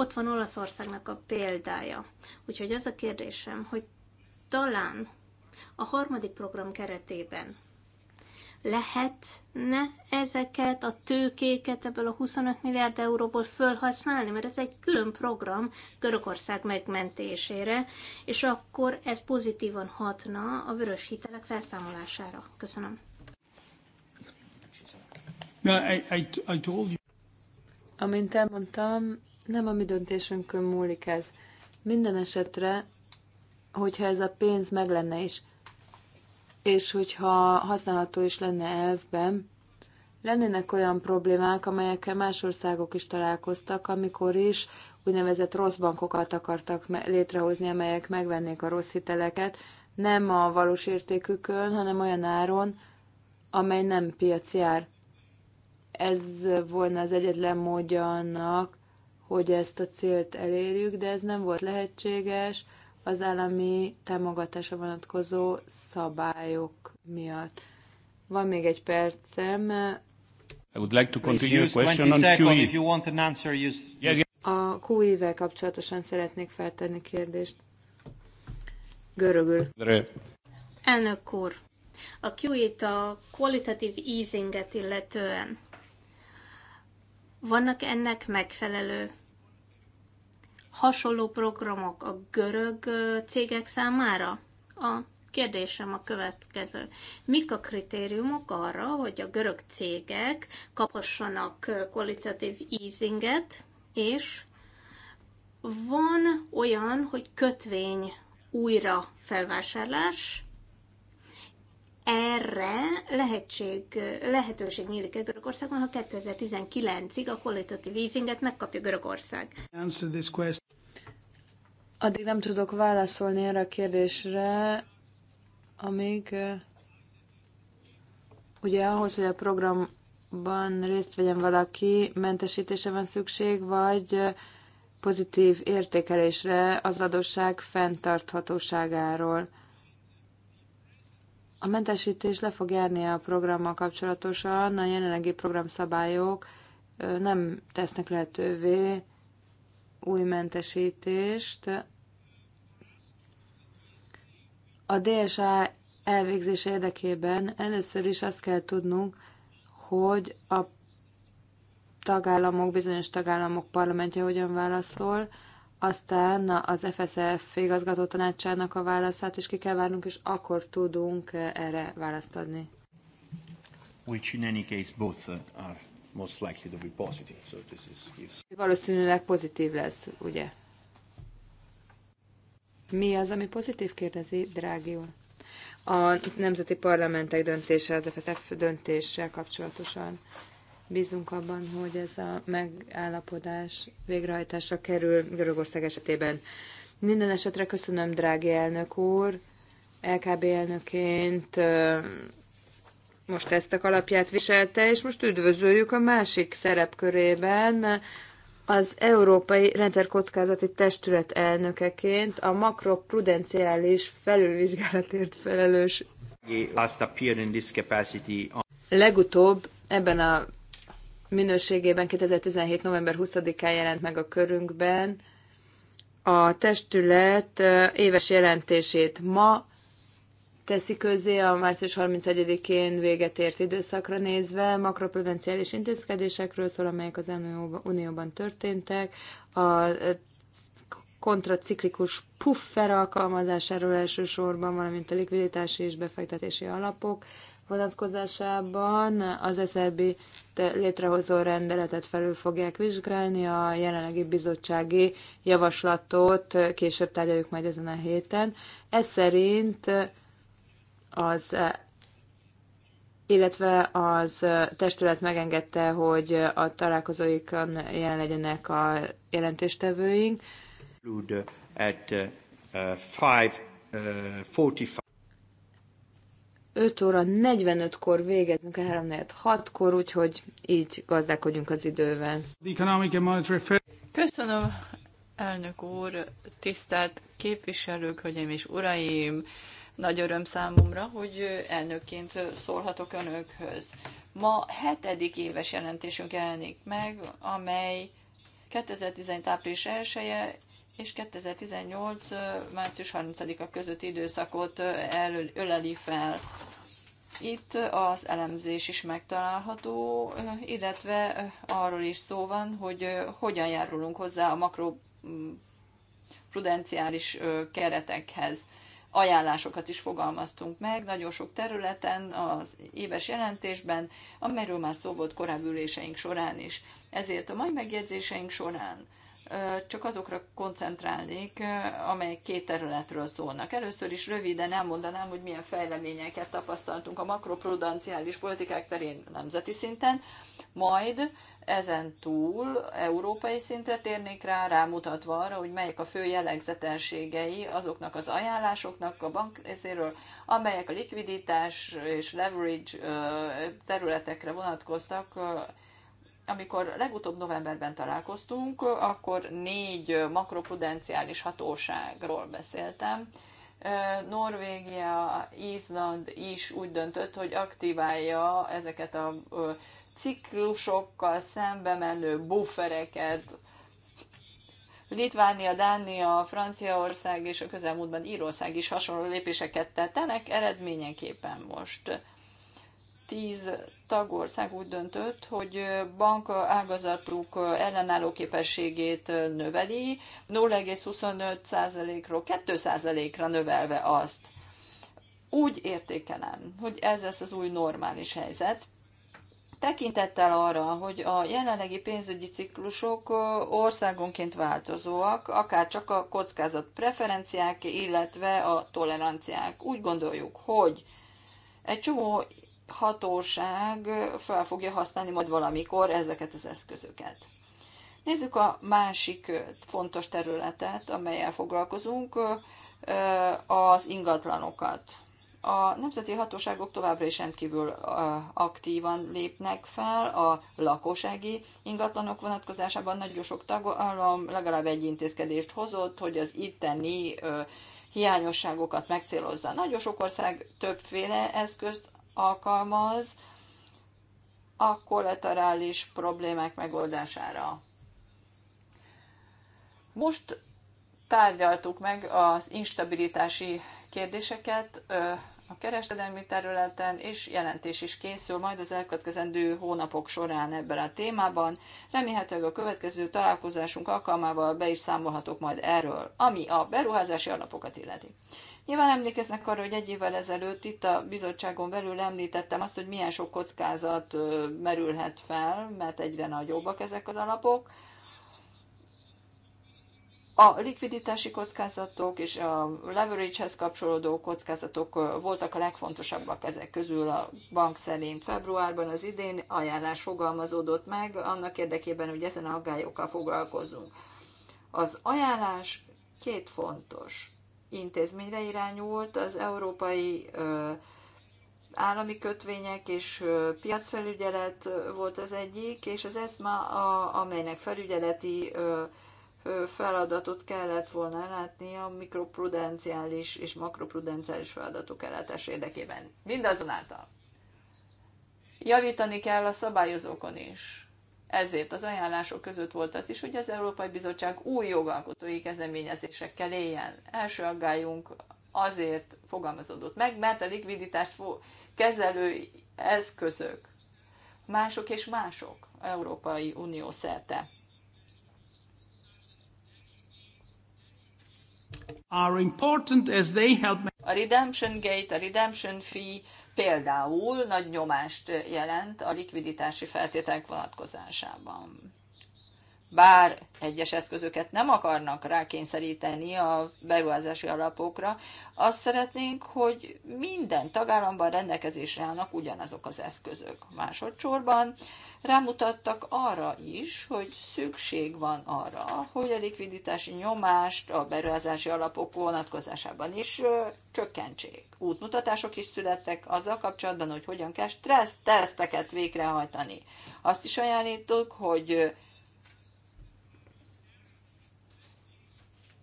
[SPEAKER 3] Ott van Olaszországnak a példája. Úgyhogy az a kérdésem, hogy talán a harmadik program keretében lehetne ezeket a tőkéket ebből a 25 milliárd euróból fölhasználni, mert ez egy külön program Görögország megmentésére, és akkor ez pozitívan hatna a vörös hitelek felszámolására. Köszönöm. I, told you. Amint elmondtam, nem a mi
[SPEAKER 4] döntésünkön múlik ez. Minden esetre, hogyha ez a pénz meg lenne is, és hogyha használható is lenne elvben, lennének olyan problémák, amelyekkel más országok is találkoztak, amikor is úgynevezett rossz bankokat akartak létrehozni, amelyek megvennék a rossz hiteleket, nem a valós értékükön, hanem olyan áron, amely nem piaci ár. Ez volna az egyetlen módja annak, hogy ezt a célt elérjük, de ez nem volt lehetséges az állami támogatásra vonatkozó szabályok miatt. Van még egy percem.
[SPEAKER 1] I would like to continue a question on QE. If you want an answer, use...
[SPEAKER 4] A QE-vel kapcsolatosan szeretnék
[SPEAKER 3] feltenni kérdést. Görögül. Elnök úr, a QE-t a qualitative easing-et illetően vannak ennek megfelelő hasonló programok a görög cégek számára? A kérdésem a következő. Mik a kritériumok arra, hogy a görög cégek kaphassanak kvalitatív easinget, és van olyan, hogy kötvény újra felvásárlás, erre lehetség, lehetőség nyílik a Görögországon, ha 2019-ig a kollektív easinget megkapja Görögország. Addig nem tudok válaszolni erre a kérdésre,
[SPEAKER 4] amíg eh, ugye ahhoz, hogy a programban részt vegyen valaki, mentesítése van szükség, vagy eh, pozitív értékelésre az adósság fenntarthatóságáról. A mentesítés le fog járni a programmal kapcsolatosan, a jelenlegi programszabályok nem tesznek lehetővé új mentesítést. A DSA elvégzése érdekében először is azt kell tudnunk, hogy a tagállamok, bizonyos tagállamok parlamentje hogyan válaszol, aztán az FSF igazgató tanácsának a válaszát is ki kell várnunk, és akkor tudunk eh, erre választ adni.
[SPEAKER 1] Which in any case both eh, are most likely to be positive, so this is gives...
[SPEAKER 4] Valószínűleg pozitív lesz, ugye? Mi az, ami pozitív, kérdezi Drági úr? A nemzeti parlamentek döntése, az FSF döntéssel kapcsolatosan. Bízunk abban, hogy ez a megállapodás végrehajtásra kerül Görögország esetében. Minden esetre köszönöm, drági elnök úr, LKB elnöként most ezt a kalapját viselte, és most üdvözöljük a másik szerepkörében az Európai Rendszerkockázati Testület elnökeként a makroprudenciális felülvizsgálatért felelős. Legutóbb ebben a minőségében 2017. november 20-án jelent meg a körünkben a testület éves jelentését. Ma teszi közé a március 31-én véget ért időszakra nézve makroprudenciális intézkedésekről szól, amelyek az Unióban történtek, a kontraciklikus puffer alkalmazásáról elsősorban, valamint a likviditási és befektetési alapok vonatkozásában az SRB létrehozó rendeletet felül fogják vizsgálni, a jelenlegi bizottsági javaslatot később tárgyaljuk majd ezen a héten. Ez szerint az illetve az testület megengedte, hogy a találkozóikon jelen legyenek a jelentéstevőink.
[SPEAKER 2] At, uh, five, uh,
[SPEAKER 4] 5 óra 45-kor végezünk a 3 6-kor, úgyhogy így gazdálkodjunk az idővel.
[SPEAKER 1] Köszönöm,
[SPEAKER 2] elnök úr, tisztelt képviselők, hölgyeim és uraim! Nagy öröm számomra, hogy elnökként szólhatok önökhöz. Ma hetedik éves jelentésünk jelenik meg, amely 2011. április 1 -e és 2018. március 30-a közötti időszakot öleli fel. Itt az elemzés is megtalálható, illetve arról is szó van, hogy hogyan járulunk hozzá a makroprudenciális mm, keretekhez. Ajánlásokat is fogalmaztunk meg nagyon sok területen az éves jelentésben, amelyről már szó volt korábbi üléseink során is. Ezért a mai megjegyzéseink során csak azokra koncentrálnék, amelyek két területről szólnak. Először is röviden elmondanám, hogy milyen fejleményeket tapasztaltunk a makroprudenciális politikák terén nemzeti szinten, majd ezen túl európai szintre térnék rá, rámutatva arra, hogy melyek a fő jellegzetességei azoknak az ajánlásoknak a bank részéről, amelyek a likviditás és leverage területekre vonatkoztak amikor legutóbb novemberben találkoztunk, akkor négy makroprudenciális hatóságról beszéltem. Norvégia, Izland is úgy döntött, hogy aktiválja ezeket a ciklusokkal szembe menő buffereket. Litvánia, Dánia, Franciaország és a közelmúltban Írország is hasonló lépéseket tettenek eredményeképpen most tíz tagország úgy döntött, hogy bank ágazatuk ellenálló képességét növeli, 0,25%-ról 2%-ra növelve azt. Úgy értékelem, hogy ez lesz az új normális helyzet, Tekintettel arra, hogy a jelenlegi pénzügyi ciklusok országonként változóak, akár csak a kockázat preferenciák, illetve a toleranciák. Úgy gondoljuk, hogy egy csomó hatóság fel fogja használni majd valamikor ezeket az eszközöket. Nézzük a másik fontos területet, amelyel foglalkozunk, az ingatlanokat. A nemzeti hatóságok továbbra is rendkívül aktívan lépnek fel a lakossági ingatlanok vonatkozásában. Nagyon sok tagállam legalább egy intézkedést hozott, hogy az itteni hiányosságokat megcélozza. Nagyon sok ország többféle eszközt alkalmaz a kollaterális problémák megoldására. Most tárgyaltuk meg az instabilitási kérdéseket a kereskedelmi területen, és jelentés is készül majd az elkövetkezendő hónapok során ebben a témában. Remélhetőleg a következő találkozásunk alkalmával be is számolhatok majd erről, ami a beruházási alapokat illeti. Nyilván emlékeznek arra, hogy egy évvel ezelőtt itt a bizottságon belül említettem azt, hogy milyen sok kockázat merülhet fel, mert egyre nagyobbak ezek az alapok. A likviditási kockázatok és a leverage-hez kapcsolódó kockázatok voltak a legfontosabbak ezek közül a bank szerint. Februárban az idén ajánlás fogalmazódott meg, annak érdekében, hogy ezen a aggályokkal foglalkozzunk. Az ajánlás két fontos intézményre irányult, az európai állami kötvények és piacfelügyelet volt az egyik, és az ESMA, amelynek felügyeleti feladatot kellett volna látni a mikroprudenciális és makroprudenciális feladatok ellátás érdekében. Mindazonáltal javítani kell a szabályozókon is. Ezért az ajánlások között volt az is, hogy az Európai Bizottság új jogalkotói kezdeményezésekkel éljen. Első aggályunk azért fogalmazódott meg, mert a likviditást kezelő eszközök mások és mások Európai Unió szerte.
[SPEAKER 1] Are important as they help
[SPEAKER 2] a Redemption Gate, a Redemption Fee például nagy nyomást jelent a likviditási feltételek vonatkozásában bár egyes eszközöket nem akarnak rákényszeríteni a beruházási alapokra, azt szeretnénk, hogy minden tagállamban rendelkezésre állnak ugyanazok az eszközök. Másodszorban rámutattak arra is, hogy szükség van arra, hogy a likviditási nyomást a beruházási alapok vonatkozásában is csökkentsék. Útmutatások is születtek azzal kapcsolatban, hogy hogyan kell stressz teszteket végrehajtani. Azt is ajánlítok, hogy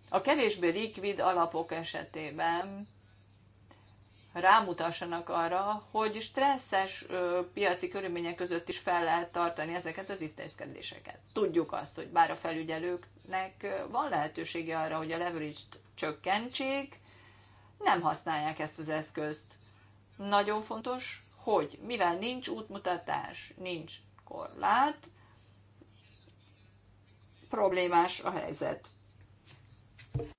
[SPEAKER 2] a kevésbé likvid alapok esetében rámutassanak arra, hogy stresszes ö, piaci körülmények között is fel lehet tartani ezeket az intézkedéseket. Tudjuk azt, hogy bár a felügyelőknek van lehetősége arra, hogy a leverage-t csökkentsék, nem használják ezt az eszközt. Nagyon fontos, hogy mivel nincs útmutatás, nincs korlát, problémás a helyzet.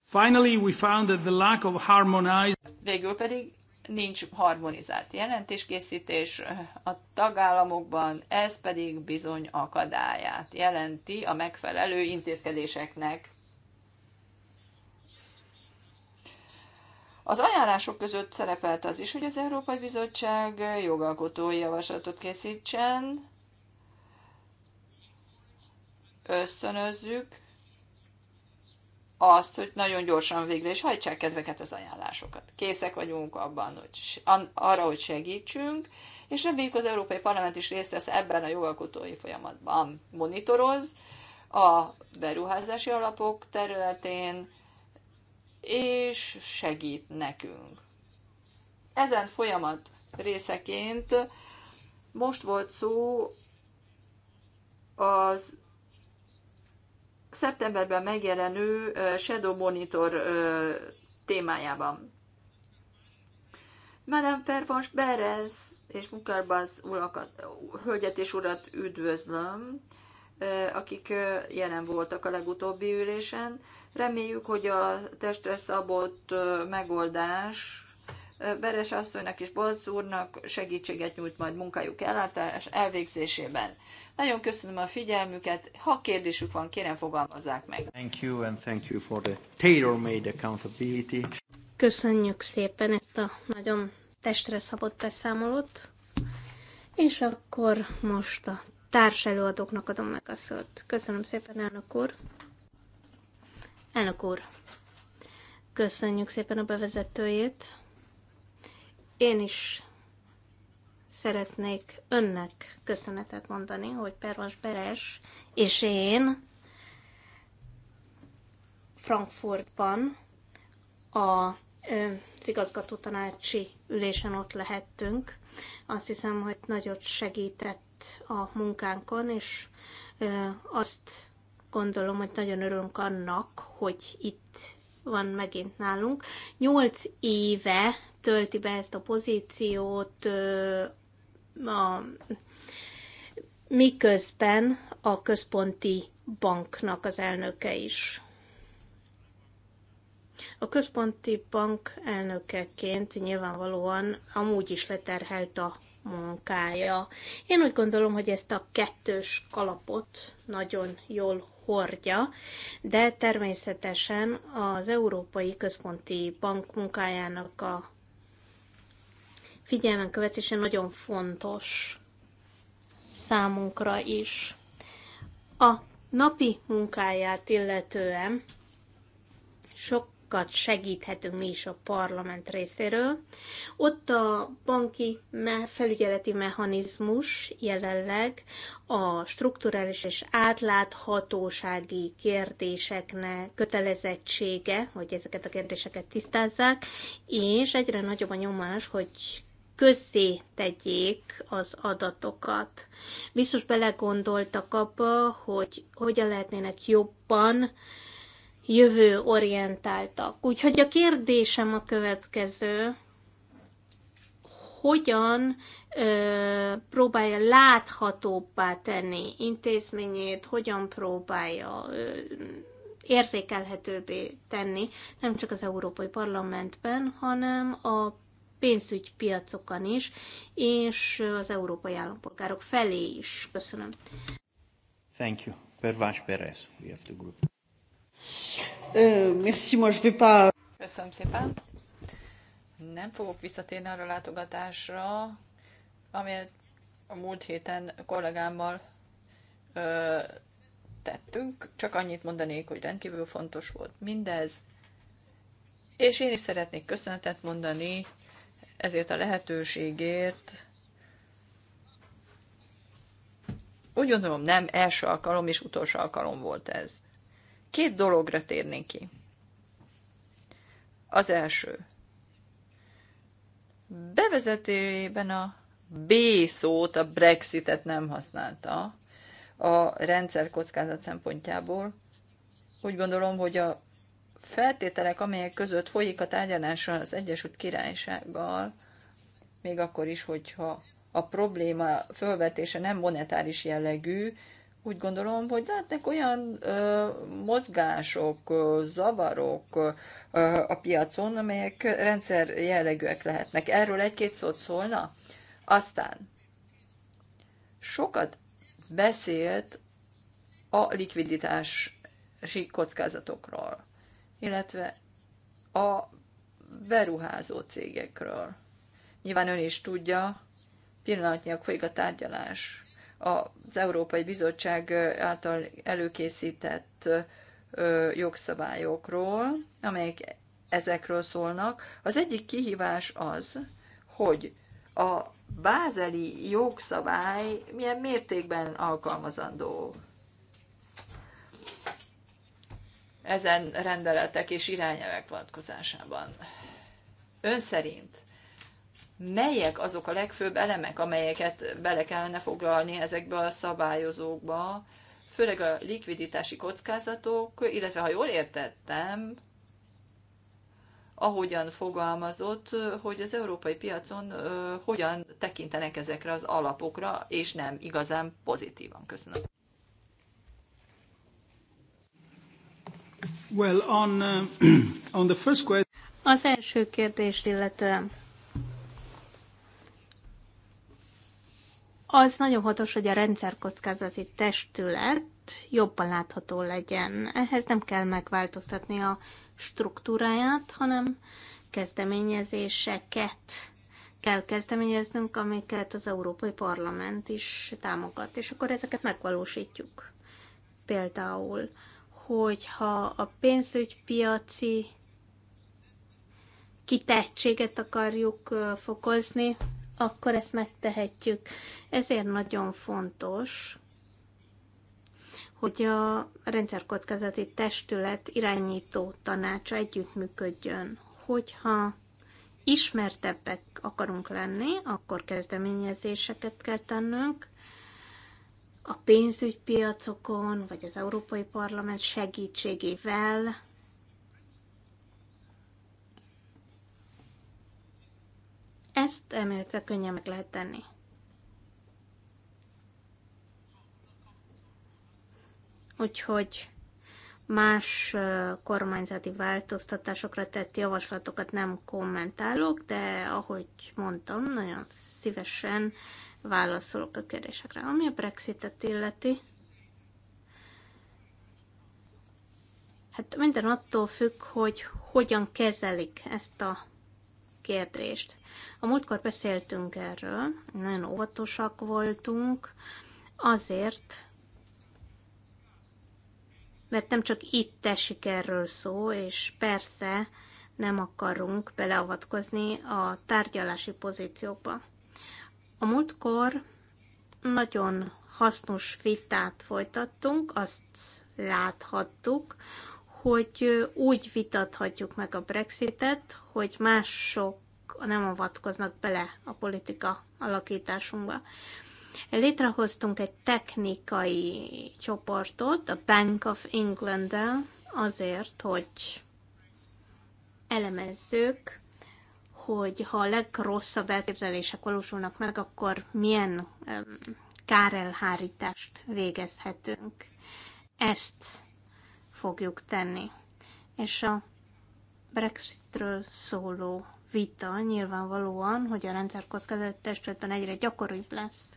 [SPEAKER 1] Finally, we found that the lack of harmonized...
[SPEAKER 2] Végül pedig nincs harmonizált jelentéskészítés eh, a tagállamokban, ez pedig bizony akadályát jelenti a megfelelő intézkedéseknek. Az ajánlások között szerepelt az is, hogy az Európai Bizottság jogalkotói javaslatot készítsen, ösztönözzük azt, hogy nagyon gyorsan végre is hajtsák ezeket az ajánlásokat. Készek vagyunk abban, hogy, arra, hogy segítsünk, és reméljük az Európai Parlament is részt vesz ebben a jogalkotói folyamatban. Monitoroz a beruházási alapok területén, és segít nekünk. Ezen folyamat részeként most volt szó az szeptemberben megjelenő Shadow Monitor témájában. Madame Fervons Berez és Munkarbaz hölgyet és urat üdvözlöm, akik jelen voltak a legutóbbi ülésen. Reméljük, hogy a testre szabott megoldás Beres asszonynak és Bolz úrnak segítséget nyújt majd munkájuk ellátás elvégzésében. Nagyon köszönöm a figyelmüket, ha kérdésük van, kérem fogalmazzák meg. Thank you and thank you for the tailor-made accountability.
[SPEAKER 3] Köszönjük szépen ezt a nagyon testre szabott beszámolót. És akkor most a előadóknak adom meg a szót. Köszönöm szépen, elnök úr. Elnök úr, köszönjük szépen a bevezetőjét. Én is szeretnék önnek köszönetet mondani, hogy Pervas Beres és én Frankfurtban a az igazgató tanácsi ülésen ott lehettünk. Azt hiszem, hogy nagyot segített a munkánkon, és azt gondolom, hogy nagyon örülünk annak, hogy itt van megint nálunk. Nyolc éve tölti be ezt a pozíciót, a, miközben a központi banknak az elnöke is. A központi bank elnökeként nyilvánvalóan amúgy is leterhelt a munkája. Én úgy gondolom, hogy ezt a kettős kalapot nagyon jól hordja, de természetesen az Európai Központi Bank munkájának a figyelmen követése nagyon fontos számunkra is. A napi munkáját illetően sokat segíthetünk mi is a parlament részéről. Ott a banki felügyeleti mechanizmus jelenleg a strukturális és átláthatósági kérdéseknek kötelezettsége, hogy ezeket a kérdéseket tisztázzák, és egyre nagyobb a nyomás, hogy közzé tegyék az adatokat. Biztos belegondoltak abba, hogy hogyan lehetnének jobban jövő orientáltak. Úgyhogy a kérdésem a következő, hogyan ö, próbálja láthatóbbá tenni intézményét, hogyan próbálja ö, érzékelhetőbbé tenni, nem csak az Európai Parlamentben, hanem a piacokon is, és az európai állampolgárok felé is. Köszönöm.
[SPEAKER 1] Thank you. Pervás Perez, we have the group.
[SPEAKER 2] Uh, merci, moi je vais pas... Köszönöm szépen. Nem fogok visszatérni arra a látogatásra, amelyet a múlt héten kollégámmal ö, tettünk. Csak annyit mondanék, hogy rendkívül fontos volt mindez. És én is szeretnék köszönetet mondani ezért a lehetőségért. Úgy gondolom, nem első alkalom és utolsó alkalom volt ez. Két dologra térnénk. ki. Az első. Bevezetében a B szót, a Brexitet nem használta a rendszer kockázat szempontjából. Úgy gondolom, hogy a feltételek, amelyek között folyik a tárgyalása az Egyesült Királysággal, még akkor is, hogyha a probléma fölvetése nem monetáris jellegű, úgy gondolom, hogy lehetnek olyan ö, mozgások, ö, zavarok ö, a piacon, amelyek rendszer jellegűek lehetnek. Erről egy-két szót szólna? Aztán sokat beszélt a likviditási kockázatokról illetve a beruházó cégekről. Nyilván ön is tudja, pillanatnyilag folyik a tárgyalás az Európai Bizottság által előkészített jogszabályokról, amelyek ezekről szólnak. Az egyik kihívás az, hogy a bázeli jogszabály milyen mértékben alkalmazandó ezen rendeletek és irányelvek vonatkozásában. Ön szerint melyek azok a legfőbb elemek, amelyeket bele kellene foglalni ezekbe a szabályozókba, főleg a likviditási kockázatok, illetve ha jól értettem, ahogyan fogalmazott, hogy az európai piacon hogyan tekintenek ezekre az alapokra, és nem igazán
[SPEAKER 1] pozitívan. Köszönöm. Well, on, uh, (clears throat) on the first question...
[SPEAKER 3] Az első kérdést illetően. Az nagyon fontos, hogy a rendszerkockázati testület jobban látható legyen. Ehhez nem kell megváltoztatni a struktúráját, hanem kezdeményezéseket kell kezdeményeznünk, amiket az Európai Parlament is támogat, és akkor ezeket megvalósítjuk. Például hogyha a pénzügypiaci kitettséget akarjuk fokozni, akkor ezt megtehetjük. Ezért nagyon fontos, hogy a rendszerkockázati testület irányító tanácsa együttműködjön. Hogyha ismertebbek akarunk lenni, akkor kezdeményezéseket kell tennünk, a pénzügypiacokon, vagy az Európai Parlament segítségével ezt emelte könnyen meg lehet tenni. Úgyhogy más kormányzati változtatásokra tett javaslatokat nem kommentálok, de ahogy mondtam, nagyon szívesen válaszolok a kérdésekre. Ami a Brexitet illeti, hát minden attól függ, hogy hogyan kezelik ezt a kérdést. A múltkor beszéltünk erről, nagyon óvatosak voltunk, azért, mert nem csak itt esik erről szó, és persze nem akarunk beleavatkozni a tárgyalási pozíciókba. A múltkor nagyon hasznos vitát folytattunk, azt láthattuk, hogy úgy vitathatjuk meg a Brexitet, hogy mások nem avatkoznak bele a politika alakításunkba. Létrehoztunk egy technikai csoportot a Bank of england azért, hogy elemezzük hogy ha a legrosszabb elképzelések valósulnak meg, akkor milyen kárelhárítást végezhetünk. Ezt fogjuk tenni. És a Brexitről szóló vita nyilvánvalóan, hogy a rendszer kockázat testületben egyre gyakoribb lesz.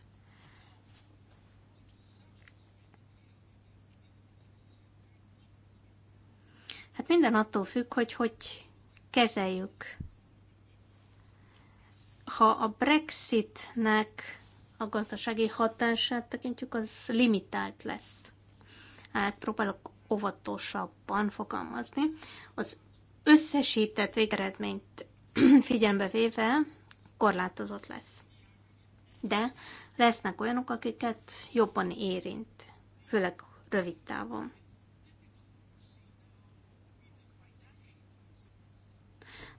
[SPEAKER 3] Hát minden attól függ, hogy hogy kezeljük ha a Brexitnek a gazdasági hatását tekintjük, az limitált lesz. Hát próbálok óvatosabban fogalmazni. Az összesített végeredményt (clears throat) figyelembe véve korlátozott lesz. De lesznek olyanok, akiket jobban érint, főleg rövid távon.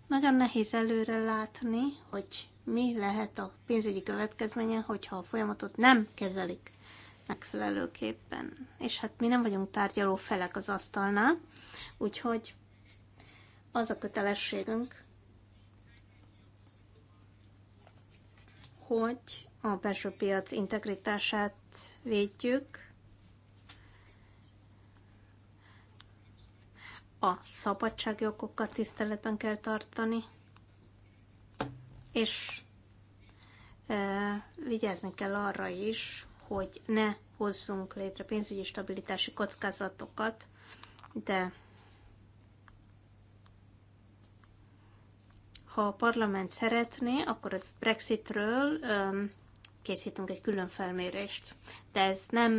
[SPEAKER 3] Nagyon nehéz előre látni, hogy mi lehet a pénzügyi következménye, hogyha a folyamatot nem kezelik megfelelőképpen. És hát mi nem vagyunk tárgyaló felek az asztalnál, úgyhogy az a kötelességünk, hogy a belső piac integritását védjük, a szabadságjogokat tiszteletben kell tartani, és vigyázni kell arra is, hogy ne hozzunk létre pénzügyi stabilitási kockázatokat, de ha a parlament szeretné, akkor az Brexitről e, készítünk egy külön felmérést, de ez nem,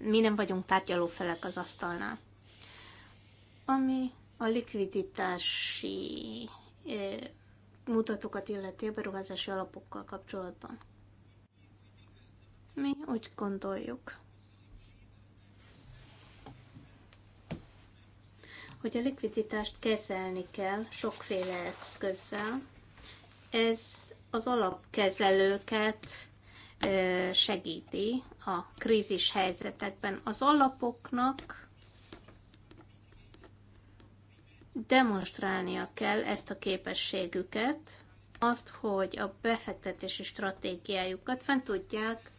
[SPEAKER 3] mi nem vagyunk tárgyalófelek az asztalnál. Ami a likviditási mutatókat illeti a beruházási alapokkal kapcsolatban. Mi úgy gondoljuk, hogy a likviditást kezelni kell sokféle eszközzel. Ez az alapkezelőket eh, segíti a krízis helyzetekben. Az alapoknak demonstrálnia kell ezt a képességüket, azt, hogy a befektetési stratégiájukat fent tudják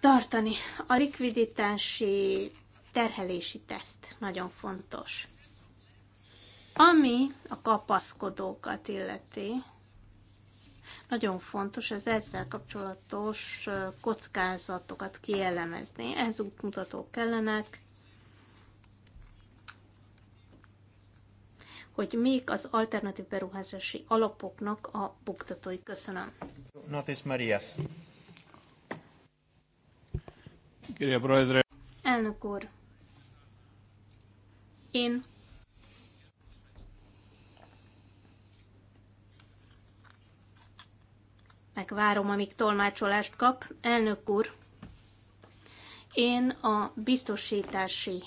[SPEAKER 3] tartani. A likviditási terhelési teszt nagyon fontos. Ami a kapaszkodókat illeti, nagyon fontos az ezzel kapcsolatos kockázatokat kielemezni. ez útmutatók kellenek, hogy még az alternatív beruházási alapoknak a buktatói. Köszönöm.
[SPEAKER 1] Notis Marias.
[SPEAKER 3] Elnök úr, én megvárom, amíg tolmácsolást kap. Elnök úr, én a biztosítási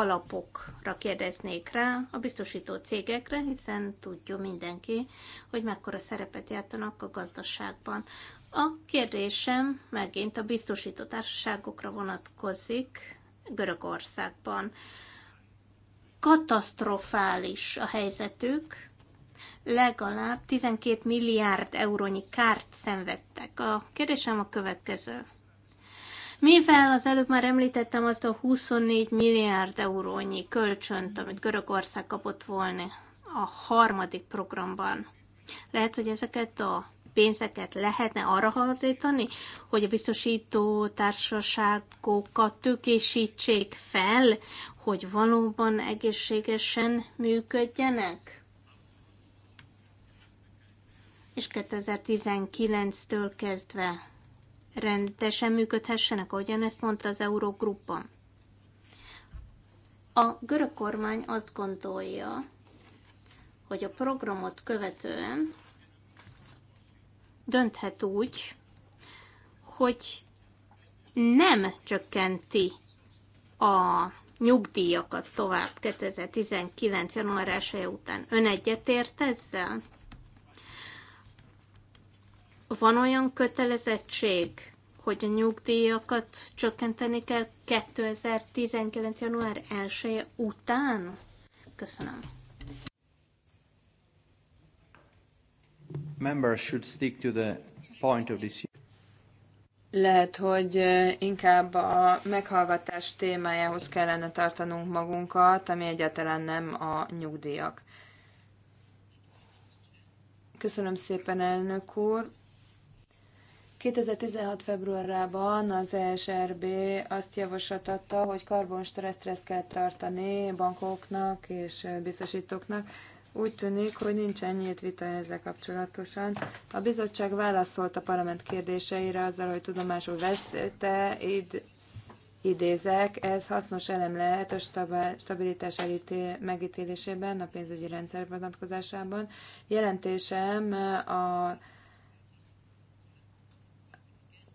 [SPEAKER 3] alapokra kérdeznék rá, a biztosító cégekre, hiszen tudja mindenki, hogy mekkora szerepet játszanak a gazdaságban. A kérdésem megint a biztosító társaságokra vonatkozik Görögországban. Katasztrofális a helyzetük, legalább 12 milliárd eurónyi kárt szenvedtek. A kérdésem a következő mivel az előbb már említettem azt a 24 milliárd eurónyi kölcsönt, amit Görögország kapott volna a harmadik programban, lehet, hogy ezeket a pénzeket lehetne arra fordítani, hogy a biztosító társaságokat tökésítsék fel, hogy valóban egészségesen működjenek? És 2019-től kezdve rendesen működhessenek, ahogyan ezt mondta az Eurogruppon. A görög kormány azt gondolja, hogy a programot követően dönthet úgy, hogy nem csökkenti a nyugdíjakat tovább 2019. január 1 után. Ön egyetért ezzel? Van olyan kötelezettség, hogy a nyugdíjakat csökkenteni kell 2019. január 1 -e után? Köszönöm. Members
[SPEAKER 1] should stick to the point of this
[SPEAKER 4] lehet, hogy inkább a meghallgatás témájához kellene tartanunk magunkat, ami egyáltalán nem a nyugdíjak. Köszönöm szépen, elnök úr. 2016. februárában az ESRB azt javaslatta, hogy karbonstresszt kell tartani bankoknak és biztosítóknak. Úgy tűnik, hogy nincsen nyílt vita ezzel kapcsolatosan. A bizottság válaszolt a parlament kérdéseire azzal, hogy tudomásul veszte, id, idézek, ez hasznos elem lehet a stabilitás elítél, megítélésében, a pénzügyi rendszer vonatkozásában. Jelentésem a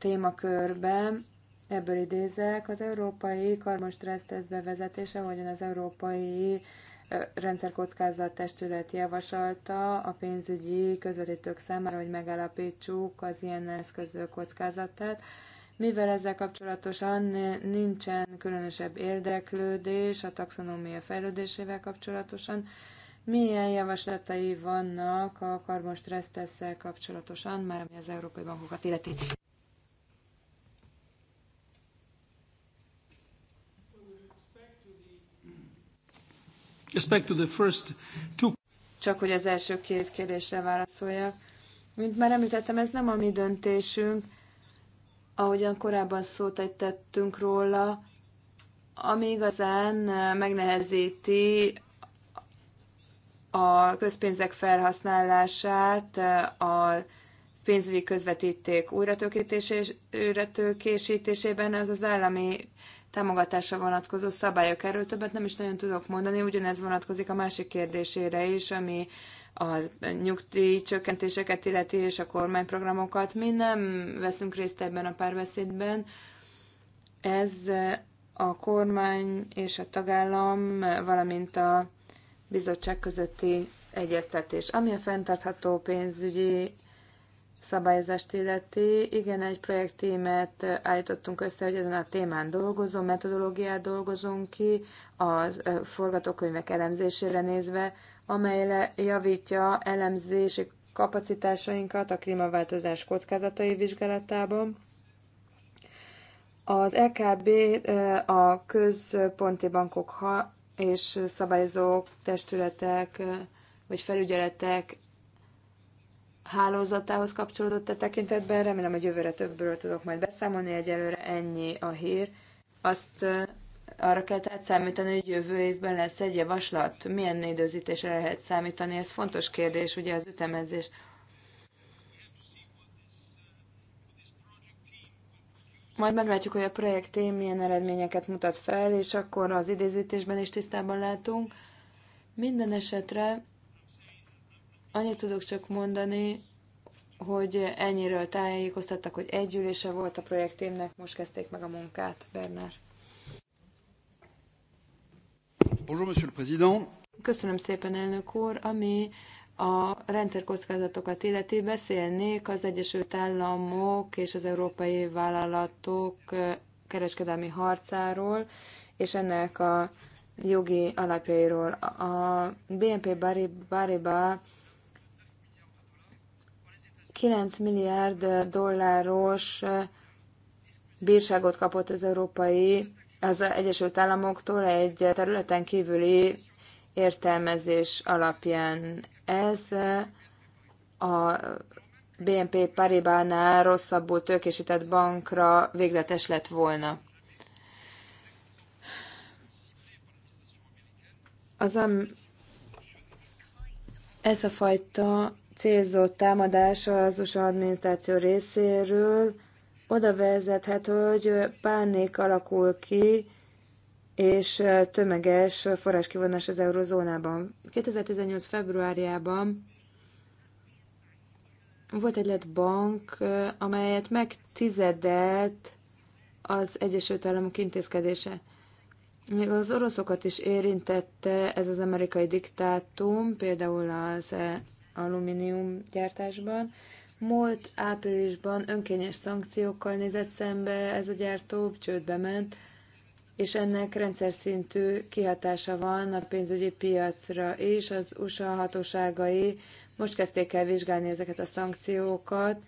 [SPEAKER 4] témakörbe, ebből idézek, az európai karbonstressz bevezetése, ahogyan az európai rendszerkockázat testület javasolta a pénzügyi közvetítők számára, hogy megállapítsuk az ilyen eszközök kockázatát. Mivel ezzel kapcsolatosan nincsen különösebb érdeklődés a taxonómia fejlődésével kapcsolatosan, milyen javaslatai vannak a karbonstressztesszel kapcsolatosan, már ami az európai bankokat illeti? Csak hogy az első két kérdésre válaszoljak. Mint már említettem, ez nem a mi döntésünk, ahogyan korábban szót tettünk róla, ami igazán eh, megnehezíti a közpénzek felhasználását, eh, a pénzügyi közvetíték újratőkésítésében, az az állami támogatásra vonatkozó szabályok. Erről többet nem is nagyon tudok mondani, ugyanez vonatkozik a másik kérdésére is, ami a nyugdíj csökkentéseket illeti és a kormányprogramokat. Mi nem veszünk részt ebben a párbeszédben. Ez a kormány és a tagállam, valamint a bizottság közötti egyeztetés. Ami a fenntartható pénzügyi szabályozást illeti, igen, egy projekttímet állítottunk össze, hogy ezen a témán dolgozom, metodológiát dolgozunk ki, a forgatókönyvek elemzésére nézve, amely javítja elemzési kapacitásainkat a klímaváltozás kockázatai vizsgálatában. Az EKB a központi bankok és szabályozók, testületek vagy felügyeletek hálózatához kapcsolódott a tekintetben. Remélem, hogy jövőre többről tudok majd beszámolni, egyelőre ennyi a hír. Azt arra kell tehát számítani, hogy jövő évben lesz egy javaslat. Milyen időzítésre lehet számítani? Ez fontos kérdés, ugye az ütemezés. Majd meglátjuk, hogy a projekt tém milyen eredményeket mutat fel, és akkor az idézítésben is tisztában látunk. Minden esetre Annyit tudok csak mondani, hogy ennyiről tájékoztattak, hogy egy ülése volt a projektémnek, most kezdték meg a munkát,
[SPEAKER 1] Bernár. Bonjour, monsieur le président.
[SPEAKER 4] Köszönöm szépen, elnök úr. Ami a rendszerkockázatokat illeti, beszélnék az Egyesült Államok és az európai vállalatok kereskedelmi harcáról, és ennek a jogi alapjairól. A BNP Bariba 9 milliárd dolláros bírságot kapott az európai, az Egyesült Államoktól egy területen kívüli értelmezés alapján. Ez a BNP Paribánál rosszabbul tőkésített bankra végzetes lett volna. Az a, ez a fajta célzott támadás az USA adminisztráció részéről oda vezethet, hogy pánik alakul ki, és tömeges forráskivonás az eurozónában. 2018. februárjában volt egy lett bank, amelyet megtizedelt az Egyesült Államok intézkedése. Még az oroszokat is érintette ez az amerikai diktátum, például az alumínium gyártásban. Múlt áprilisban önkényes szankciókkal nézett szembe ez a gyártó, csődbe ment, és ennek rendszer szintű kihatása van a pénzügyi piacra és Az USA hatóságai most kezdték el vizsgálni ezeket a szankciókat,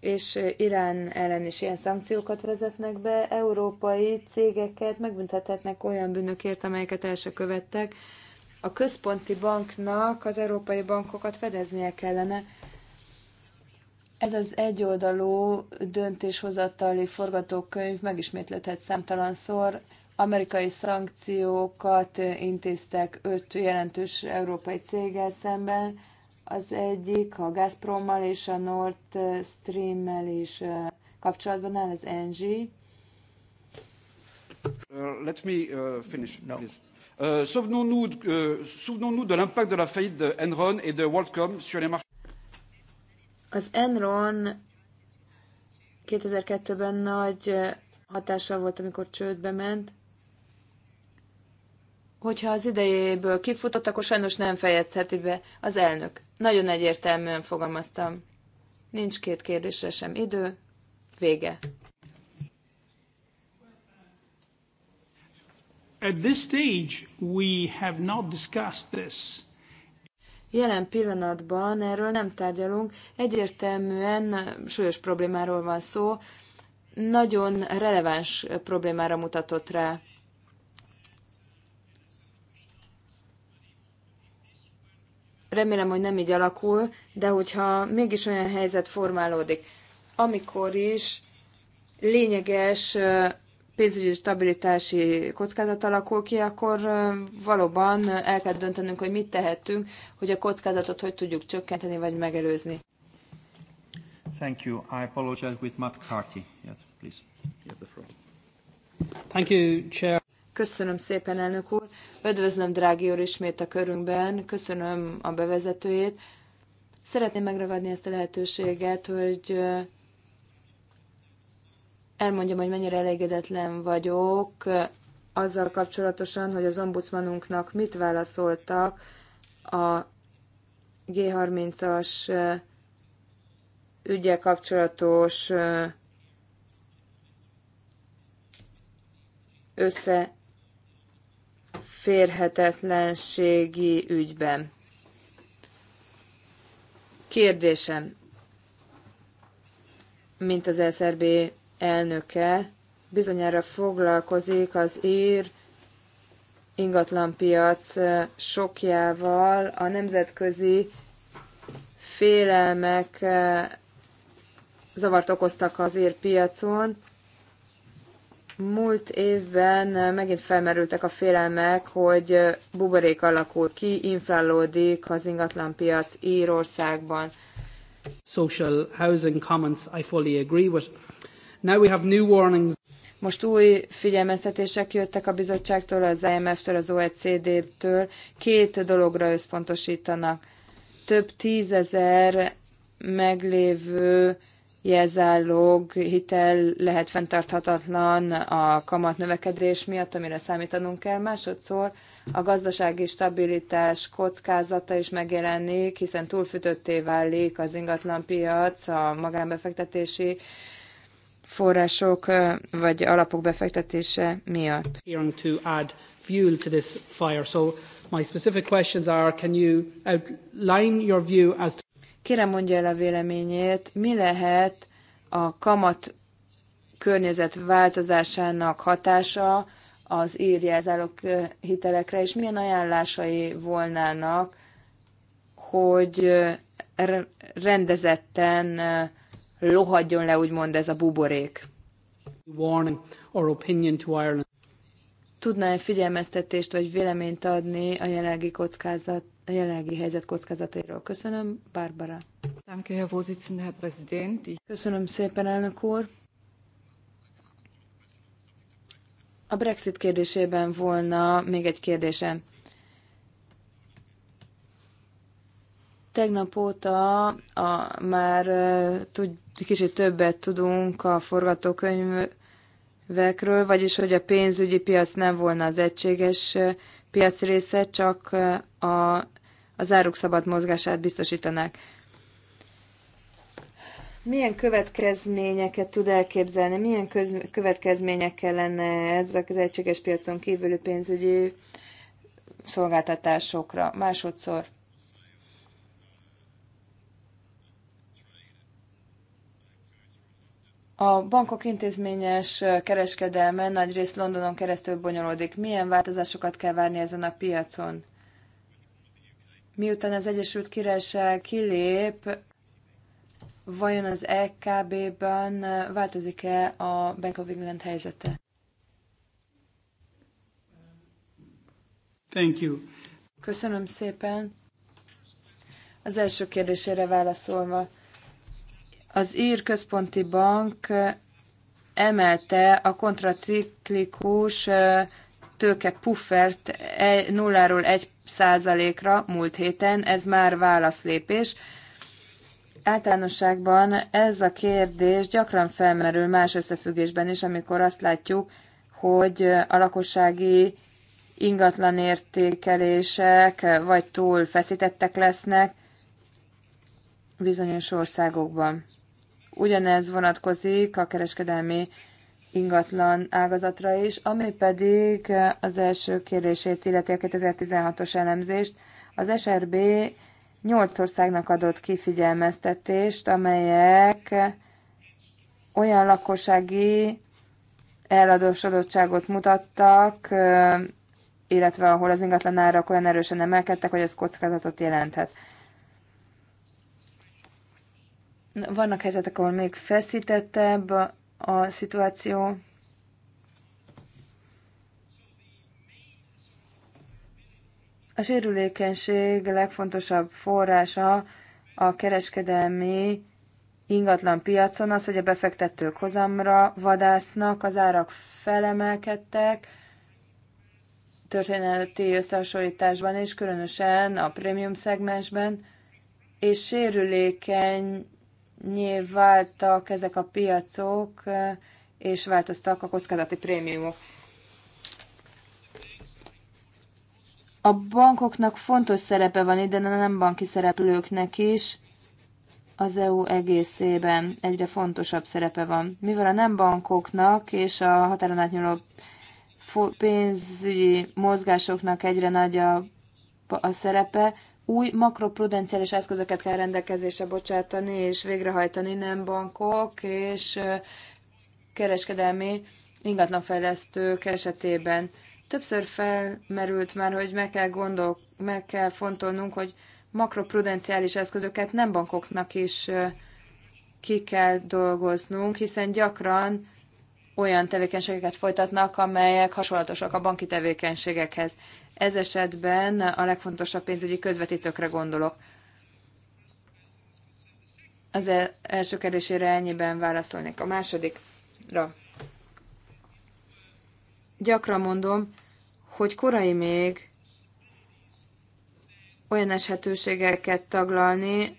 [SPEAKER 4] és Irán ellen is ilyen szankciókat vezetnek be. Európai cégeket megbüntethetnek olyan bűnökért, amelyeket el se követtek a központi banknak az európai bankokat fedeznie kellene. Ez az egyoldalú döntéshozatali forgatókönyv megismétlődhet számtalanszor. Amerikai szankciókat intéztek öt jelentős európai céggel szemben. Az egyik a Gazprommal és a Nord Streammel is kapcsolatban áll, az NG.
[SPEAKER 1] Uh, let me uh, finish, no. please. Euh, souvenons-nous, euh, souvenons-nous de l'impact de la faillite de Enron et de WorldCom sur les marchés.
[SPEAKER 4] Az Enron 2002-ben nagy hatással volt, amikor csődbe ment. Hogyha az idejéből kifutott, akkor sajnos nem fejezheti be az elnök. Nagyon egyértelműen fogalmaztam. Nincs két kérdésre sem idő. Vége.
[SPEAKER 1] At this stage, we have not discussed this.
[SPEAKER 4] Jelen pillanatban erről nem tárgyalunk, egyértelműen súlyos problémáról van szó, nagyon releváns problémára mutatott rá. Remélem, hogy nem így alakul, de hogyha mégis olyan helyzet formálódik, amikor is lényeges pénzügyi stabilitási kockázat alakul ki, akkor valóban el kell döntenünk, hogy mit tehetünk, hogy a kockázatot hogy tudjuk csökkenteni vagy megelőzni.
[SPEAKER 1] Thank you. I apologize with Matt Carty. Yes, please. You have the floor. Thank you, Chair.
[SPEAKER 4] Köszönöm szépen, elnök úr. Üdvözlöm, drági úr, ismét a körünkben. Köszönöm a bevezetőjét. Szeretném megragadni ezt a lehetőséget, hogy elmondjam, hogy mennyire elégedetlen vagyok azzal kapcsolatosan, hogy az ombudsmanunknak mit válaszoltak a G30-as ügye kapcsolatos összeférhetetlenségi ügyben. Kérdésem, mint az SRB elnöke bizonyára foglalkozik az ír ingatlanpiac sokjával, a nemzetközi félelmek zavart okoztak az ír piacon. Múlt évben megint felmerültek a félelmek, hogy buborék alakul ki, inflálódik az ingatlanpiac Írországban.
[SPEAKER 1] Social housing comments I fully agree with Now we have new warnings.
[SPEAKER 4] Most új figyelmeztetések jöttek a bizottságtól, az IMF-től, az OECD-től. Két dologra összpontosítanak. Több tízezer meglévő jelzálog hitel lehet fenntarthatatlan a kamatnövekedés miatt, amire számítanunk kell. Másodszor a gazdasági stabilitás kockázata is megjelenik, hiszen túlfütötté válik az ingatlanpiac, a magánbefektetési források vagy alapok befektetése miatt. Kérem mondja el a véleményét, mi lehet a kamat környezet változásának hatása az írjázálók hitelekre, és milyen ajánlásai volnának, hogy rendezetten lohadjon le, úgymond ez a buborék. Warning
[SPEAKER 1] or opinion to Ireland.
[SPEAKER 4] Tudna-e figyelmeztetést vagy véleményt adni a jelenlegi kockázat a jelenlegi helyzet kockázatairól. Köszönöm, Barbara. Danke, Herr Herr Präsident. Köszönöm szépen, elnök úr. A Brexit kérdésében volna még egy kérdésem. Tegnap óta a, már tud, kicsit többet tudunk a forgatókönyvekről, vagyis hogy a pénzügyi piac nem volna az egységes piac része, csak a, az áruk szabad mozgását biztosítanák. Milyen következményeket tud elképzelni, milyen köz, következményekkel lenne ez az egységes piacon kívüli pénzügyi szolgáltatásokra? Másodszor A bankok intézményes kereskedelme nagy rész Londonon keresztül bonyolódik. Milyen változásokat kell várni ezen a piacon? Miután az Egyesült Királyság kilép, vajon az EKB-ben változik-e a Bank of England helyzete? Thank you. Köszönöm szépen. Az első kérdésére válaszolva, az Ír Központi Bank emelte a kontraciklikus tőke puffert e, nulláról egy százalékra múlt héten, ez már válaszlépés. Általánosságban ez a kérdés gyakran felmerül más összefüggésben is, amikor azt látjuk, hogy a lakossági ingatlan értékelések vagy túl feszítettek lesznek bizonyos országokban. Ugyanez vonatkozik a kereskedelmi ingatlan ágazatra is, ami pedig az első kérését illeti a 2016-os elemzést. Az SRB nyolc országnak adott kifigyelmeztetést, amelyek olyan lakossági eladósodottságot mutattak, illetve ahol az ingatlanárak olyan erősen emelkedtek, hogy ez kockázatot jelenthet. Vannak helyzetek, ahol még feszítettebb a, a szituáció. A sérülékenység legfontosabb forrása a kereskedelmi ingatlan piacon az, hogy a befektetők hozamra vadásznak, az árak felemelkedtek, történeti összehasonlításban és különösen a prémium szegmensben, és sérülékeny váltak ezek a piacok, és változtak a kockázati prémiumok. A bankoknak fontos szerepe van ide, de nem banki szereplőknek is az EU egészében egyre fontosabb szerepe van. Mivel a nem bankoknak és a határon átnyúló pénzügyi mozgásoknak egyre nagyobb a szerepe, új makroprudenciális eszközöket kell rendelkezésre bocsátani és végrehajtani, nem bankok és kereskedelmi ingatlanfejlesztők esetében. Többször felmerült már, hogy meg kell, gondol, meg kell fontolnunk, hogy makroprudenciális eszközöket nem bankoknak is ki kell dolgoznunk, hiszen gyakran olyan tevékenységeket folytatnak, amelyek hasonlatosak a banki tevékenységekhez. Ez esetben a legfontosabb pénzügyi közvetítőkre gondolok. Az e- első kérdésére ennyiben válaszolnék. A másodikra. Gyakran mondom, hogy korai még olyan eshetőségeket taglalni,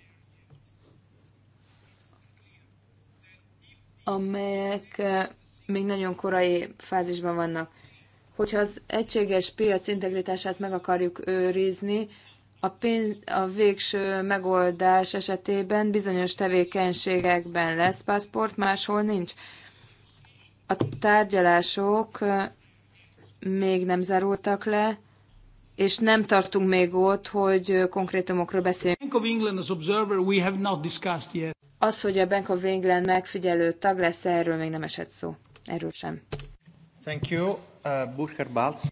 [SPEAKER 4] amelyek még nagyon korai fázisban vannak. Hogyha az egységes piac integritását meg akarjuk őrizni, a, pénz, a végső megoldás esetében bizonyos tevékenységekben lesz paszport, máshol nincs. A tárgyalások még nem zárultak le, és nem tartunk még ott, hogy konkrétumokról beszéljünk. Az, hogy a Bank of England megfigyelő tag lesz, erről még nem esett szó erről sem.
[SPEAKER 3] Thank you, uh, Burkhard Balz.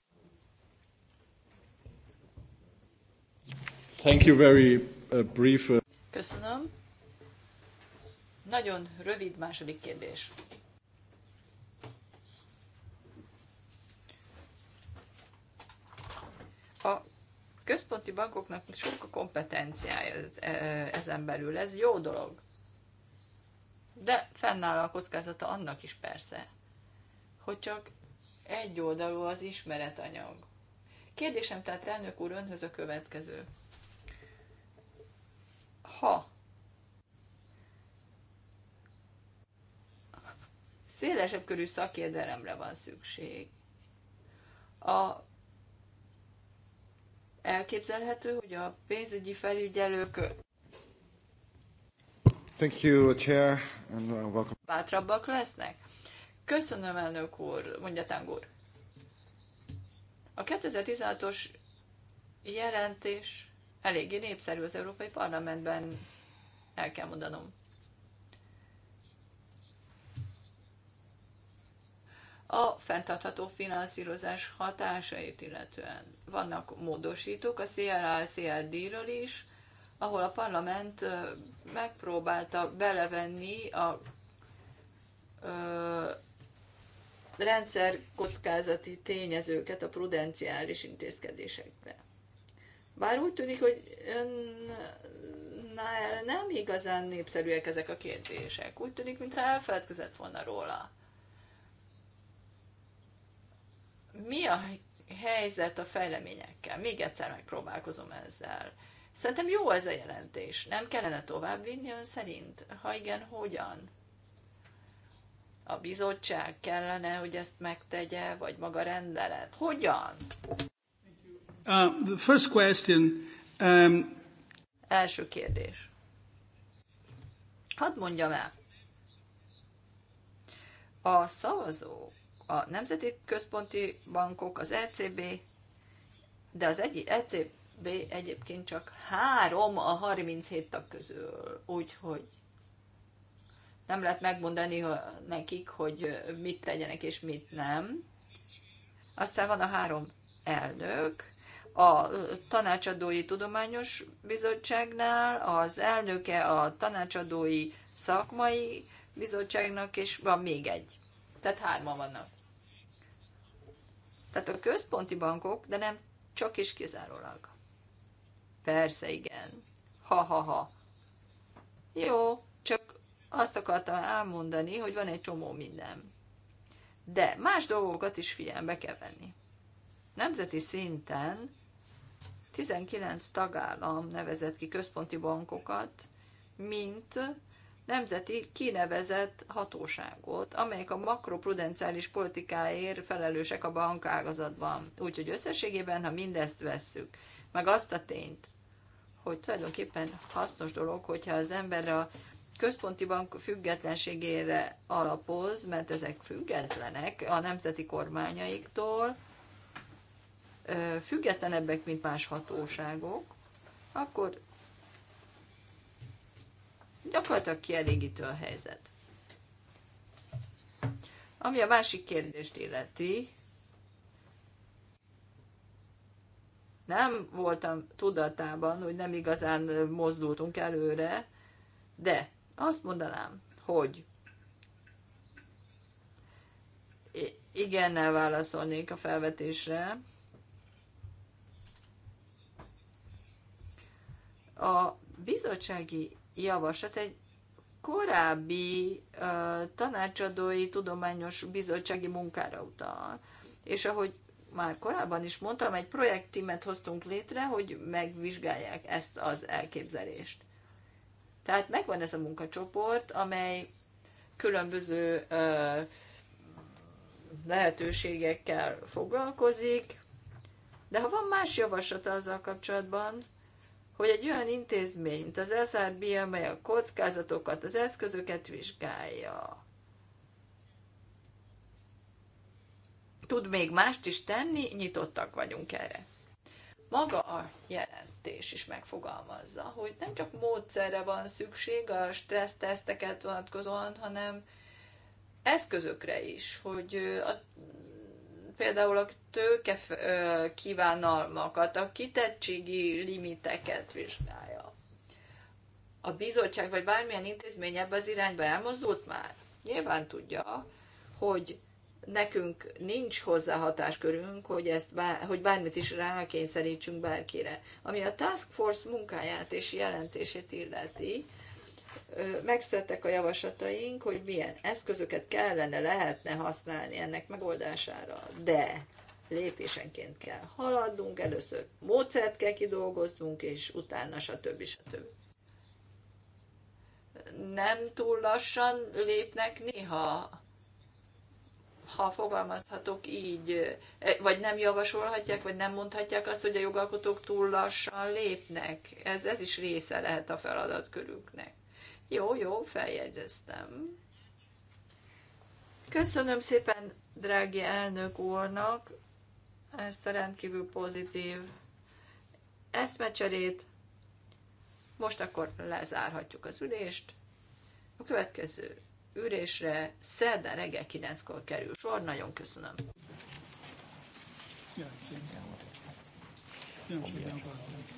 [SPEAKER 1] Thank you very uh, brief. Uh...
[SPEAKER 2] Köszönöm. Nagyon rövid második kérdés. a központi bankoknak sok a kompetenciája e, ezen belül, ez jó dolog. De fennáll a kockázata annak is persze hogy csak egy oldalú az ismeretanyag. Kérdésem tehát elnök úr önhöz a következő. Ha szélesebb körű szakérdelemre van szükség, a elképzelhető, hogy a pénzügyi felügyelők
[SPEAKER 3] Thank you, Chair, and uh, welcome.
[SPEAKER 2] bátrabbak lesznek? Köszönöm, elnök úr, mondja Tangur. úr. A 2016-os jelentés eléggé népszerű az Európai Parlamentben, el kell mondanom. A fenntartható finanszírozás hatásait illetően vannak módosítók a CLA cld ről is, ahol a parlament megpróbálta belevenni a rendszer kockázati tényezőket a prudenciális intézkedésekbe. Bár úgy tűnik, hogy önnál nem igazán népszerűek ezek a kérdések. Úgy tűnik, mintha elfeledkezett volna róla. Mi a helyzet a fejleményekkel? Még egyszer megpróbálkozom ezzel. Szerintem jó ez a jelentés. Nem kellene tovább vinni ön szerint? Ha igen, hogyan? a bizottság kellene, hogy ezt megtegye, vagy maga rendelet? Hogyan?
[SPEAKER 1] Uh, the first question, um... Első kérdés.
[SPEAKER 2] Hadd mondjam el. A szavazók, a Nemzeti Központi Bankok, az ECB, de az egy, ECB egyébként csak három a 37 tag közül, úgyhogy nem lehet megmondani nekik, hogy mit tegyenek és mit nem. Aztán van a három elnök, a tanácsadói tudományos bizottságnál, az elnöke a tanácsadói szakmai bizottságnak, és van még egy. Tehát hárman vannak. Tehát a központi bankok, de nem csak is kizárólag. Persze, igen. Ha-ha-ha. Jó, csak azt akartam elmondani, hogy van egy csomó minden. De más dolgokat is figyelembe kell venni. Nemzeti szinten 19 tagállam nevezett ki központi bankokat, mint nemzeti kinevezett hatóságot, amelyek a makroprudenciális politikáért felelősek a bankágazatban. Úgyhogy összességében, ha mindezt vesszük, meg azt a tényt, hogy tulajdonképpen hasznos dolog, hogyha az ember a központi bank függetlenségére alapoz, mert ezek függetlenek a nemzeti kormányaiktól, függetlenebbek, mint más hatóságok, akkor gyakorlatilag kielégítő a helyzet. Ami a másik kérdést illeti, nem voltam tudatában, hogy nem igazán mozdultunk előre, de azt mondanám, hogy igennel válaszolnék a felvetésre. A bizottsági javaslat egy korábbi uh, tanácsadói tudományos bizottsági munkára utal. És ahogy már korábban is mondtam, egy projektimet hoztunk létre, hogy megvizsgálják ezt az elképzelést. Tehát megvan ez a munkacsoport, amely különböző ö, lehetőségekkel foglalkozik, de ha van más javaslata azzal kapcsolatban, hogy egy olyan intézmény, mint az SRB, amely a kockázatokat, az eszközöket vizsgálja, tud még mást is tenni, nyitottak vagyunk erre maga a jelentés is megfogalmazza, hogy nem csak módszerre van szükség a stresszteszteket vonatkozóan, hanem eszközökre is, hogy a, például a tőke kívánalmakat, a kitettségi limiteket vizsgálja. A bizottság vagy bármilyen intézmény ebbe az irányba elmozdult már? Nyilván tudja, hogy nekünk nincs hozzá hatáskörünk, hogy, ezt bár, hogy bármit is rákényszerítsünk bárkire. Ami a Task Force munkáját és jelentését illeti, megszülettek a javaslataink, hogy milyen eszközöket kellene, lehetne használni ennek megoldására, de lépésenként kell haladnunk, először módszert kell kidolgoznunk, és utána stb. stb. Nem túl lassan lépnek néha ha fogalmazhatok így, e, vagy nem javasolhatják, vagy nem mondhatják azt, hogy a jogalkotók túl lassan lépnek. Ez, ez is része lehet a feladatkörüknek. Jó, jó, feljegyeztem. Köszönöm szépen, drági elnök úrnak, ezt a rendkívül pozitív eszmecserét. Most akkor lezárhatjuk az ülést. A következő ürésre szerda reggel 9-kor kerül sor. Nagyon köszönöm.
[SPEAKER 1] Yeah,